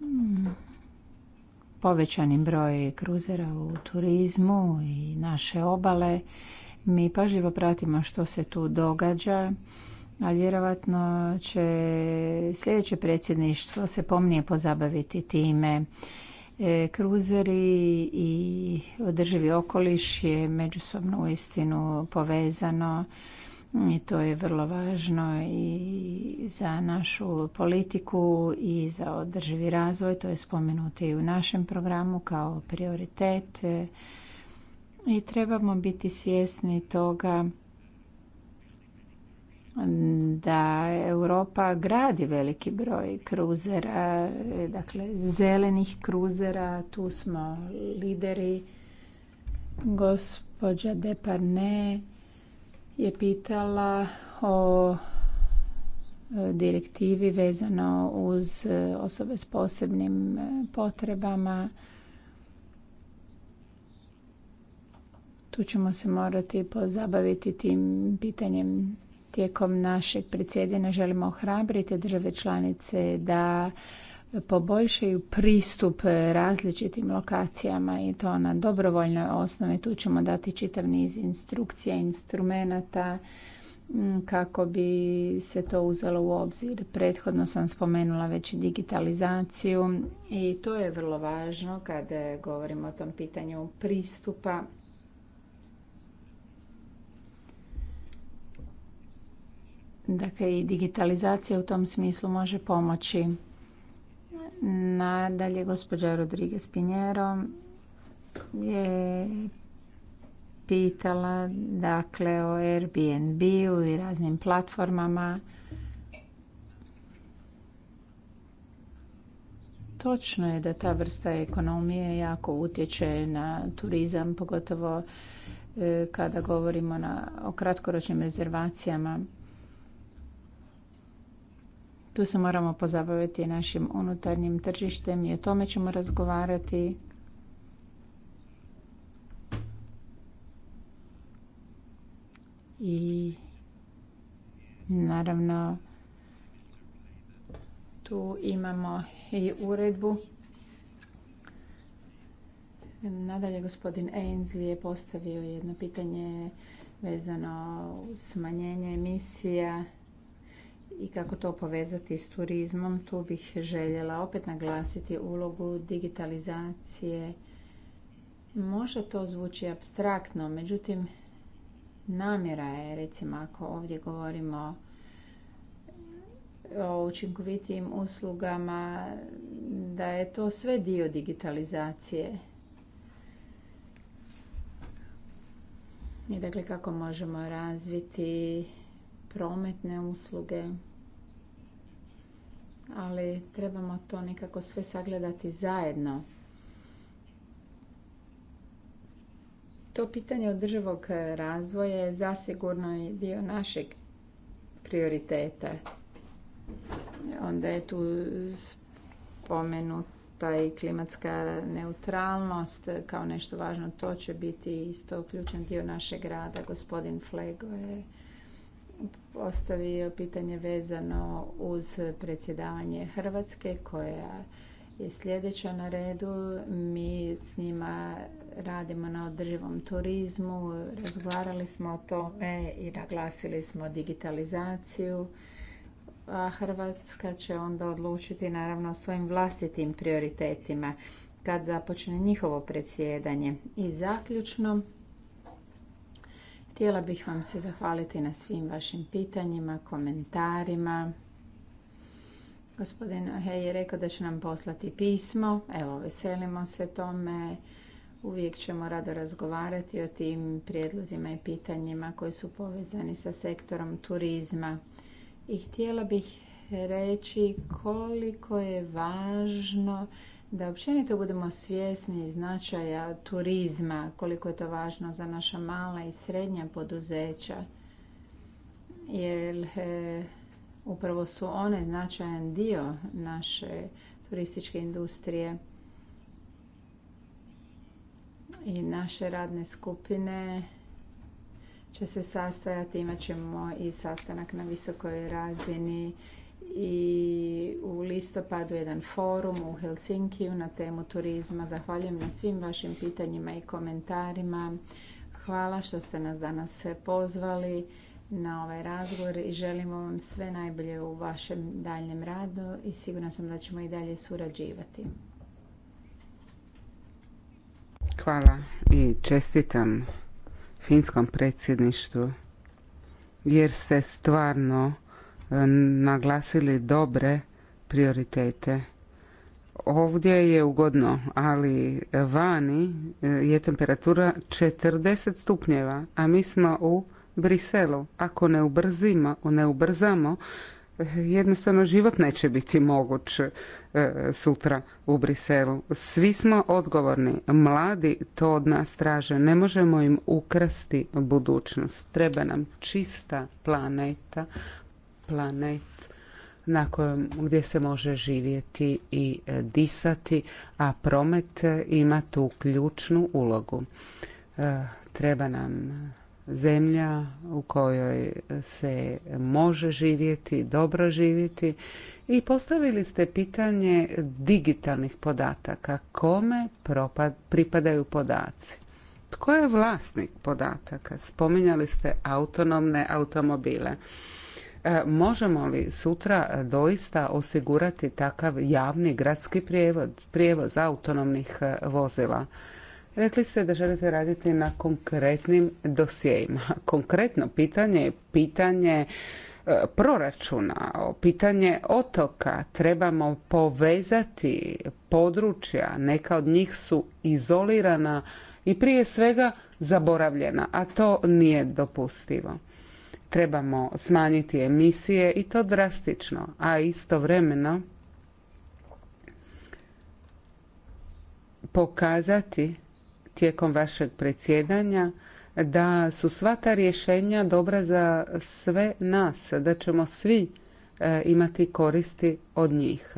mm, povećanim broj kruzera u turizmu i naše obale. Mi paživo pratimo što se tu događa, a vjerojatno će sljedeće predsjedništvo se pomnije pozabaviti time E, kruzeri i održivi okoliš je međusobno uistinu povezano i to je vrlo važno i za našu politiku i za održivi razvoj. To je spomenuto i u našem programu kao prioritet e, i trebamo biti svjesni toga da Europa gradi veliki broj kruzera, dakle zelenih kruzera, tu smo lideri. Gospođa Deparne je pitala o e, direktivi vezano uz e, osobe s posebnim e, potrebama. Tu ćemo se morati pozabaviti tim pitanjem Tijekom našeg predsjedanja želimo ohrabriti države članice da poboljšaju pristup različitim lokacijama i to na dobrovoljnoj osnovi. Tu ćemo dati čitav niz instrukcija, instrumenata kako bi se to uzelo u obzir. Prethodno sam spomenula već digitalizaciju i to je vrlo važno kada govorimo o tom pitanju pristupa Dakle, i digitalizacija u tom smislu može pomoći. Nadalje, gospođa Rodriguez Pinjero je pitala dakle o Airbnb-u i raznim platformama. Točno je da ta vrsta ekonomije jako utječe na turizam, pogotovo e, kada govorimo na, o kratkoročnim rezervacijama. Tu se moramo pozabaviti našim unutarnjim tržištem i o tome ćemo razgovarati. I naravno tu imamo i uredbu. Nadalje gospodin Ainsley je postavio jedno pitanje vezano uz smanjenje emisija i kako to povezati s turizmom, tu bih željela opet naglasiti ulogu digitalizacije. Može to zvuči abstraktno, međutim namjera je, recimo ako ovdje govorimo o učinkovitijim uslugama, da je to sve dio digitalizacije. I dakle kako možemo razviti prometne usluge, ali trebamo to nekako sve sagledati zajedno. To pitanje održivog razvoja je zasigurno i dio našeg prioriteta. Onda je tu spomenuta i klimatska neutralnost kao nešto važno. To će biti isto ključan dio našeg rada. Gospodin Flego je postavio pitanje vezano uz predsjedavanje Hrvatske koja je sljedeća na redu. Mi s njima radimo na održivom turizmu, razgovarali smo o tome i naglasili smo digitalizaciju. A Hrvatska će onda odlučiti naravno o svojim vlastitim prioritetima kad započne njihovo predsjedanje. I zaključno, Htjela bih vam se zahvaliti na svim vašim pitanjima, komentarima. Gospodin Hej je rekao da će nam poslati pismo. Evo, veselimo se tome. Uvijek ćemo rado razgovarati o tim prijedlozima i pitanjima koji su povezani sa sektorom turizma. I htjela bih reći koliko je važno da općenito budemo svjesni značaja turizma, koliko je to važno za naša mala i srednja poduzeća, jer e, upravo su one značajan dio naše turističke industrije i naše radne skupine će se sastajati, imat ćemo i sastanak na visokoj razini i u listopadu jedan forum u Helsinkiju na temu turizma. Zahvaljujem na svim vašim pitanjima i komentarima. Hvala što ste nas danas pozvali na ovaj razgovor i želimo vam sve najbolje u vašem daljem radu i sigurna sam da ćemo i dalje surađivati. Hvala i čestitam finskom predsjedništvu jer ste stvarno naglasili dobre prioritete. Ovdje je ugodno, ali vani e, je temperatura 40 stupnjeva, a mi smo u Briselu. Ako ne ubrzimo, ne ubrzamo, jednostavno život neće biti moguć e, sutra u Briselu. Svi smo odgovorni. Mladi to od nas traže. Ne možemo im ukrasti budućnost. Treba nam čista planeta planet na kojem gdje se može živjeti i e, disati, a promet e, ima tu ključnu ulogu. E, treba nam zemlja u kojoj se može živjeti, dobro živjeti i postavili ste pitanje digitalnih podataka. Kome pripadaju podaci? Tko je vlasnik podataka? Spominjali ste autonomne automobile. E, možemo li sutra e, doista osigurati takav javni gradski prijevoz, prijevoz autonomnih e, vozila? Rekli ste da želite raditi na konkretnim dosjejima. *laughs* Konkretno pitanje je pitanje proračuna, pitanje otoka. Trebamo povezati područja, neka od njih su izolirana i prije svega zaboravljena, a to nije dopustivo. Trebamo smanjiti emisije i to drastično, a istovremeno pokazati tijekom vašeg predsjedanja da su sva ta rješenja dobra za sve nas, da ćemo svi e, imati koristi od njih.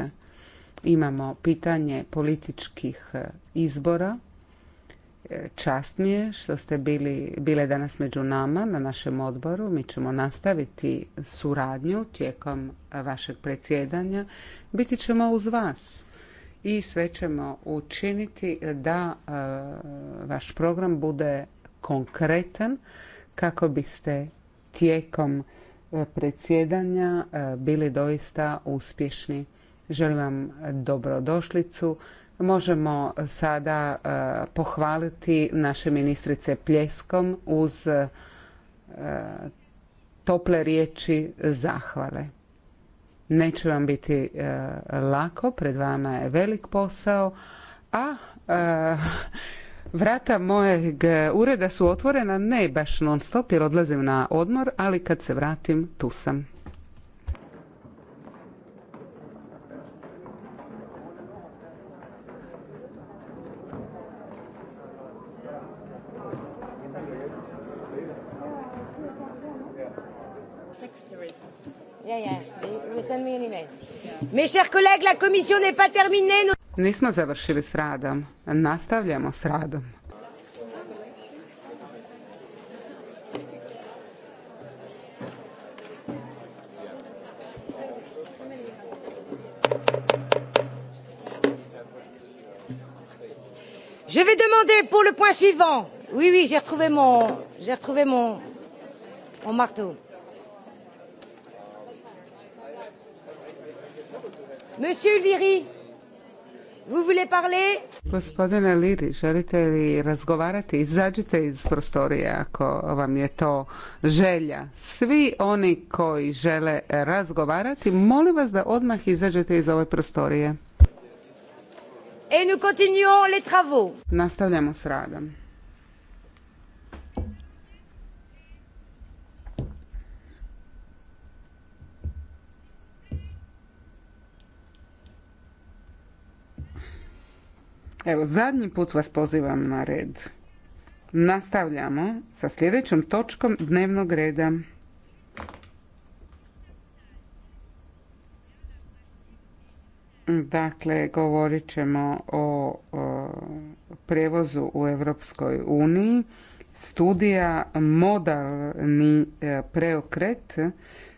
Imamo pitanje političkih e, izbora Čast mi je što ste bili, bile danas među nama na našem odboru. Mi ćemo nastaviti suradnju tijekom vašeg predsjedanja. Biti ćemo uz vas i sve ćemo učiniti da e, vaš program bude konkretan kako biste tijekom e, predsjedanja e, bili doista uspješni. Želim vam dobrodošlicu možemo sada e, pohvaliti naše ministrice pljeskom uz e, tople riječi zahvale. Neće vam biti e, lako, pred vama je velik posao, a *laughs* vrata mojeg ureda su otvorena ne baš non stop jer odlazim na odmor, ali kad se vratim tu sam. Mes chers collègues, la commission n'est pas terminée. Nismo završili s radom. Nastavljamo s radom. Je vais demander pour le point suivant. Oui, oui, j'ai retrouvé mon, j'ai retrouvé mon, mon marteau. Monsieur Liri, vous voulez parler? Gospodine Liri, želite li razgovarati? Izađite iz prostorije ako vam je to želja. Svi oni koji žele razgovarati, molim vas da odmah izađete iz ove prostorije. Et nous continuons les travaux. Nastavljamo s radom. Evo, zadnji put vas pozivam na red. Nastavljamo sa sljedećom točkom dnevnog reda. Dakle, govorit ćemo o, o prevozu u Europskoj uniji, studija modalni e, preokret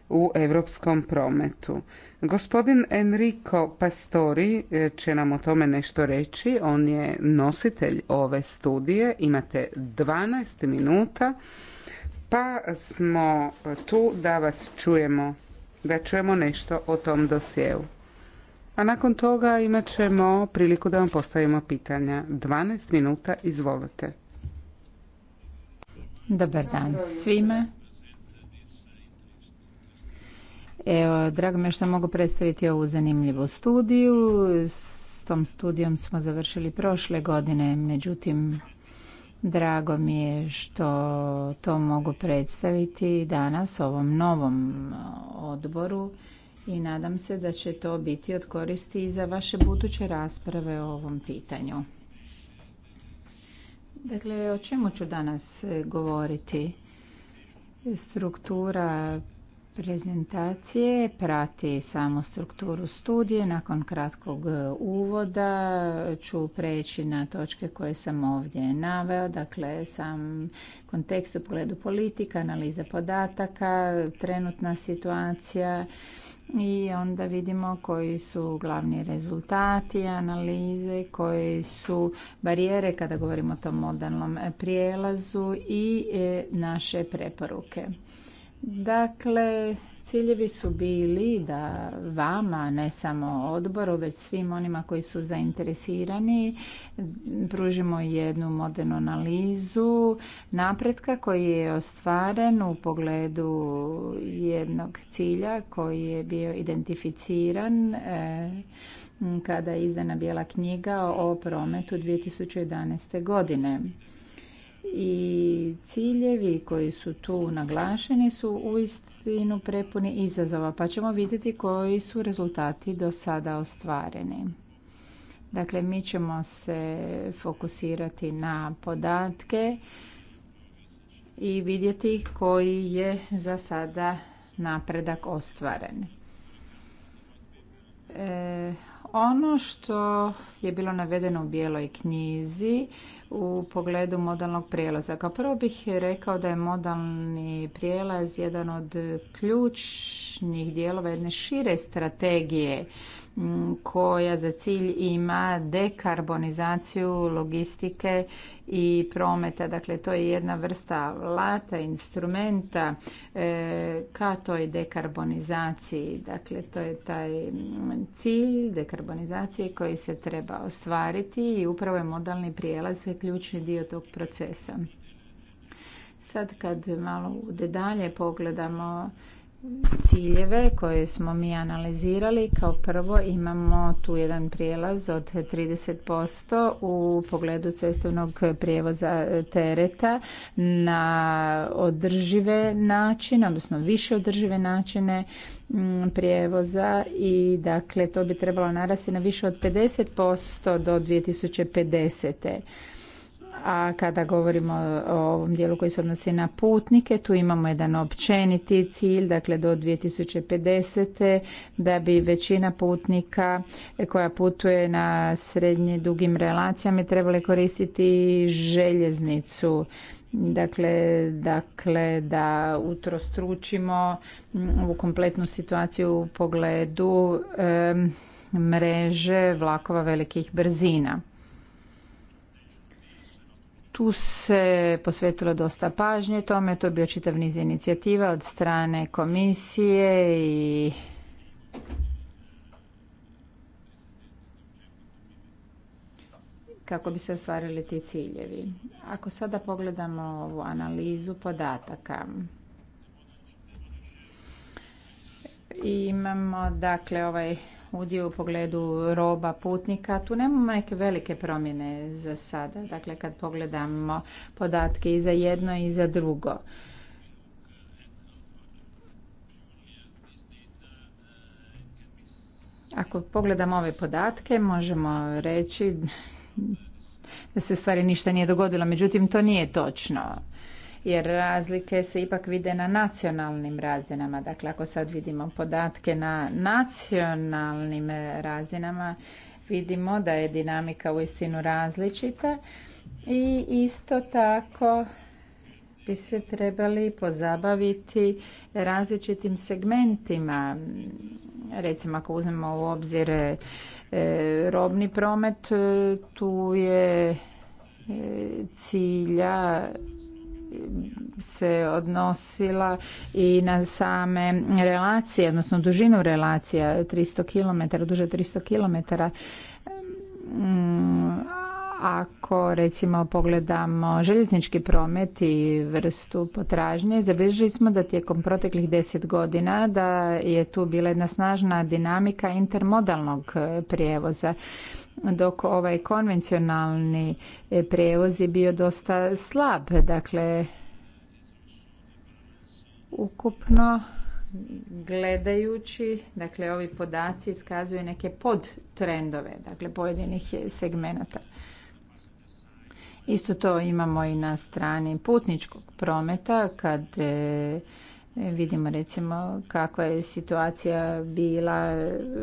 u europskom prometu. Gospodin Enrico Pastori e, će nam o tome nešto reći. On je nositelj ove studije. Imate 12 minuta pa smo tu da vas čujemo, da čujemo nešto o tom dosjeu. A nakon toga imat ćemo priliku da vam postavimo pitanja. 12 minuta, izvolite. Dobar dan svima. Evo, drago me što mogu predstaviti ovu zanimljivu studiju. S tom studijom smo završili prošle godine, međutim, drago mi je što to mogu predstaviti danas ovom novom odboru i nadam se da će to biti od koristi i za vaše buduće rasprave o ovom pitanju. Dakle, o čemu ću danas e, govoriti? Struktura prezentacije prati samo strukturu studije. Nakon kratkog e, uvoda ću preći na točke koje sam ovdje naveo, dakle sam kontekst u pogledu politika, analiza podataka, trenutna situacija i onda vidimo koji su glavni rezultati analize, koji su barijere kada govorimo o tom modalnom prijelazu i e, naše preporuke. Dakle, ciljevi su bili da vama, ne samo odboru, već svim onima koji su zainteresirani, pružimo jednu modernu analizu napretka koji je ostvaren u pogledu jednog cilja koji je bio identificiran eh, kada je izdana bijela knjiga o prometu 2011. godine i ciljevi koji su tu naglašeni su istinu prepuni izazova, pa ćemo vidjeti koji su rezultati do sada ostvareni. Dakle, mi ćemo se fokusirati na podatke i vidjeti koji je za sada napredak ostvaren. E, ono što je bilo navedeno u bijeloj knjizi u pogledu modalnog prijelaza. prvo bih rekao da je modalni prijelaz jedan od ključnih dijelova jedne šire strategije koja za cilj ima dekarbonizaciju logistike i prometa. Dakle, to je jedna vrsta lata, instrumenta e, ka toj dekarbonizaciji. Dakle, to je taj cilj dekarbonizacije koji se treba ostvariti i upravo je modalni prijelaz ključni dio tog procesa. Sad kad malo dalje pogledamo ciljeve koje smo mi analizirali. Kao prvo imamo tu jedan prijelaz od 30% u pogledu cestovnog prijevoza e, tereta na održive načine, odnosno više održive načine mm, prijevoza i dakle to bi trebalo narasti na više od 50% do 2050 a kada govorimo o ovom dijelu koji se odnosi na putnike, tu imamo jedan općeniti cilj, dakle do 2050. da bi većina putnika koja putuje na srednje dugim relacijama trebali koristiti željeznicu. Dakle, dakle, da utrostručimo ovu mm, kompletnu situaciju u pogledu mreže vlakova velikih brzina. Tu se posvetilo dosta pažnje tome, to je bio čitav niz inicijativa od strane komisije i kako bi se ostvarili ti ciljevi. Ako sada pogledamo ovu analizu podataka, imamo dakle ovaj udio u pogledu roba putnika. Tu nemamo neke velike promjene za sada. Dakle, kad pogledamo podatke i za jedno i za drugo. Ako pogledamo ove podatke, možemo reći da se stvari ništa nije dogodilo. Međutim, to nije točno jer razlike se ipak vide na nacionalnim razinama. Dakle, ako sad vidimo podatke na nacionalnim razinama, vidimo da je dinamika uistinu različita i isto tako bi se trebali pozabaviti različitim segmentima. Recimo ako uzmemo u obzir e, robni promet, e, tu je e, cilja se odnosila i na same relacije, odnosno dužinu relacija 300 km, duže 300 km. Mm, ako recimo pogledamo željeznički promet i vrstu potražnje, zabilježili smo da tijekom proteklih deset godina da je tu bila jedna snažna dinamika intermodalnog prijevoza dok ovaj konvencionalni e, prijevoz je bio dosta slab. Dakle, ukupno gledajući, dakle ovi podaci iskazuju neke podtrendove, dakle pojedinih segmenata. Isto to imamo i na strani putničkog prometa kad e, Vidimo recimo kakva je situacija bila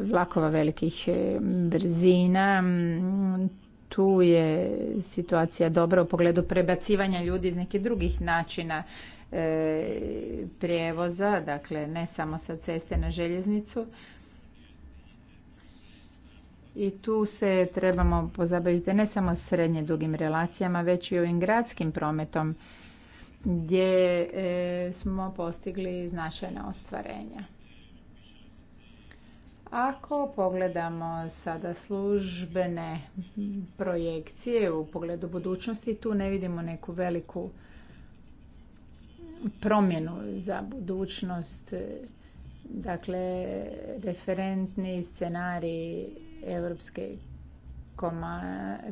vlakova velikih e, brzina. Tu je situacija dobra u pogledu prebacivanja ljudi iz nekih drugih načina e, prijevoza, dakle ne samo sa ceste na željeznicu. I tu se trebamo pozabaviti ne samo srednje dugim relacijama, već i ovim gradskim prometom gdje e, smo postigli značajna ostvarenja. Ako pogledamo sada službene projekcije u pogledu budućnosti, tu ne vidimo neku veliku promjenu za budućnost. Dakle, referentni scenarij Europske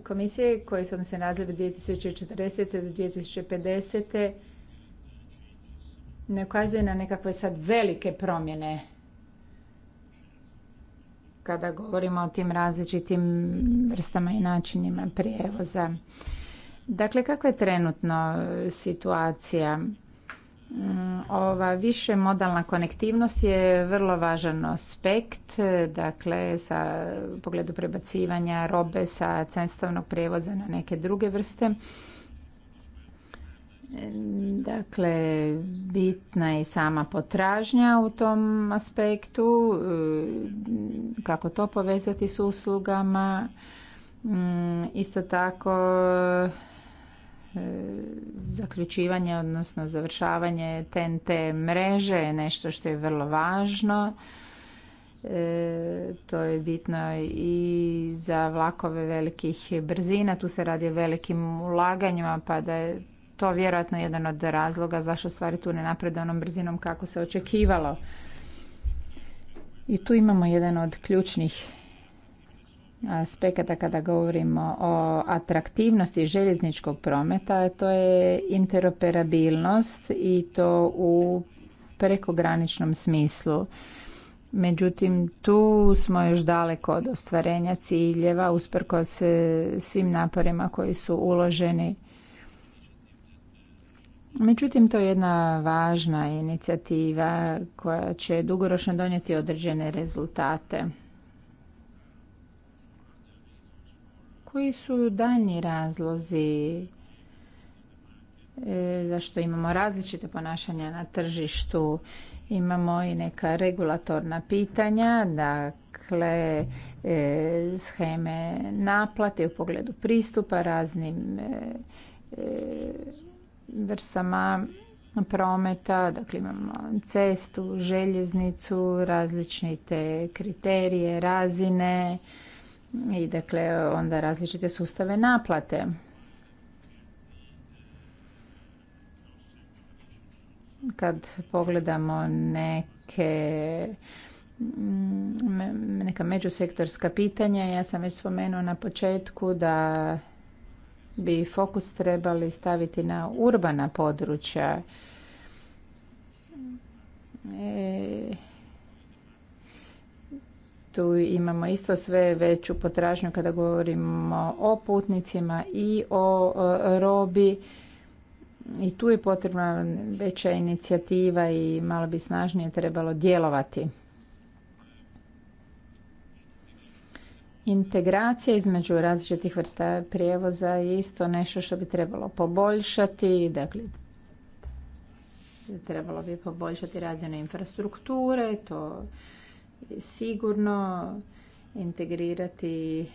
komisije koje se odnose na razdoblje 2040. do 2050. ne ukazuje na nekakve sad velike promjene kada govorimo o tim različitim vrstama i načinima prijevoza. Dakle, kakva je trenutno situacija? Mm, ova više modalna konektivnost je vrlo važan aspekt, dakle sa pogledu prebacivanja robe sa cestovnog prijevoza na neke druge vrste. Dakle, bitna je sama potražnja u tom aspektu, mm, kako to povezati s uslugama. Mm, isto tako zaključivanje, odnosno završavanje TNT mreže je nešto što je vrlo važno. E, to je bitno i za vlakove velikih brzina. Tu se radi o velikim ulaganjima, pa da je to vjerojatno jedan od razloga zašto stvari tu ne naprede onom brzinom kako se očekivalo. I tu imamo jedan od ključnih aspekata kada govorimo o atraktivnosti željezničkog prometa, to je interoperabilnost i to u prekograničnom smislu. Međutim, tu smo još daleko od ostvarenja ciljeva, usprko usprkos e, svim naporima koji su uloženi. Međutim, to je jedna važna inicijativa koja će dugoročno donijeti određene rezultate. koji su daljnji razlozi e, zašto imamo različite ponašanja na tržištu. Imamo i neka regulatorna pitanja, dakle e, sheme naplate u pogledu pristupa raznim e, vrstama prometa, dakle imamo cestu, željeznicu, različite kriterije, razine, i dakle onda različite sustave naplate. Kad pogledamo neke neka međusektorska pitanja, ja sam već spomenuo na početku da bi fokus trebali staviti na urbana područja. E, tu imamo isto sve veću potražnju kada govorimo o putnicima i o robi. I tu je potrebna veća inicijativa i malo bi snažnije trebalo djelovati. Integracija između različitih vrsta prijevoza je isto nešto što bi trebalo poboljšati. Dakle, trebalo bi poboljšati razinu infrastrukture, to sigurno integrirati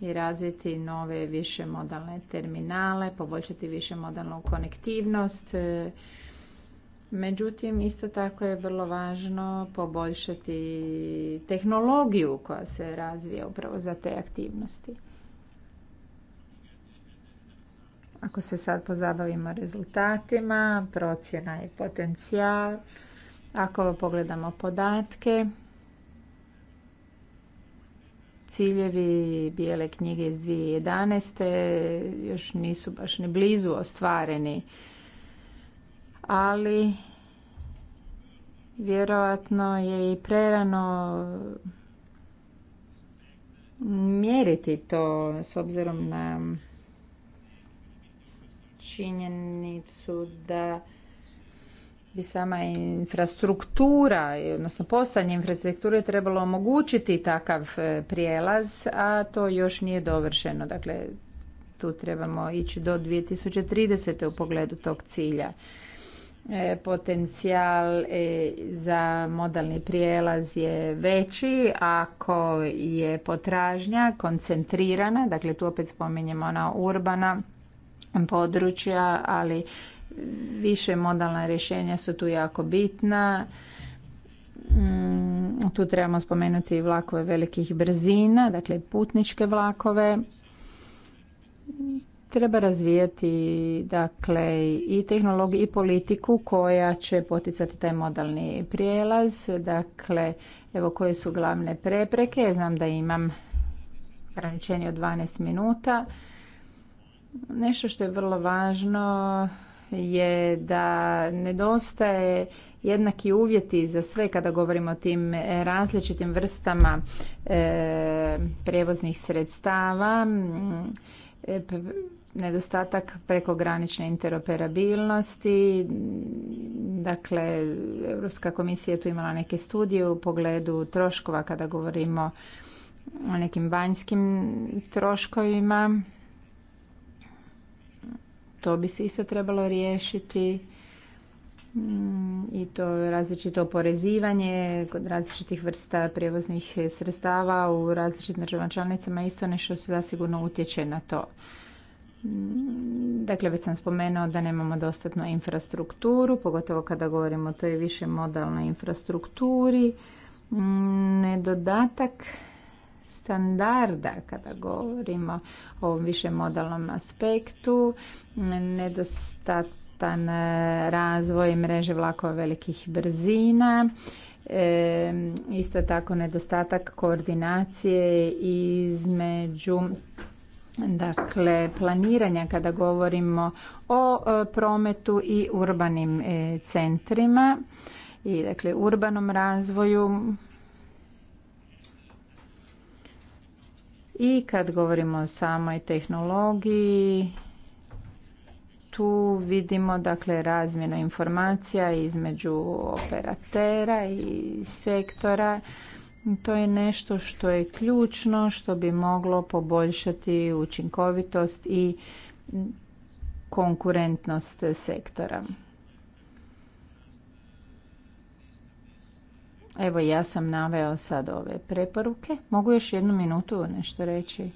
i razviti nove više modalne terminale, poboljšati višemodalnu konektivnost. Međutim, isto tako je vrlo važno poboljšati tehnologiju koja se razvija upravo za te aktivnosti. Ako se sad pozabavimo rezultatima, procjena i potencijal, ako pogledamo podatke, Ciljevi bijele knjige iz 2011. još nisu baš ni blizu ostvareni, ali vjerojatno je i prerano mjeriti to s obzirom na činjenicu da bi sama infrastruktura, odnosno postanje infrastrukture trebalo omogućiti takav e, prijelaz, a to još nije dovršeno. Dakle, tu trebamo ići do 2030. u pogledu tog cilja. E, potencijal e, za modalni prijelaz je veći ako je potražnja koncentrirana, dakle tu opet spominjemo ona urbana područja, ali Više modalna rješenja su tu jako bitna. Mm, tu trebamo spomenuti vlakove velikih brzina, dakle putničke vlakove. Treba razvijati dakle i tehnologiju i politiku koja će poticati taj modalni prijelaz. Dakle, evo koje su glavne prepreke. Znam da imam ograničenje od 12 minuta. Nešto što je vrlo važno je da nedostaje jednaki uvjeti za sve kada govorimo o tim različitim vrstama e, prijevoznih sredstava e, nedostatak prekogranične interoperabilnosti. Dakle, Europska komisija je tu imala neke studije u pogledu troškova kada govorimo o nekim vanjskim troškovima to bi se isto trebalo riješiti mm, i to različito oporezivanje kod različitih vrsta prijevoznih sredstava u različitim državama članicama isto nešto se zasigurno utječe na to. Mm, dakle, već sam spomenuo da nemamo dostatnu infrastrukturu, pogotovo kada govorimo o toj više modalnoj infrastrukturi. Mm, nedodatak standarda kada govorimo o ovom višemodalnom aspektu, nedostatan razvoj mreže vlakova velikih brzina, e, isto tako nedostatak koordinacije između dakle planiranja kada govorimo o e, prometu i urbanim e, centrima i dakle urbanom razvoju I kad govorimo o samoj tehnologiji, tu vidimo dakle razmjenu informacija između operatera i sektora. To je nešto što je ključno, što bi moglo poboljšati učinkovitost i konkurentnost sektora. Evo ja sam naveo sad ove preporuke. Mogu još jednu minutu nešto reći?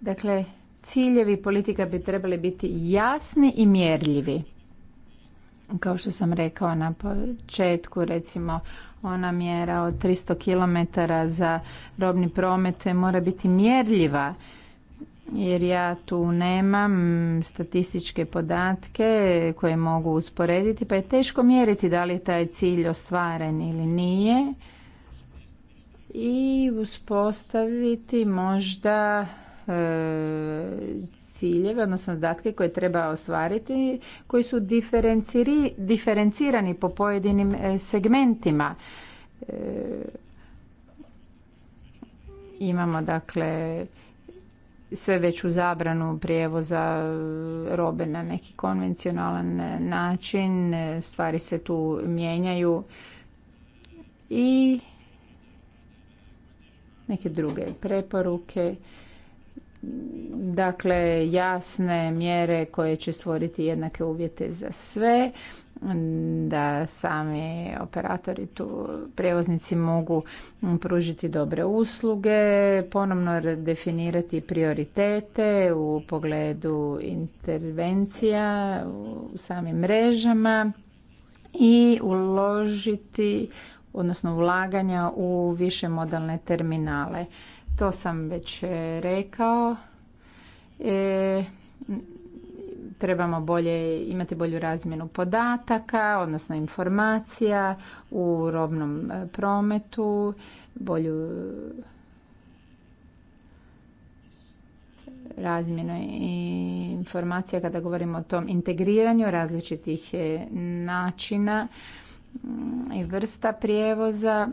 Dakle, ciljevi politika bi trebali biti jasni i mjerljivi. Kao što sam rekao na početku, recimo ona mjera od 300 km za robni promet mora biti mjerljiva jer ja tu nemam statističke podatke koje mogu usporediti, pa je teško mjeriti da li je taj cilj ostvaren ili nije i uspostaviti možda e, ciljeve, odnosno zadatke koje treba ostvariti, koji su diferencirani po pojedinim e, segmentima. E, imamo dakle sve veću zabranu prijevoza robe na neki konvencionalan način, stvari se tu mijenjaju i neke druge preporuke. Dakle, jasne mjere koje će stvoriti jednake uvjete za sve da sami operatori tu prijevoznici mogu pružiti dobre usluge, ponovno definirati prioritete u pogledu intervencija u samim mrežama i uložiti odnosno ulaganja u više modalne terminale. To sam već rekao. E, trebamo bolje imati bolju razmjenu podataka, odnosno informacija u robnom e, prometu, bolju razmjenu informacija kada govorimo o tom integriranju različitih e, načina mm, i vrsta prijevoza.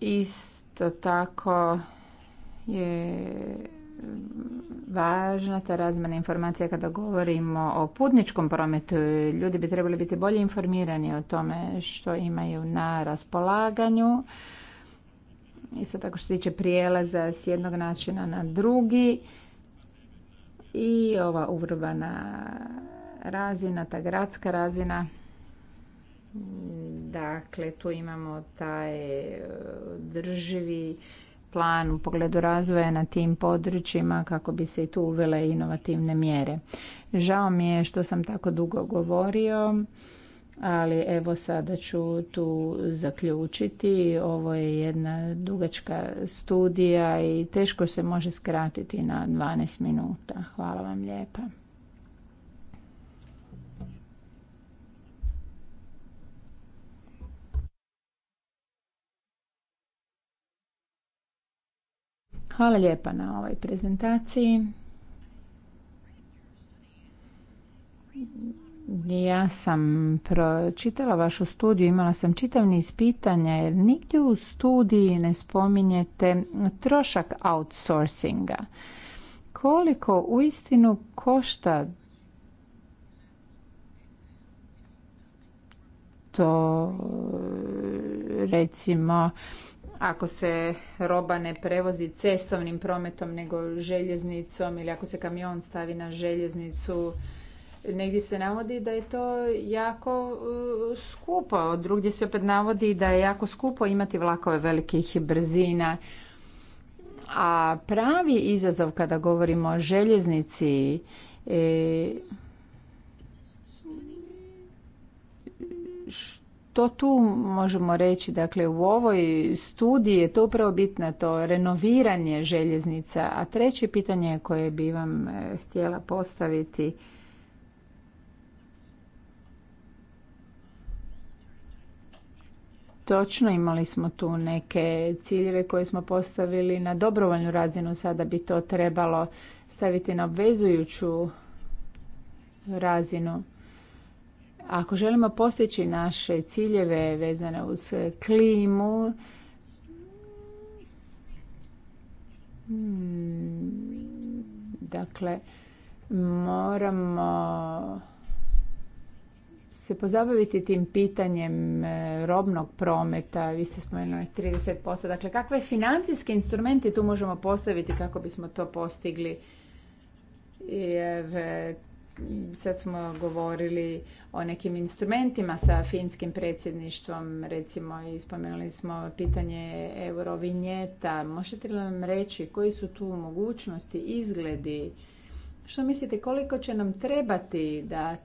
I Isto tako je važna ta razmjena informacija kada govorimo o putničkom prometu. Ljudi bi trebali biti bolje informirani o tome što imaju na raspolaganju. Isto tako što se tiče prijelaza s jednog načina na drugi. I ova urbana razina, ta gradska razina Dakle, tu imamo taj e, drživi plan u pogledu razvoja na tim područjima kako bi se i tu uvele inovativne mjere. Žao mi je što sam tako dugo govorio, ali evo sada ću tu zaključiti. Ovo je jedna dugačka studija i teško se može skratiti na 12 minuta. Hvala vam lijepa. Hvala lijepa na ovoj prezentaciji. Ja sam pročitala vašu studiju, imala sam čitav niz pitanja jer nigdje u studiji ne spominjete trošak outsourcinga. Koliko uistinu košta to recimo ako se roba ne prevozi cestovnim prometom nego željeznicom ili ako se kamion stavi na željeznicu negdje se navodi da je to jako uh, skupo drugdje se opet navodi da je jako skupo imati vlakove velikih brzina a pravi izazov kada govorimo o željeznici e, to tu možemo reći, dakle u ovoj studiji je to upravo bitno, to renoviranje željeznica. A treće pitanje koje bi vam e, htjela postaviti Točno, imali smo tu neke ciljeve koje smo postavili na dobrovoljnu razinu, sada bi to trebalo staviti na obvezujuću razinu. Ako želimo postići naše ciljeve vezane uz klimu, hmm, dakle, moramo se pozabaviti tim pitanjem e, robnog prometa, vi ste spomenuli 30%, dakle kakve financijske instrumente tu možemo postaviti kako bismo to postigli, jer e, sad smo govorili o nekim instrumentima sa finskim predsjedništvom, recimo i spomenuli smo pitanje eurovinjeta. Možete li nam reći koji su tu mogućnosti, izgledi? Što mislite, koliko će nam trebati da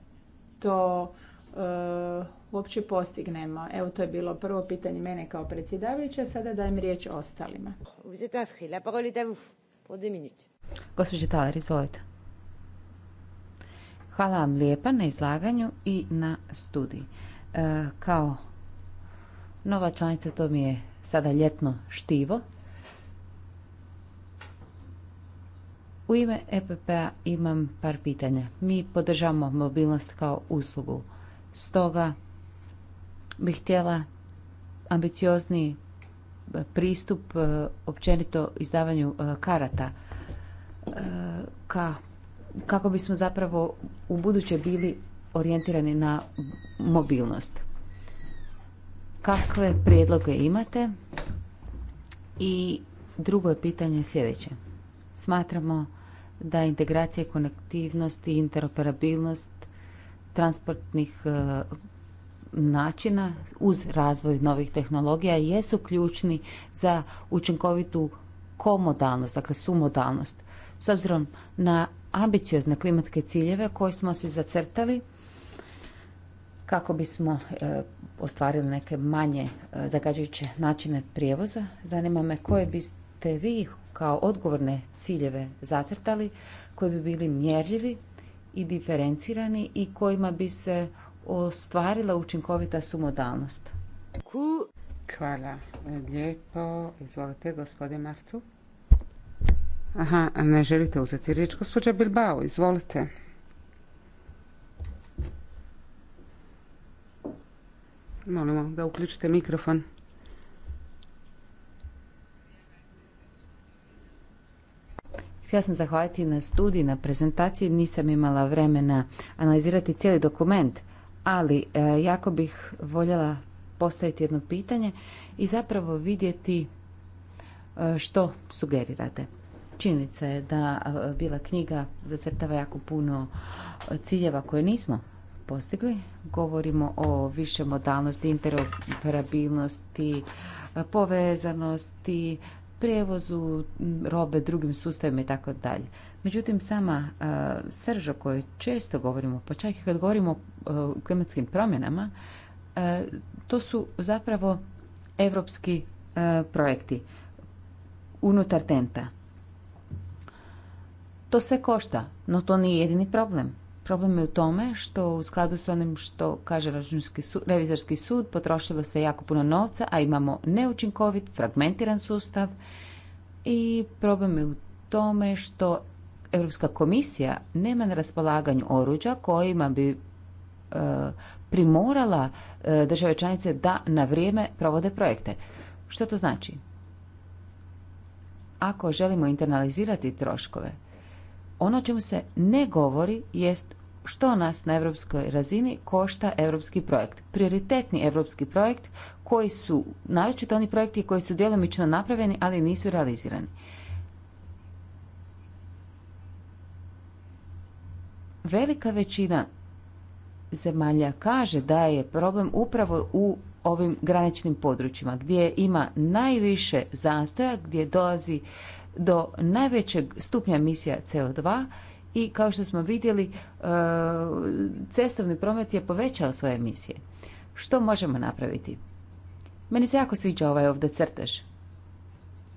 to eh, uopće postignemo? Evo, to je bilo prvo pitanje mene kao predsjedavajuća, sada dajem riječ ostalima. Vous êtes izvolite. Hvala vam lijepa na izlaganju i na studiji. E, kao nova članica to mi je sada ljetno štivo. U ime EPP-a imam par pitanja. Mi podržamo mobilnost kao uslugu. Stoga bih htjela ambiciozni pristup e, općenito izdavanju e, karata ka kako bismo zapravo u buduće bili orijentirani na mobilnost. Kakve prijedloge imate? I drugo je pitanje sljedeće. Smatramo da integracija i konektivnost i interoperabilnost transportnih e, načina uz razvoj novih tehnologija jesu ključni za učinkovitu komodalnost, dakle sumodalnost. S obzirom na ambiciozne klimatske ciljeve koje smo se zacrtali kako bismo e, ostvarili neke manje e, zagađujuće načine prijevoza. Zanima me koje biste vi kao odgovorne ciljeve zacrtali koji bi bili mjerljivi i diferencirani i kojima bi se ostvarila učinkovita sumodalnost. Hvala lijepo. Izvolite, gospodin Martu. Aha, ne želite uzeti riječ. Gospođa Bilbao, izvolite. Molimo da uključite mikrofon. Htjela sam zahvaliti na studiji, na prezentaciji, nisam imala vremena analizirati cijeli dokument, ali e, jako bih voljela postaviti jedno pitanje i zapravo vidjeti e, što sugerirate. Činjenica je da bila knjiga zacrtava jako puno ciljeva koje nismo postigli. Govorimo o više modalnosti, interoperabilnosti, povezanosti, prijevozu robe drugim sustavima i tako dalje. Međutim, sama srž o kojoj često govorimo, pa čak i kad govorimo o klimatskim promjenama, to su zapravo evropski projekti unutar tenta. To sve košta, no to nije jedini problem. Problem je u tome što u skladu s onim što kaže računski revizorski sud potrošilo se jako puno novca, a imamo neučinkovit, fragmentiran sustav i problem je u tome što Europska komisija nema na raspolaganju oruđa kojima bi e, primorala e, države članice da na vrijeme provode projekte. Što to znači? Ako želimo internalizirati troškove, ono čemu se ne govori jest što nas na europskoj razini košta europski projekt. Prioritetni europski projekt koji su, naročito oni projekti koji su djelomično napravljeni, ali nisu realizirani. Velika većina zemalja kaže da je problem upravo u ovim graničnim područjima gdje ima najviše zastoja, gdje dolazi do najvećeg stupnja emisija CO2 i kao što smo vidjeli e, cestovni promet je povećao svoje emisije. Što možemo napraviti? Meni se jako sviđa ovaj ovdje crtež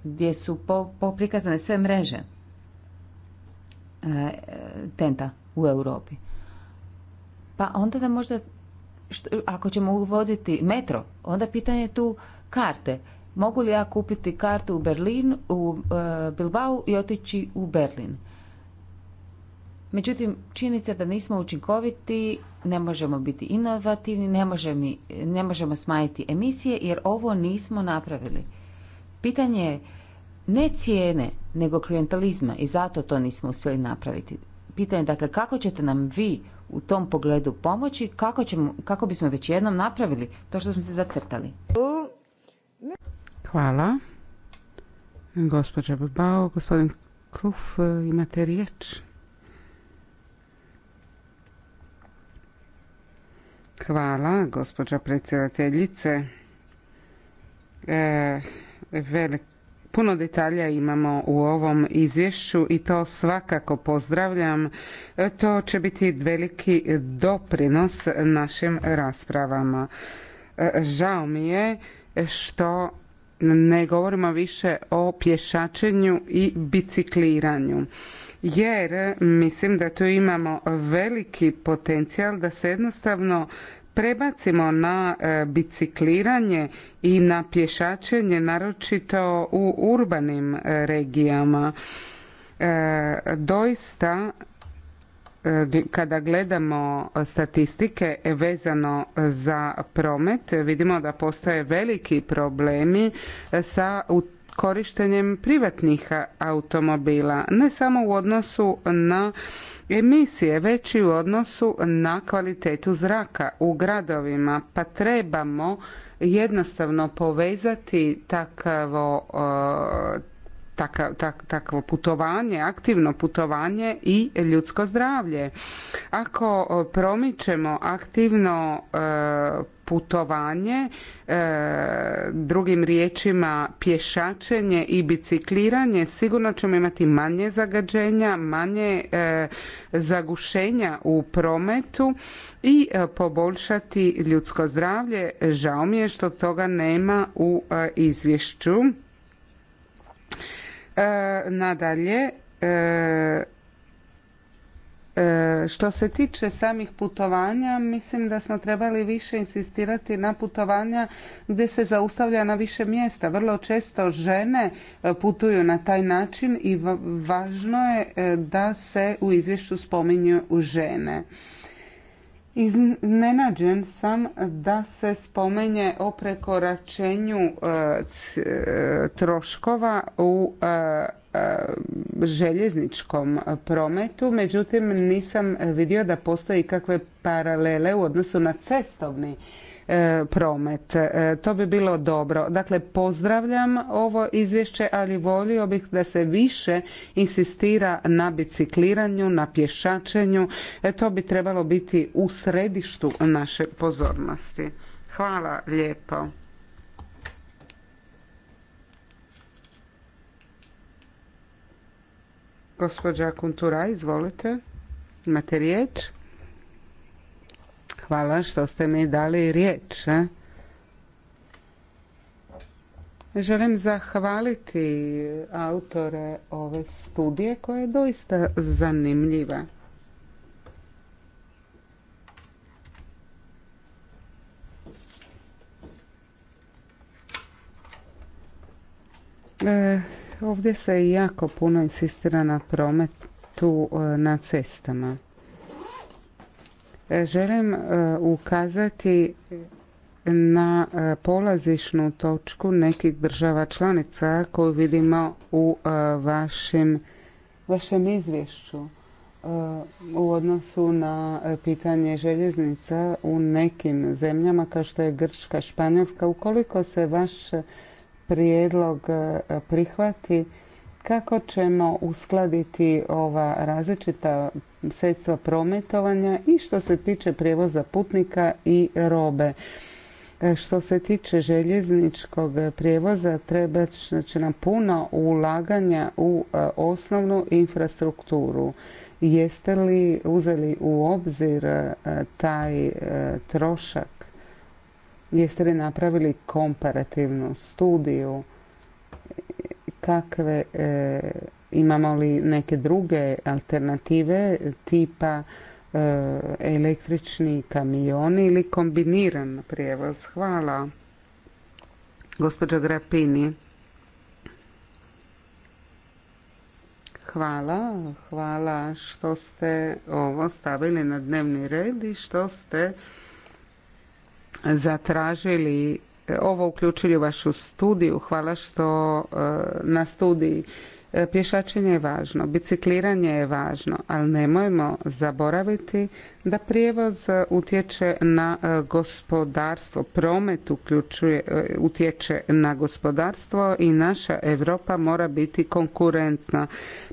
gdje su poprikazane prikazane sve mreže e, tenta u Europi. Pa onda da možda, ako ćemo uvoditi metro, onda pitanje tu karte. Mogu li ja kupiti kartu u Berlin, u e, Bilbao i otići u Berlin? Međutim, činjenica da nismo učinkoviti, ne možemo biti inovativni, ne, možemo, ne možemo smanjiti emisije jer ovo nismo napravili. Pitanje je ne cijene, nego klijentalizma i zato to nismo uspjeli napraviti. Pitanje je dakle kako ćete nam vi u tom pogledu pomoći, kako, ćemo, kako bismo već jednom napravili to što smo se zacrtali. Hvala. Gospođa gospodin Kruf, e, imate riječ? Hvala, gospođa predsjedateljice. E, puno detalja imamo u ovom izvješću i to svakako pozdravljam. E, to će biti veliki doprinos našim raspravama. E, žao mi je što ne govorimo više o pješačenju i bicikliranju jer mislim da tu imamo veliki potencijal da se jednostavno prebacimo na e, bicikliranje i na pješačenje naročito u urbanim e, regijama e, doista kada gledamo statistike vezano za promet, vidimo da postoje veliki problemi sa korištenjem privatnih automobila, ne samo u odnosu na emisije, već i u odnosu na kvalitetu zraka u gradovima, pa trebamo jednostavno povezati takvo, taka, tak, takvo putovanje, aktivno putovanje i ljudsko zdravlje. Ako promičemo aktivno e, putovanje, e, drugim riječima pješačenje i bicikliranje, sigurno ćemo imati manje zagađenja, manje e, zagušenja u prometu i poboljšati ljudsko zdravlje. Žao mi je što toga nema u izvješću. E, nadalje, e, e, što se tiče samih putovanja, mislim da smo trebali više insistirati na putovanja gdje se zaustavlja na više mjesta. Vrlo često žene putuju na taj način i važno je da se u izvješću spominju žene. Iznenađen sam da se spomenje o prekoračenju e, e, troškova u e, željezničkom prometu, međutim nisam vidio da postoji kakve paralele u odnosu na cestovni E, promet. E, to bi bilo dobro. Dakle, pozdravljam ovo izvješće, ali volio bih da se više insistira na bicikliranju, na pješačenju. E, to bi trebalo biti u središtu naše pozornosti. Hvala lijepo. Gospođa Kuntura, izvolite. Imate riječ. Hvala što ste mi dali riječ. Želim zahvaliti autore ove studije koja je doista zanimljiva. E, ovdje se jako puno insistira na prometu e, na cestama. Želim e, ukazati na e, polazišnu točku nekih država članica koju vidimo u e, vašem izvješću u odnosu na pitanje željeznica u nekim zemljama kao što je Grčka, Španjolska. Ukoliko se vaš prijedlog prihvati, kako ćemo uskladiti ova različita sredstva prometovanja i što se tiče prijevoza putnika i robe. E, što se tiče željezničkog prijevoza, treba će znači, nam puno ulaganja u e, osnovnu infrastrukturu. Jeste li uzeli u obzir e, taj trošak? Jeste li napravili komparativnu studiju? Kakve Imamo li neke druge alternative tipa e, električni kamioni ili kombiniran prijevoz? Hvala. Gospođa Grapini. Hvala, hvala što ste ovo stavili na dnevni red i što ste zatražili e, ovo uključili u vašu studiju. Hvala što e, na studiji E, pješačenje je važno, bicikliranje je važno, ali nemojmo zaboraviti da prijevoz e, utječe na e, gospodarstvo, promet uključuje, utječe na gospodarstvo i naša Europa mora biti konkurentna.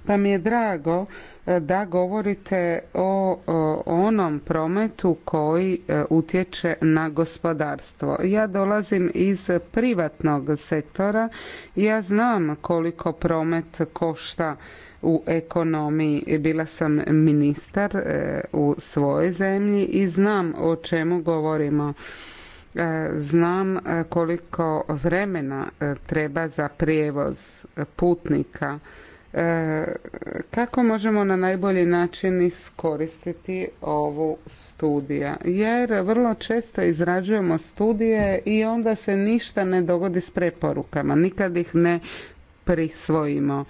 Pa mi je drago da govorite o onom prometu koji e, utječe na gospodarstvo. Ja dolazim iz privatnog sektora, ja znam koliko promet košta u ekonomiji. Bila sam ministar e, u svojoj zemlji i znam o čemu govorimo e, znam koliko vremena treba za prijevoz putnika E, kako možemo na najbolji način iskoristiti ovu studija. Jer vrlo često izrađujemo studije i onda se ništa ne dogodi s preporukama, nikad ih ne prisvojimo.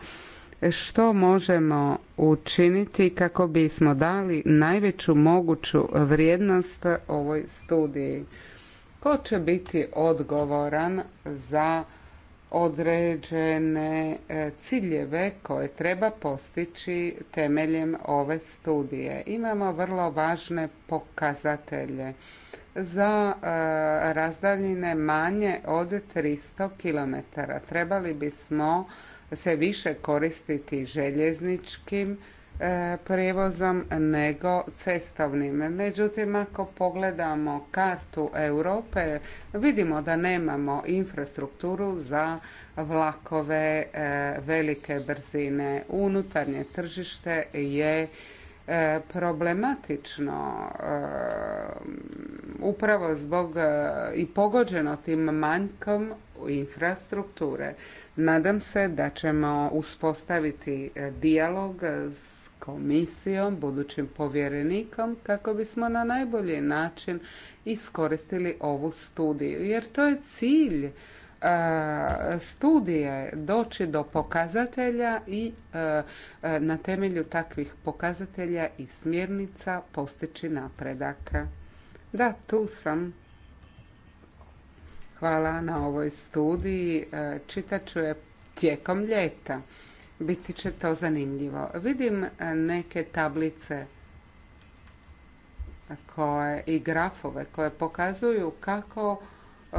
Što možemo učiniti kako bismo dali najveću moguću vrijednost ovoj studiji? Ko će biti odgovoran za određene e, ciljeve koje treba postići temeljem ove studije. Imamo vrlo važne pokazatelje za e, razdaljine manje od 300 km. Trebali bismo se više koristiti željezničkim E, prijevozom nego cestovnim. Međutim, ako pogledamo kartu Europe, vidimo da nemamo infrastrukturu za vlakove e, velike brzine. Unutarnje tržište je e, problematično upravo zbog i pogođeno tim manjkom infrastrukture. Nadam se da ćemo uspostaviti dijalog s komisijom, budućim povjerenikom kako bismo na najbolji način iskoristili ovu studiju. Jer to je cilj e, studije doći do pokazatelja i e, e, na temelju takvih pokazatelja i smjernica postići napredak. Da, tu sam. Hvala na ovoj studiji. Čitat ću je tijekom ljeta biti će to zanimljivo. Vidim e, neke tablice e, koje, i grafove koje pokazuju kako e,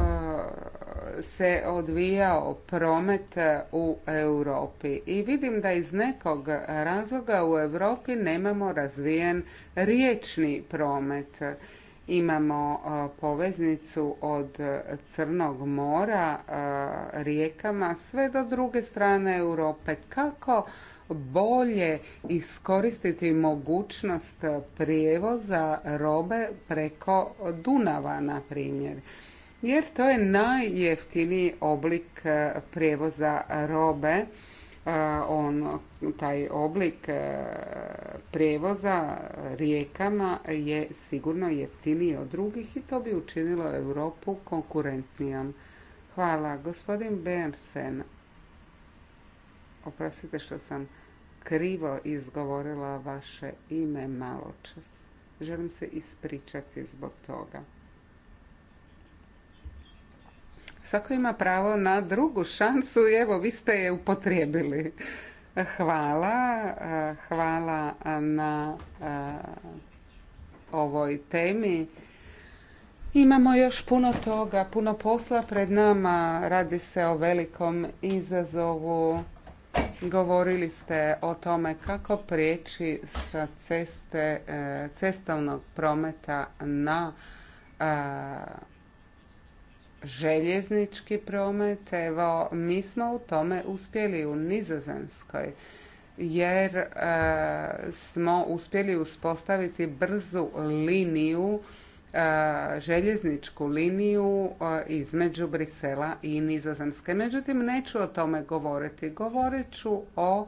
se odvijao promet u Europi i vidim da iz nekog razloga u Europi nemamo razvijen riječni promet Imamo e, poveznicu od Crnog mora e, rijekama sve do druge strane Europe. Kako bolje iskoristiti mogućnost prijevoza robe preko Dunava, na primjer? Jer to je najjeftiniji oblik e, prijevoza robe E, on, taj oblik e, prijevoza rijekama je sigurno jeftiniji od drugih i to bi učinilo Europu konkurentnijom. Hvala. Gospodin Bernsen, oprostite što sam krivo izgovorila vaše ime maločas. Želim se ispričati zbog toga. Svako ima pravo na drugu šansu i evo vi ste je upotrijebili. Hvala, e, hvala na e, ovoj temi. Imamo još puno toga, puno posla pred nama. Radi se o velikom izazovu. Govorili ste o tome kako prijeći sa ceste, e, cestovnog prometa na željeznički promet. Evo, mi smo u tome uspjeli u Nizozemskoj jer e, smo uspjeli uspostaviti brzu liniju, e, željezničku liniju e, između Brisela i Nizozemske. Međutim, neću o tome govoriti. Govorit ću o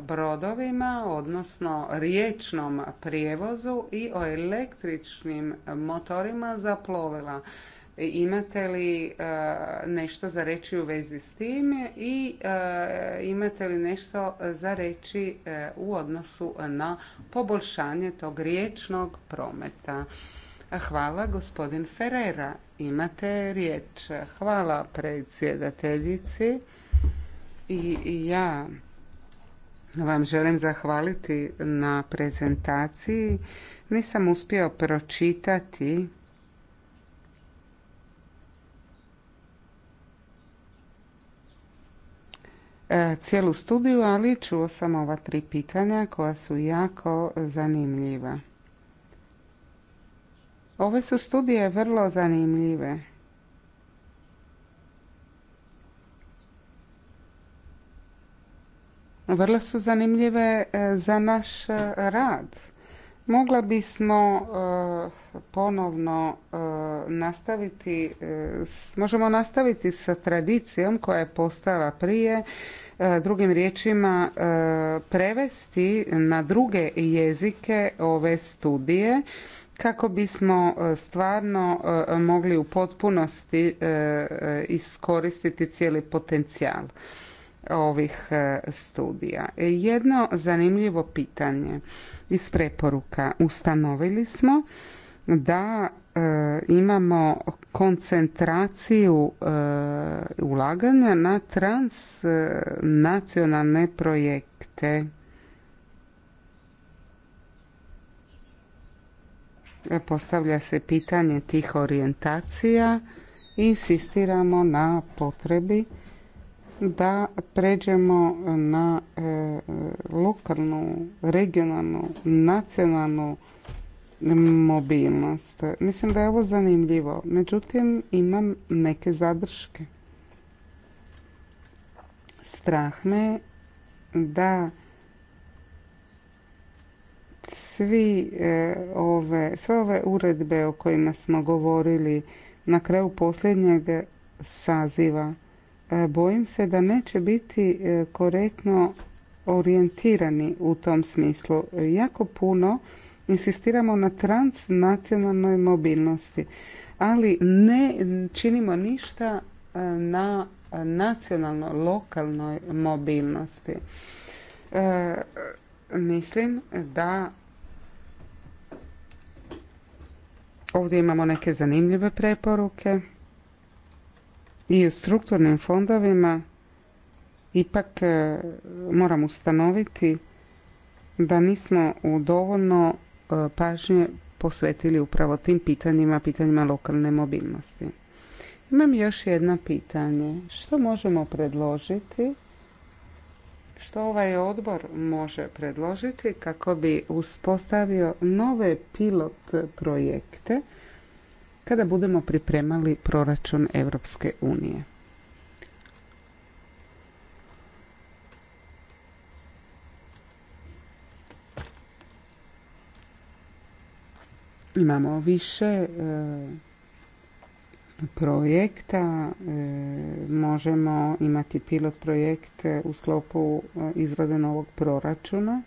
brodovima, odnosno riječnom prijevozu i o električnim motorima za plovila. Imate li e, nešto za reći u vezi s tim i e, imate li nešto za reći e, u odnosu na poboljšanje tog riječnog prometa? Hvala, gospodin Ferrera. Imate riječ. Hvala predsjedateljici. I ja vam želim zahvaliti na prezentaciji. Nisam uspio pročitati E, cijelu studiju, ali čuo sam ova tri pitanja koja su jako zanimljiva. Ove su studije vrlo zanimljive. Vrlo su zanimljive e, za naš e, rad. Mogla bismo eh, ponovno eh, nastaviti, eh, možemo nastaviti sa tradicijom koja je postala prije, drugim riječima prevesti na druge jezike ove studije kako bismo stvarno mogli u potpunosti iskoristiti cijeli potencijal ovih studija. Jedno zanimljivo pitanje iz preporuka ustanovili smo da e, imamo koncentraciju e, ulaganja na transnacionalne projekte. Postavlja se pitanje tih orijentacija i insistiramo na potrebi da pređemo na e, lokalnu, regionalnu, nacionalnu mobilnost. Mislim da je ovo zanimljivo. Međutim, imam neke zadrške. Strah me da svi e, ove, sve ove uredbe o kojima smo govorili na kraju posljednjeg saziva bojim se da neće biti e, korektno orijentirani u tom smislu. Jako puno insistiramo na transnacionalnoj mobilnosti, ali ne činimo ništa e, na nacionalno lokalnoj mobilnosti. E, mislim da ovdje imamo neke zanimljive preporuke i u strukturnim fondovima ipak e, moram ustanoviti da nismo u dovoljno e, pažnje posvetili upravo tim pitanjima, pitanjima lokalne mobilnosti. Imam još jedno pitanje. Što možemo predložiti? Što ovaj odbor može predložiti kako bi uspostavio nove pilot projekte kada budemo pripremali proračun Europske unije. Imamo više e, projekta, e, možemo imati pilot projekte u sklopu e, izrade novog proračuna.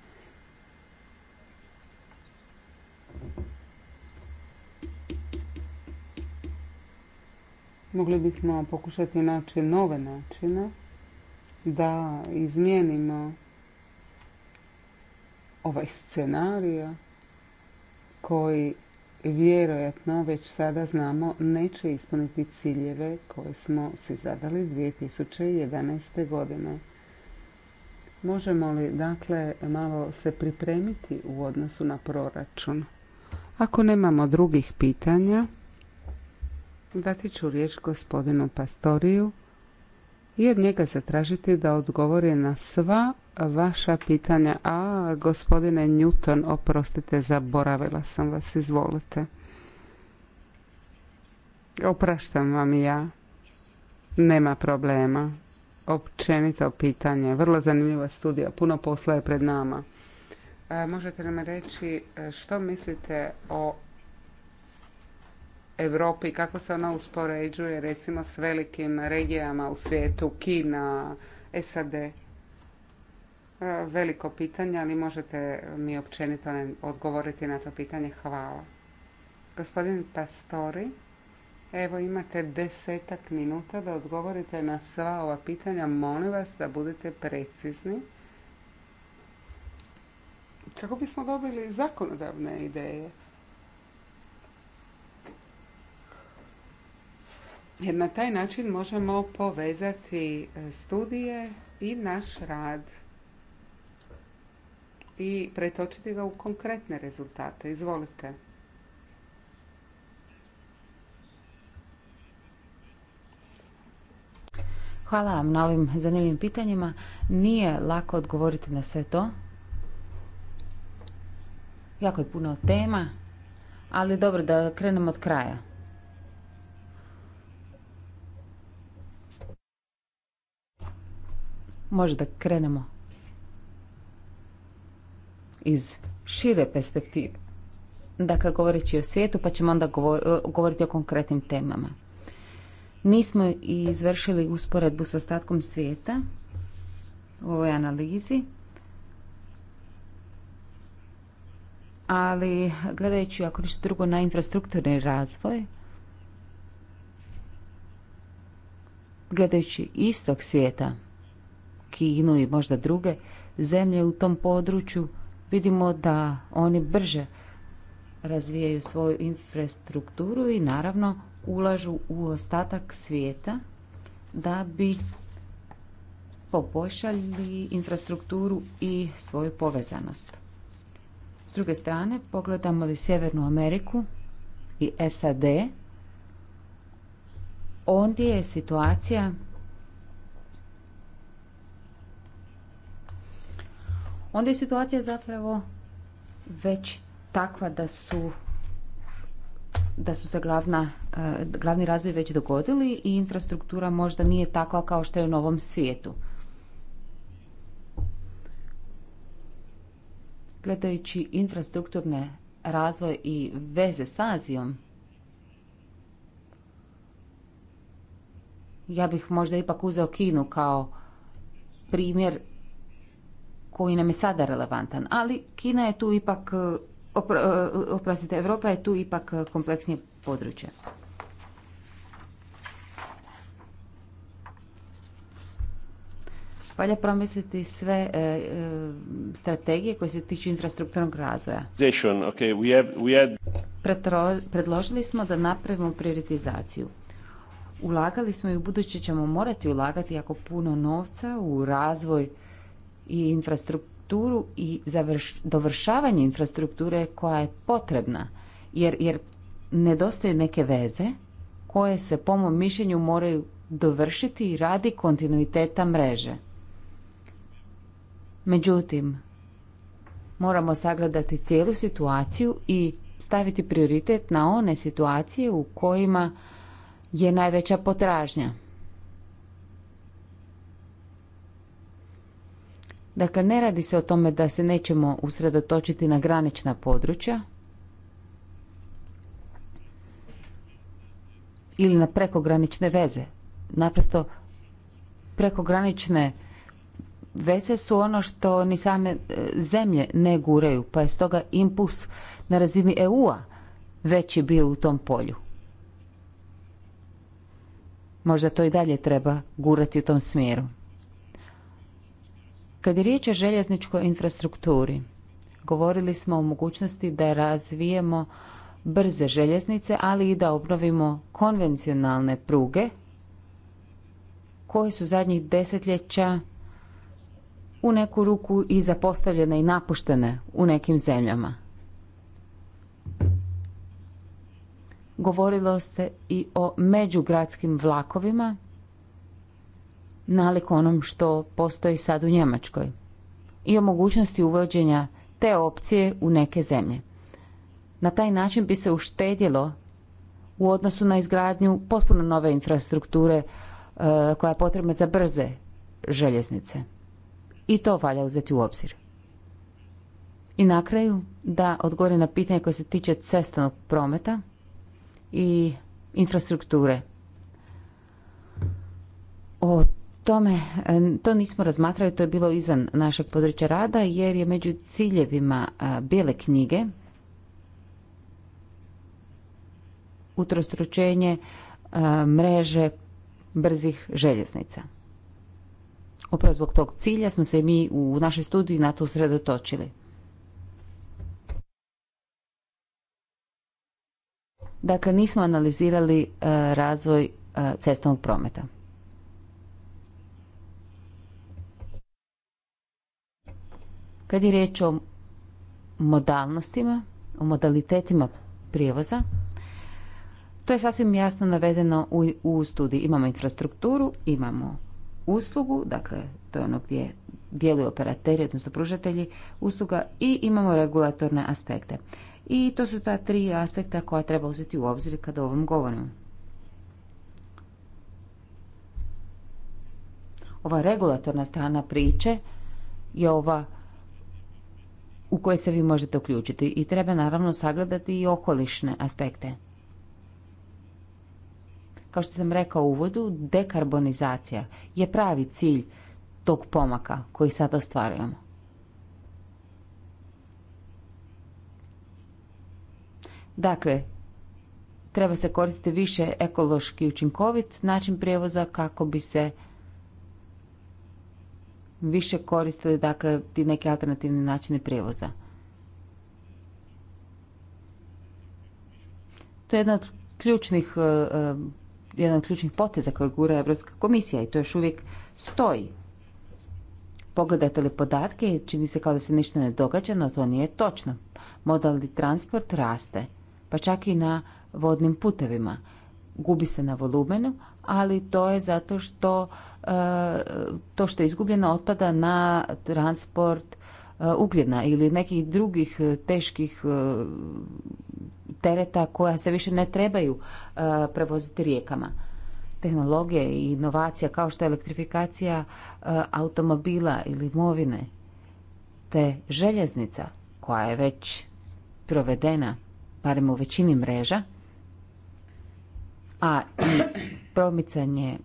Mogli bismo pokušati naći nove načine da izmijenimo ovaj scenarija koji vjerojatno već sada znamo neće ispuniti ciljeve koje smo si zadali 2011. godine. Možemo li dakle malo se pripremiti u odnosu na proračun? Ako nemamo drugih pitanja, dati ću riječ gospodinu Pastoriju i od njega zatražiti da odgovori na sva vaša pitanja. A, gospodine Newton, oprostite, zaboravila sam vas, izvolite. Opraštam vam ja. Nema problema. Općenito pitanje. Vrlo zanimljiva studija. Puno posla je pred nama. E, možete nam reći e, što mislite o Europi kako se ona uspoređuje recimo s velikim regijama u svijetu, Kina, SAD? E, veliko pitanje, ali možete mi općenito odgovoriti na to pitanje. Hvala. Gospodin Pastori, evo imate desetak minuta da odgovorite na sva ova pitanja. Molim vas da budete precizni. Kako bismo dobili zakonodavne ideje? jer na taj način možemo povezati e, studije i naš rad i pretočiti ga u konkretne rezultate. Izvolite. Hvala vam na ovim zanimljivim pitanjima. Nije lako odgovoriti na sve to. Jako je puno tema, ali dobro da krenemo od kraja. možda krenemo iz šire perspektive. Dakle, govoreći o svijetu, pa ćemo onda e, govoriti o konkretnim temama. Nismo izvršili usporedbu s ostatkom svijeta u ovoj analizi, ali gledajući ako ništa drugo na infrastrukturni razvoj, gledajući istog svijeta, Kinu i možda druge zemlje u tom području, vidimo da oni brže razvijaju svoju infrastrukturu i naravno ulažu u ostatak svijeta da bi poboljšali infrastrukturu i svoju povezanost. S druge strane, pogledamo li Sjevernu Ameriku i SAD, ondje je situacija onda je situacija zapravo već takva da su da su se glavna, eh, glavni razvoj već dogodili i infrastruktura možda nije takva kao što je u novom svijetu. Gledajući infrastrukturne razvoj i veze s Azijom, ja bih možda ipak uzeo Kinu kao primjer koji nam je sada relevantan, ali Kina je tu ipak, e, e, oprostite, Europa je tu ipak kompleksnije područje. Valja promisliti sve e, strategije koje se tiču infrastrukturnog razvoja. predložili smo da napravimo prioritizaciju. Ulagali smo i u buduće ćemo morati ulagati jako puno novca u razvoj i infrastrukturu i dovršavanje infrastrukture koja je potrebna jer, jer nedostaju neke veze koje se po mom mišljenju moraju dovršiti radi kontinuiteta mreže. Međutim, moramo sagledati cijelu situaciju i staviti prioritet na one situacije u kojima je najveća potražnja. Dakle, ne radi se o tome da se nećemo usredotočiti na granična područja ili na prekogranične veze. Naprosto, prekogranične veze su ono što ni same e, zemlje ne guraju, pa je stoga impuls na razini EU-a veći bio u tom polju. Možda to i dalje treba gurati u tom smjeru. Kad je riječ o željezničkoj infrastrukturi, govorili smo o mogućnosti da razvijemo brze željeznice, ali i da obnovimo konvencionalne pruge koje su zadnjih desetljeća u neku ruku i zapostavljene i napuštene u nekim zemljama. Govorilo se i o međugradskim vlakovima nalik onom što postoji sad u Njemačkoj i o mogućnosti uvođenja te opcije u neke zemlje. Na taj način bi se uštedjelo u odnosu na izgradnju potpuno nove infrastrukture e, koja je potrebna za brze željeznice. I to valja uzeti u obzir. I na kraju da odgovorim na pitanje koje se tiče cestovnog prometa i infrastrukture. O tome, e, to nismo razmatrali, to je bilo izvan našeg područja rada jer je među ciljevima e, bijele knjige utrostručenje e, mreže brzih željeznica. Upravo zbog tog cilja smo se mi u našoj studiji na to usredotočili. Dakle, nismo analizirali razvoj cestovnog prometa. Kad je riječ o modalnostima, o modalitetima prijevoza, to je sasvim jasno navedeno u, u studiji. Imamo infrastrukturu, imamo uslugu, dakle to je ono gdje djeluju operateri, odnosno pružatelji usluga i imamo regulatorne aspekte. I to su ta tri aspekta koja treba uzeti u obzir kada o ovom govorimo. Ova regulatorna strana priče je ova u koje se vi možete uključiti i treba naravno sagledati i okolišne aspekte. Kao što sam rekao u uvodu, dekarbonizacija je pravi cilj tog pomaka koji sad ostvarujemo. Dakle, treba se koristiti više ekološki učinkovit način prijevoza kako bi se više koriste dakle, ti neke alternativne načine prijevoza. To je jedna od ključnih, e, e, jedan od ključnih poteza koje gura Evropska komisija i to još uvijek stoji. Pogledate li podatke, čini se kao da se ništa ne događa, no to nije točno. Modalni transport raste, pa čak i na vodnim putevima. Gubi se na volumenu, ali to je zato što e, to što je izgubljeno otpada na transport e, ugljena ili nekih drugih e, teških tereta koja se više ne trebaju prevoziti rijekama. Tehnologije i inovacija kao što je elektrifikacija automobila ili movine te željeznica koja je već provedena barem u većini mreža a i promicanje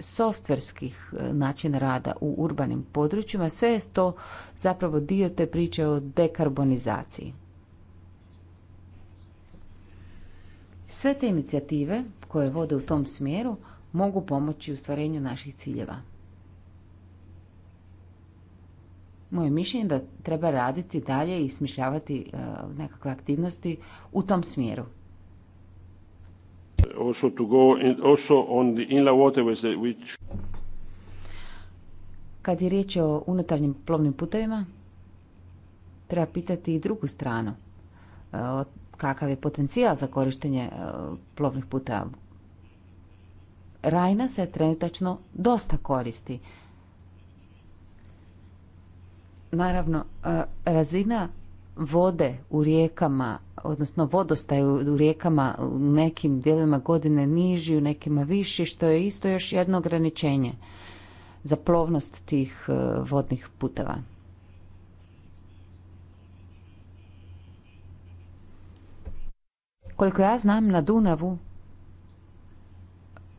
softverskih e, načina rada u urbanim područjima, sve je to zapravo dio te priče o dekarbonizaciji. Sve te inicijative koje vode u tom smjeru mogu pomoći u stvarenju naših ciljeva. Moje mišljenje je da treba raditi dalje i smišljavati e, nekakve aktivnosti u tom smjeru also to go also on the inland waterways which kad je riječ o unutarnjim plovnim putevima, treba pitati i drugu stranu. E, kakav je potencijal za korištenje e, plovnih puteva? Rajna se trenutačno dosta koristi. Naravno, e, razina vode u rijekama, odnosno vodostaj u rijekama u nekim dijelovima godine niži, u nekima viši, što je isto još jedno ograničenje za plovnost tih e, vodnih puteva. Koliko ja znam na Dunavu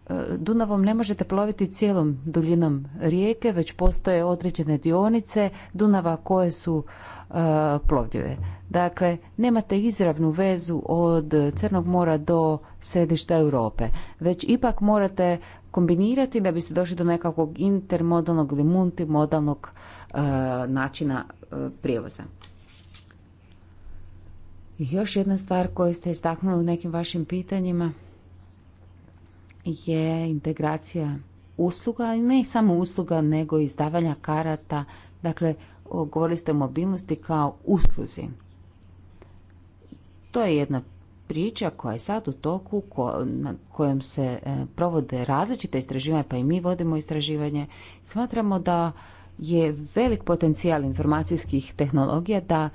E, Dunavom ne možete ploviti cijelom duljinom rijeke, već postoje određene dionice Dunava koje su e, plovljive. Dakle, nemate izravnu vezu od Crnog mora do središta Europe, već ipak morate kombinirati da biste došli do nekakvog intermodalnog ili multimodalnog e, načina prijevoza. Još jedna stvar koju ste istaknuli u nekim vašim pitanjima – je integracija usluga, ne samo usluga, nego i izdavanja karata. Dakle, govorili ste o mobilnosti kao usluzi. To je jedna priča koja je sad u toku, na kojom se e, provode različite istraživanja, pa i mi vodimo istraživanje. Smatramo da je velik potencijal informacijskih tehnologija da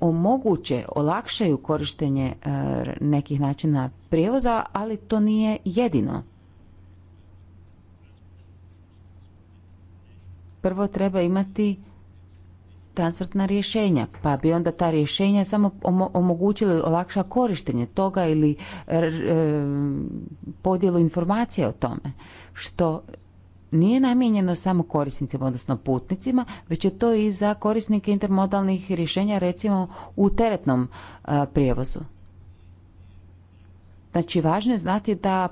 omoguće, olakšaju korištenje e, nekih načina prijevoza, ali to nije jedino. Prvo treba imati transportna rješenja, pa bi onda ta rješenja samo omogućili olakša korištenje toga ili podjelu informacija o tome, što nije namijenjeno samo korisnicima, odnosno putnicima, već je to i za korisnike intermodalnih rješenja, recimo u teretnom e, prijevozu. Znači, važno je znati da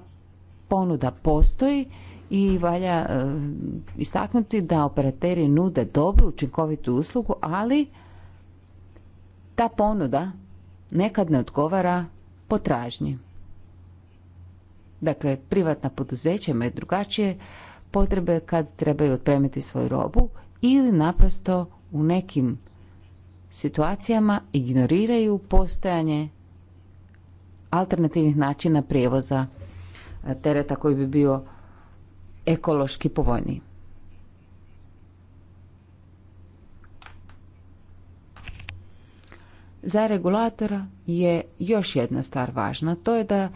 ponuda postoji i valja e, istaknuti da operateri nude dobru, učinkovitu uslugu, ali ta ponuda nekad ne odgovara potražnji. Dakle, privatna poduzeća imaju drugačije potrebe kad trebaju otpremiti svoju robu ili naprosto u nekim situacijama ignoriraju postojanje alternativnih načina prijevoza e, tereta koji bi bio ekološki povoljniji. Za regulatora je još jedna stvar važna, to je da e,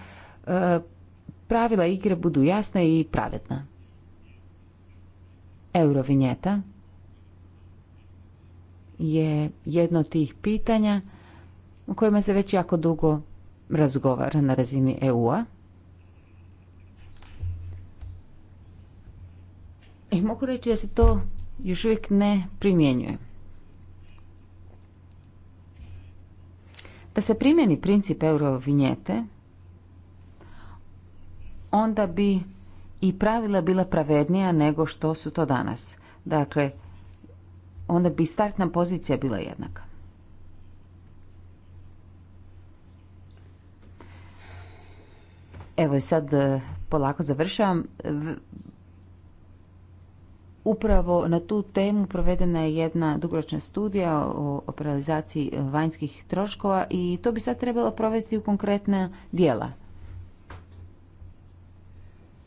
pravila igre budu jasna i pravedna. Eurovinjeta je jedno od tih pitanja o kojima se već jako dugo razgovara na razini EU-a. I mogu reći da se to još uvijek ne primjenjuje. Da se primjeni princip eurovinjete, onda bi i pravila bila pravednija nego što su to danas. Dakle, onda bi startna pozicija bila jednaka. Evo i sad e, polako završavam. Upravo na tu temu provedena je jedna dugoročna studija o operalizaciji vanjskih troškova i to bi sad trebalo provesti u konkretna dijela.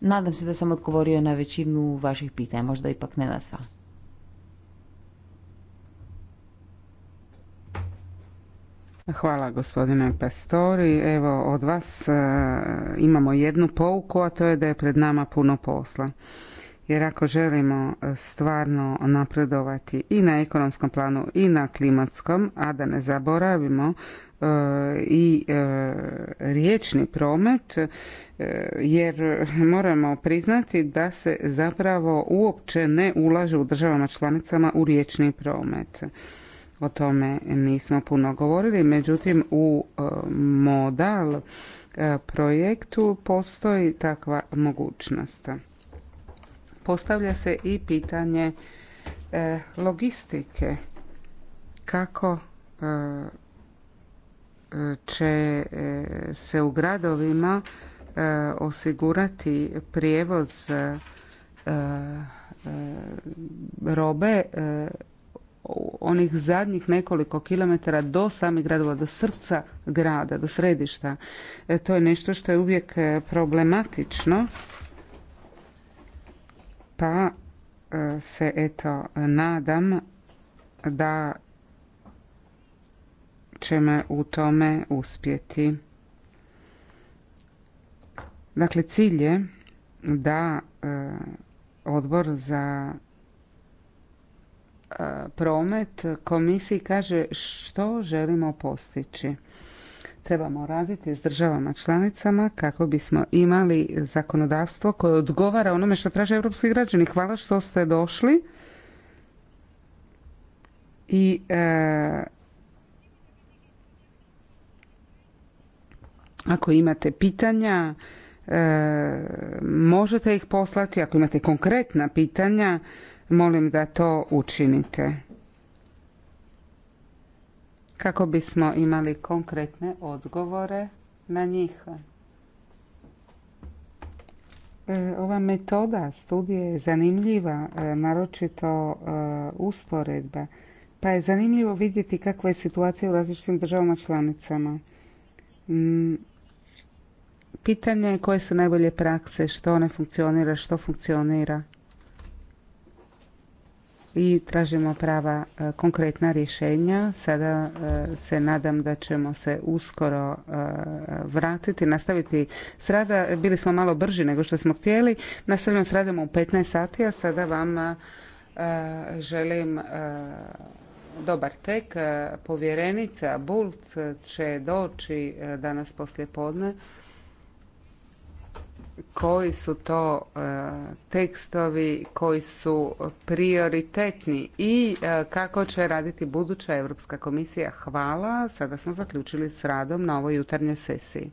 Nadam se da sam odgovorio na većinu vaših pitanja, možda ipak ne na sva. Hvala gospodine Pastori. Evo od vas e, imamo jednu pouku, a to je da je pred nama puno posla. Jer ako želimo e, stvarno napredovati i na ekonomskom planu i na klimatskom, a da ne zaboravimo i e, riječni promet e, jer moramo priznati da se zapravo uopće ne ulaže u državama članicama u riječni promet. O tome nismo puno govorili, međutim u e, modal projektu postoji takva mogućnost. Postavlja se i pitanje logistike. Kako će e, se u gradovima e, osigurati prijevoz e, robe onih zadnjih nekoliko kilometara do samih gradova, do srca grada, do središta. To je nešto što je uvijek problematično. Pa se eto nadam da ćemo u tome uspjeti. Dakle, cilj je da e, odbor za e, promet komisiji kaže što želimo postići. Trebamo raditi s državama članicama kako bismo imali zakonodavstvo koje odgovara onome što traže europski građani. Hvala što ste došli i e, Ako imate pitanja, e, možete ih poslati. Ako imate konkretna pitanja, molim da to učinite. Kako bismo imali konkretne odgovore na njih. E, ova metoda studije je zanimljiva, e, naročito usporedba, pa je zanimljivo vidjeti kakva je situacija u različitim državama članicama. Mm, pitanje koje su najbolje prakse, što ne funkcionira, što funkcionira. I tražimo prava e, konkretna rješenja. Sada e, se nadam da ćemo se uskoro e, vratiti, nastaviti s rada. Bili smo malo brži nego što smo htjeli. Nastavljamo s radom u 15 sati, a sada vam želim dobar tek. Povjerenica Bult će doći danas poslije podne koji su to e, tekstovi koji su prioritetni i e, kako će raditi buduća Europska komisija. Hvala. Sada smo zaključili s radom na ovoj jutarnjoj sesiji.